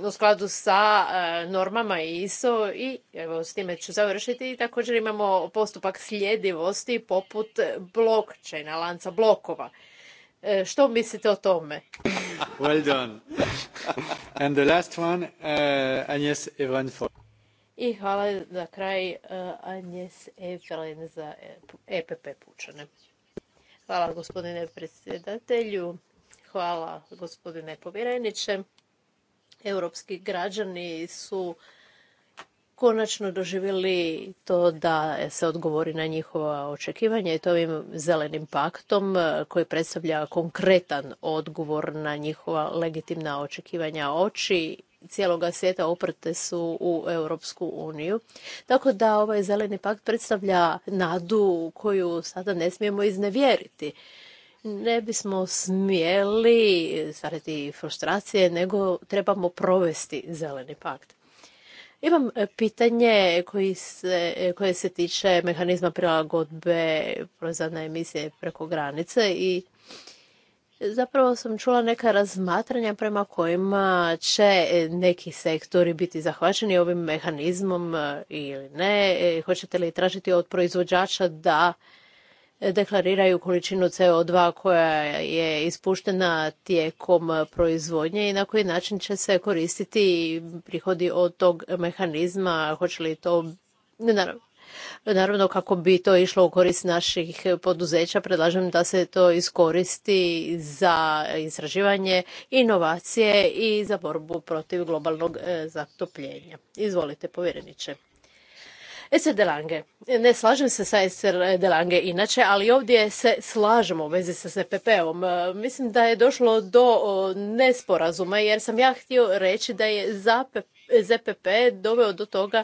u skladu sa normama ISO i evo s time ću ću završiti. Također imamo postupak sljedivosti poput blockchaina, lanca blokova. E, što mislite o tome? [laughs] Well done. And the last one, uh, Agnes Evren for... I hvala za kraj uh, Agnes Evren za EPP Pučane. Hvala gospodine predsjedatelju, hvala gospodine povjereniče. Europski građani su konačno doživjeli to da se odgovori na njihova očekivanja i to ovim zelenim paktom e, koji predstavlja konkretan odgovor na njihova legitimna očekivanja oči cijeloga svijeta oprte su u Europsku uniju. Tako da ovaj zeleni pakt predstavlja nadu koju sada ne smijemo iznevjeriti. Ne bismo smjeli stvariti frustracije, nego trebamo provesti zeleni pakt. Imam e, pitanje se, e, koje se tiče mehanizma prilagodbe proizvodne emisije preko granice i Zapravo sam čula neka razmatranja prema kojima će e, neki sektori biti zahvaćeni ovim mehanizmom ili ne. Hoćete li tražiti od proizvođača da deklariraju količinu CO2 koja je ispuštena tijekom proizvodnje i na koji način će se koristiti prihodi od tog mehanizma, hoće li to Naravno, kako bi to išlo u korist naših poduzeća, predlažem da se to iskoristi za istraživanje, inovacije i za borbu protiv globalnog e, zatopljenja. Izvolite, povjereniče. Eser Delange, ne slažem se sa Eser e, Delange inače, ali ovdje se slažemo u vezi sa ZPP-om. E, mislim da je došlo do nesporazuma jer sam ja htio reći da je ZPP ZPP doveo do toga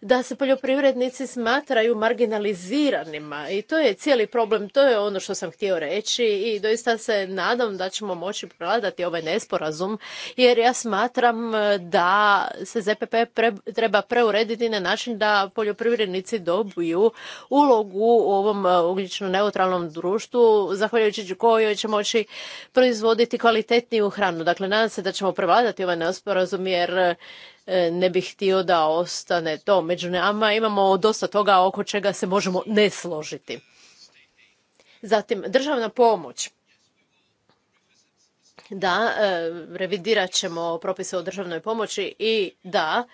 da se poljoprivrednici smatraju marginaliziranima i to je cijeli problem, to je ono što sam htio reći i doista se nadam da ćemo moći prevladati ovaj nesporazum jer ja smatram e, da se ZPP treba preurediti na način da poljoprivrednici dobiju ulogu u ovom e, ugljično neutralnom društvu zahvaljujući kojoj će moći proizvoditi kvalitetniju hranu. Dakle, nadam se da ćemo prevladati ovaj nesporazum jer e, E, ne bih htio da ostane to među nama. Imamo dosta toga oko čega se možemo ne složiti. Zatim, državna pomoć. Da, e, revidirat ćemo propise o državnoj pomoći i da,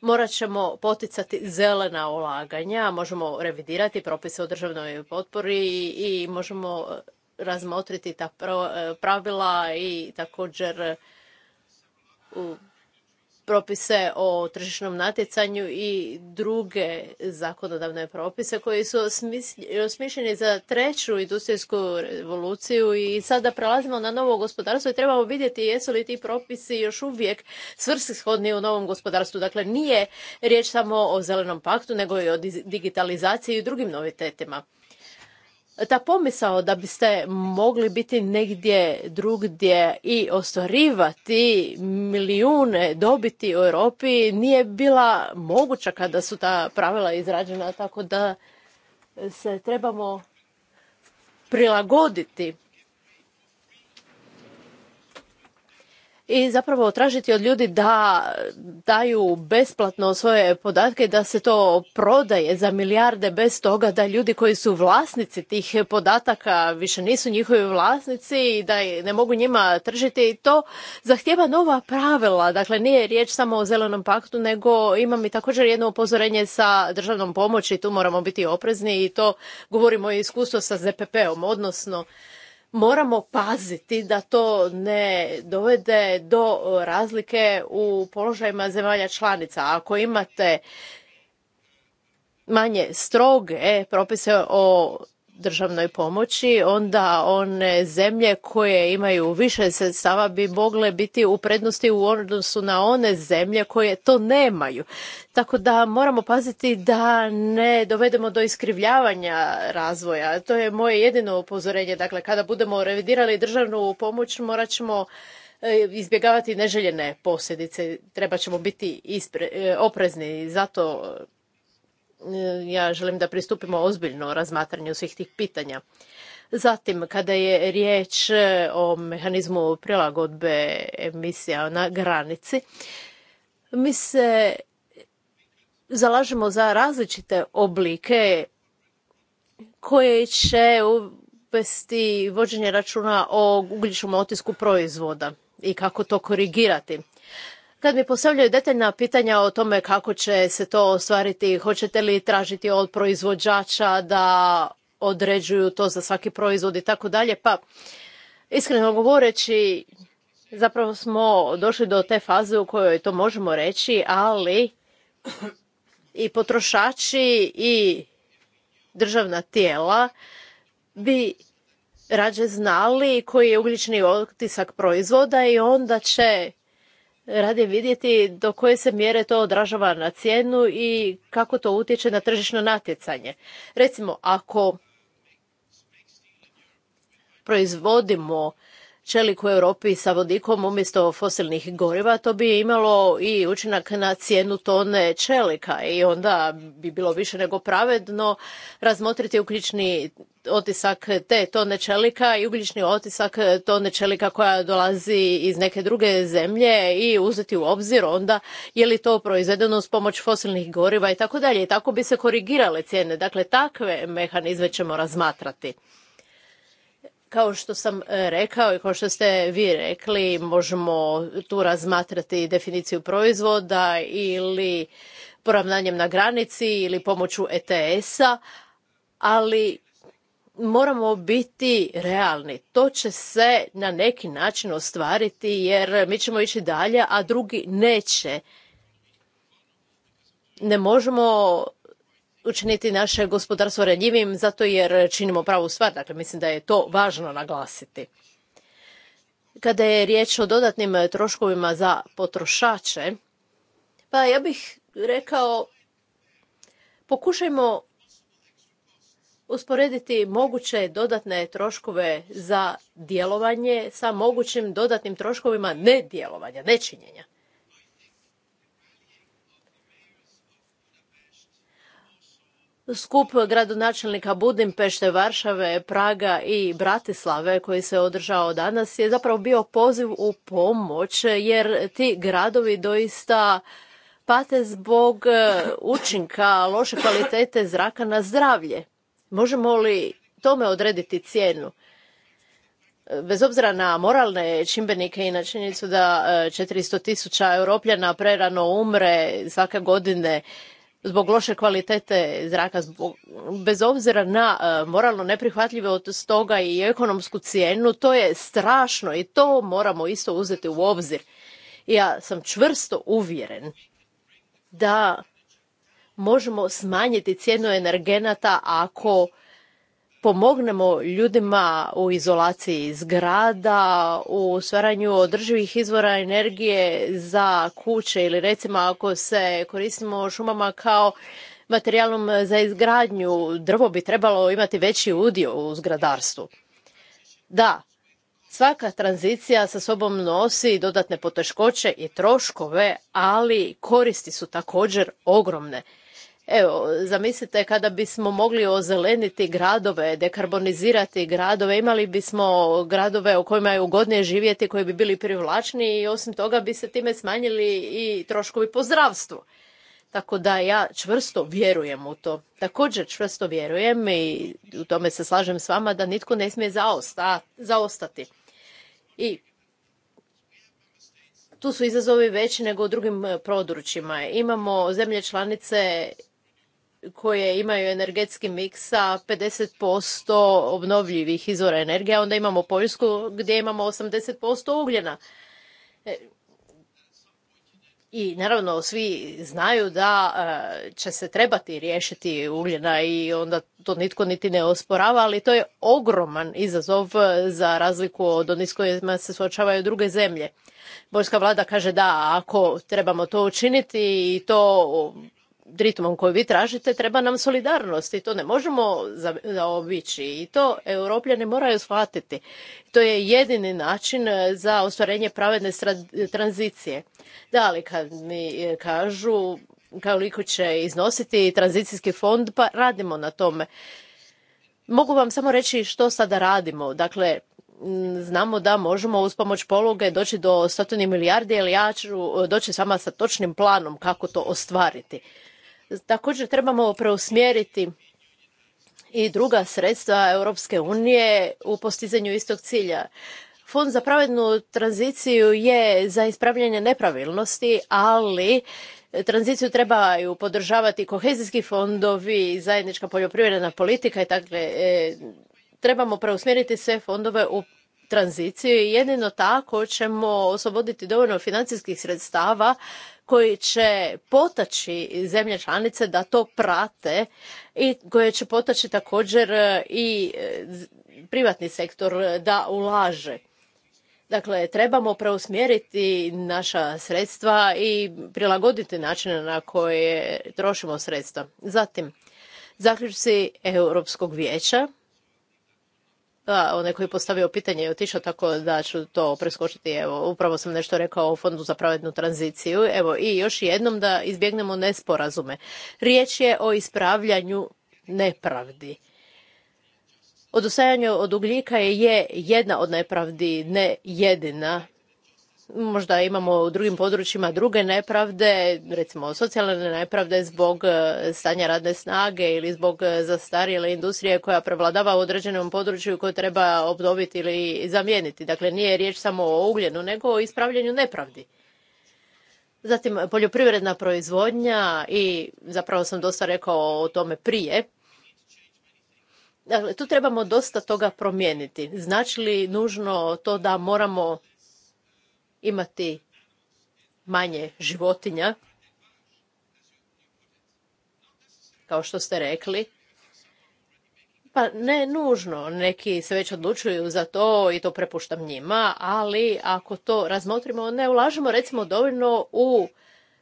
morat ćemo poticati zelena ulaganja, možemo revidirati propise o državnoj potpori i možemo razmotriti ta e, pravila i također u propise o tržišnom natjecanju i druge zakonodavne propise koji su osmišljeni za treću industrijsku revoluciju i sada prelazimo na novo gospodarstvo i trebamo vidjeti jesu li ti propisi još uvijek svrsishodni u novom gospodarstvu. Dakle, nije riječ samo o zelenom paktu, nego i o digitalizaciji i drugim novitetima ta pomisao da biste mogli biti negdje drugdje i ostvarivati milijune dobiti u Europi nije bila moguća kada su ta pravila izrađena, tako da se trebamo prilagoditi i zapravo tražiti od ljudi da daju besplatno svoje podatke da se to prodaje za milijarde bez toga da ljudi koji su vlasnici tih podataka više nisu njihovi vlasnici i da ne mogu njima tržiti i to zahtjeva nova pravila. Dakle, nije riječ samo o zelenom paktu, nego imam i također jedno upozorenje sa državnom pomoći, tu moramo biti oprezni i to govorimo o iskustvu sa ZPP-om, odnosno moramo paziti da to ne dovede do razlike u položajima zemalja članica. Ako imate manje stroge propise o državnoj pomoći, onda one zemlje koje imaju više sredstava bi mogle biti u prednosti u odnosu na one zemlje koje to nemaju. Tako da moramo paziti da ne dovedemo do iskrivljavanja razvoja. To je moje jedino upozorenje. Dakle, kada budemo revidirali državnu pomoć, morat ćemo e, izbjegavati neželjene posljedice. Treba ćemo biti oprezni e, oprezni. Zato ja želim da pristupimo ozbiljno razmatranju svih tih pitanja. Zatim, kada je riječ e, o mehanizmu prilagodbe emisija na granici, mi se zalažemo za različite oblike koje će uvesti vođenje računa o ugljičnom otisku proizvoda i kako to korigirati. Kad mi postavljaju detaljna pitanja o tome kako će se to ostvariti, hoćete li tražiti od proizvođača da određuju to za svaki proizvod i tako dalje, pa iskreno govoreći zapravo smo došli do te faze u kojoj to možemo reći, ali i potrošači i državna tijela bi rađe znali koji je ugljični otisak proizvoda i onda će radije vidjeti do koje se mjere to odražava na cijenu i kako to utječe na tržišno natjecanje. Recimo, ako proizvodimo čelik u Europi sa vodikom umjesto fosilnih goriva, to bi imalo i učinak na cijenu tone čelika i onda bi bilo više nego pravedno razmotriti ugljični otisak te tone čelika i ugljični otisak tone čelika koja dolazi iz neke druge zemlje i uzeti u obzir onda je li to proizvedeno s pomoć fosilnih goriva i tako dalje. I tako bi se korigirale cijene. Dakle, takve mehanizme ćemo razmatrati. Kao što sam e, rekao i kao što ste vi rekli, možemo tu razmatrati definiciju proizvoda ili poravnanjem na granici ili pomoću ETS-a, ali moramo biti realni. To će se na neki način ostvariti jer mi ćemo ići dalje, a drugi neće. Ne možemo učiniti naše gospodarstvo ranjivim zato jer činimo pravu stvar. Dakle, mislim da je to važno naglasiti. Kada je riječ o dodatnim troškovima za potrošače, pa ja bih rekao pokušajmo usporediti moguće dodatne troškove za djelovanje sa mogućim dodatnim troškovima nedjelovanja, nečinjenja. skup gradonačelnika Budimpešte, Varšave, Praga i Bratislave koji se održao danas je zapravo bio poziv u pomoć jer ti gradovi doista pate zbog e, učinka loše kvalitete zraka na zdravlje. Možemo li tome odrediti cijenu? bez obzira na moralne čimbenike i na činjenicu da 400 e, tisuća europljana prerano umre svake godine zbog loše kvalitete zraka, bez obzira na e, moralno neprihvatljive od stoga i ekonomsku cijenu, to je strašno i to moramo isto uzeti u obzir. Ja sam čvrsto uvjeren da možemo smanjiti cijenu energenata ako pomognemo ljudima u izolaciji zgrada, u stvaranju održivih izvora energije za kuće ili recimo ako se koristimo šumama kao materijalom za izgradnju, drvo bi trebalo imati veći udio u zgradarstvu. Da, Svaka tranzicija sa sobom nosi dodatne poteškoće i troškove, ali koristi su također ogromne. Evo, zamislite kada bismo mogli ozeleniti gradove, dekarbonizirati gradove, imali bismo gradove u kojima je ugodnije živjeti, koji bi bili privlačni i osim toga bi se time smanjili i troškovi po zdravstvu. Tako da ja čvrsto vjerujem u to. Također čvrsto vjerujem i u tome se slažem s vama da nitko ne smije zaosta, zaostati. I tu su izazovi veći nego u drugim eh, područjima. Imamo zemlje članice koje imaju energetski miksa sa 50% obnovljivih izvora energije, onda imamo Poljsku gdje imamo 80% ugljena. E, I naravno svi znaju da e, će se trebati riješiti ugljena i onda to nitko niti ne osporava, ali to je ogroman izazov e, za razliku od onih s kojima se suočavaju druge zemlje. Poljska vlada kaže da ako trebamo to učiniti i to ritmom koji vi tražite treba nam solidarnost i to ne možemo zaobići i to europljani moraju shvatiti. To je jedini način e, za ostvarenje pravedne tranzicije. Da, ali kad mi e, kažu koliko će iznositi tranzicijski fond, pa radimo na tome. Mogu vam samo reći što sada radimo. Dakle, znamo da možemo uz pomoć pologe doći do stotine milijardi, ali ja ću e, doći vama sa točnim planom kako to ostvariti. Također trebamo preusmjeriti i druga sredstva Europske unije u postizanju istog cilja. Fond za pravednu tranziciju je za ispravljanje nepravilnosti, ali tranziciju trebaju podržavati kohezijski fondovi, zajednička poljoprivredna politika i dakle trebamo preusmjeriti sve fondove u tranziciju i jedino tako ćemo osloboditi dovoljno financijskih sredstava koji će potaći zemlje članice da to prate i koje će potaći također e, i e, privatni sektor da ulaže. Dakle, trebamo preusmjeriti naša sredstva i prilagoditi načine na koje trošimo sredstva. Zatim, zaključci Europskog vijeća da, onaj koji je postavio pitanje i otišao, tako da ću to preskočiti. Evo, upravo sam nešto rekao o Fondu za pravednu tranziciju. Evo, i još jednom da izbjegnemo nesporazume. Riječ je o ispravljanju nepravdi. Odustajanje od ugljika je jedna od nepravdi, ne jedina možda imamo u drugim područjima druge nepravde, recimo socijalne nepravde zbog e, stanja radne snage ili zbog e, zastarjele industrije koja prevladava u određenom području koje treba obdobiti ili zamijeniti. Dakle, nije riječ samo o ugljenu, nego o ispravljanju nepravdi. Zatim, poljoprivredna proizvodnja i zapravo sam dosta rekao o tome prije. Dakle, tu trebamo dosta toga promijeniti. Znači li nužno to da moramo imati manje životinja, kao što ste rekli. Pa ne nužno, neki se već odlučuju za to i to prepuštam njima, ali ako to razmotrimo, ne ulažemo recimo dovoljno u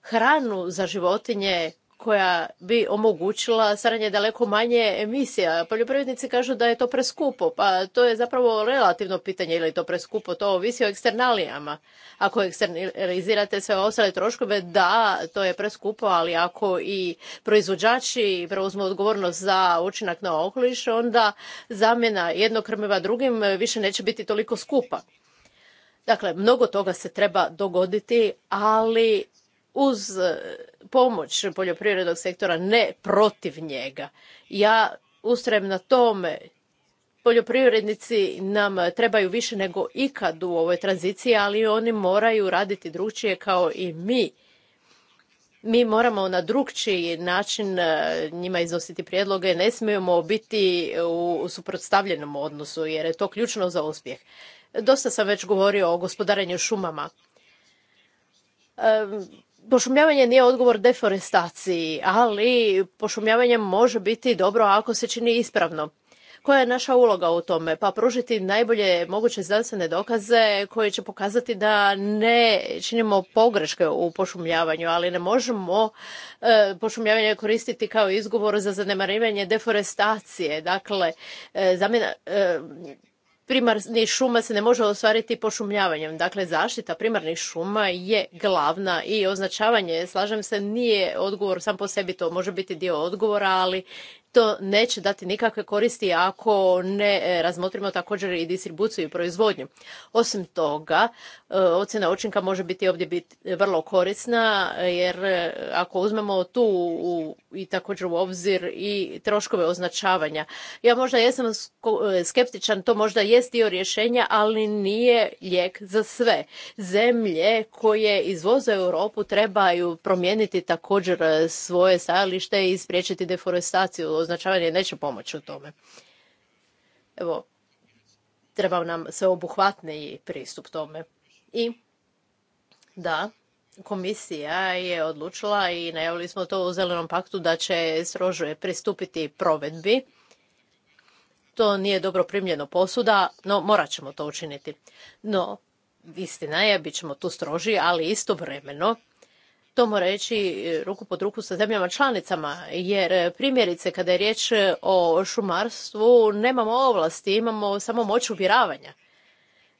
hranu za životinje koja bi omogućila saranje daleko manje emisija. Poljoprivrednici kažu da je to preskupo, pa to je zapravo relativno pitanje ili je to preskupo, to ovisi o eksternalijama. Ako eksternalizirate sve ostale troškove, da, to je preskupo, ali ako i proizvođači preuzmu odgovornost za učinak na okoliš, onda zamjena jednog krmiva drugim više neće biti toliko skupa. Dakle, mnogo toga se treba dogoditi, ali uz pomoć poljoprivrednog sektora, ne protiv njega. Ja ustrajem na tome. Poljoprivrednici nam trebaju više nego ikad u ovoj tranziciji, ali oni moraju raditi drugčije kao i mi. Mi moramo na drugčiji način e, njima iznositi prijedloge, ne smijemo biti u suprotstavljenom odnosu jer je to ključno za uspjeh. Dosta sam već govorio o gospodarenju šumama. Pošumljavanje nije odgovor deforestaciji, ali pošumljavanje može biti dobro ako se čini ispravno. Koja je naša uloga u tome? Pa pružiti najbolje moguće znanstvene dokaze koje će pokazati da ne činimo pogreške u pošumljavanju, ali ne možemo e, pošumljavanje koristiti kao izgovor za zanemarivanje deforestacije. Dakle, e, zamjena, e, Primarni šuma se ne može ostvariti pošumljavanjem. Dakle, zaštita primarnih šuma je glavna i označavanje, slažem se, nije odgovor sam po sebi, to može biti dio odgovora, ali to neće dati nikakve koristi ako ne e, razmotrimo također i distribuciju i proizvodnju. Osim toga, e, ocjena učinka može biti ovdje biti vrlo korisna e, jer ako uzmemo tu i također u obzir i troškove označavanja. Ja možda jesam skeptičan, to možda jest dio rješenja, ali nije lijek za sve. Zemlje koje izvoze Europu trebaju promijeniti također svoje stajalište i spriječiti deforestaciju označavanje neće pomoći u tome. Evo, treba nam sveobuhvatniji pristup tome. I da, komisija je odlučila i najavili smo to u Zelenom paktu da će strože pristupiti provedbi. To nije dobro primljeno posuda, no morat ćemo to učiniti. No, istina je, bit ćemo tu stroži, ali istovremeno to mora reći e, ruku pod ruku sa zemljama članicama, jer e, primjerice kada je riječ e, o šumarstvu nemamo ovlasti, imamo samo moć uvjeravanja.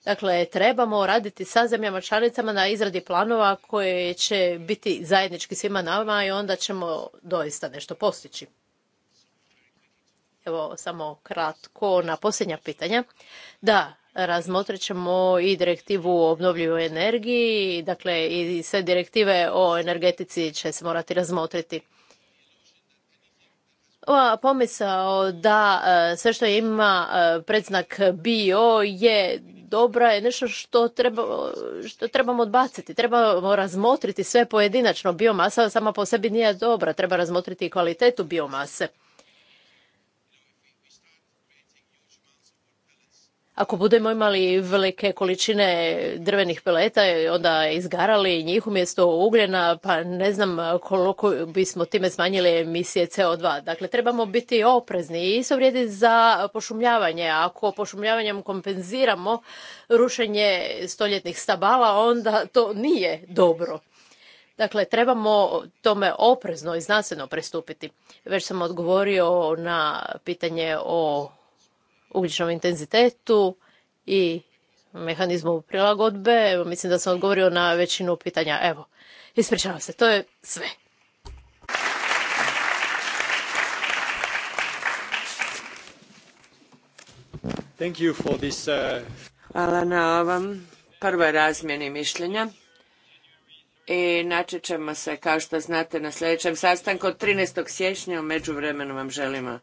Dakle, trebamo raditi sa zemljama članicama na izradi planova koje će biti zajednički svima nama i onda ćemo doista nešto postići. Evo, samo kratko na posljednja pitanja. Da, razmotrit ćemo i direktivu o obnovljivoj energiji, dakle i sve direktive o energetici će se morati razmotriti. Ova pomisao da e, sve što ima e, predznak bio je dobra je nešto što, treba, što trebamo odbaciti. Trebamo razmotriti sve pojedinačno. Biomasa sama po sebi nije dobra. Treba razmotriti i kvalitetu biomase. Ako budemo imali velike količine drvenih peleta, onda izgarali njih umjesto ugljena, pa ne znam koliko bismo time smanjili emisije CO2. Dakle, trebamo biti oprezni i isto vrijedi za pošumljavanje. Ako pošumljavanjem kompenziramo rušenje stoljetnih stabala, onda to nije dobro. Dakle, trebamo tome oprezno i znanstveno pristupiti. Već sam odgovorio na pitanje o ugljičnom intenzitetu i mehanizmu prilagodbe. Evo, mislim da sam odgovorio na većinu pitanja. Evo, ispričavam se, to je sve. Uh, Hvala na ovom prvoj razmjeni mišljenja. I naći ćemo se, kao što znate, na sljedećem sastanku od 13. siječnja. U međuvremenu vam želimo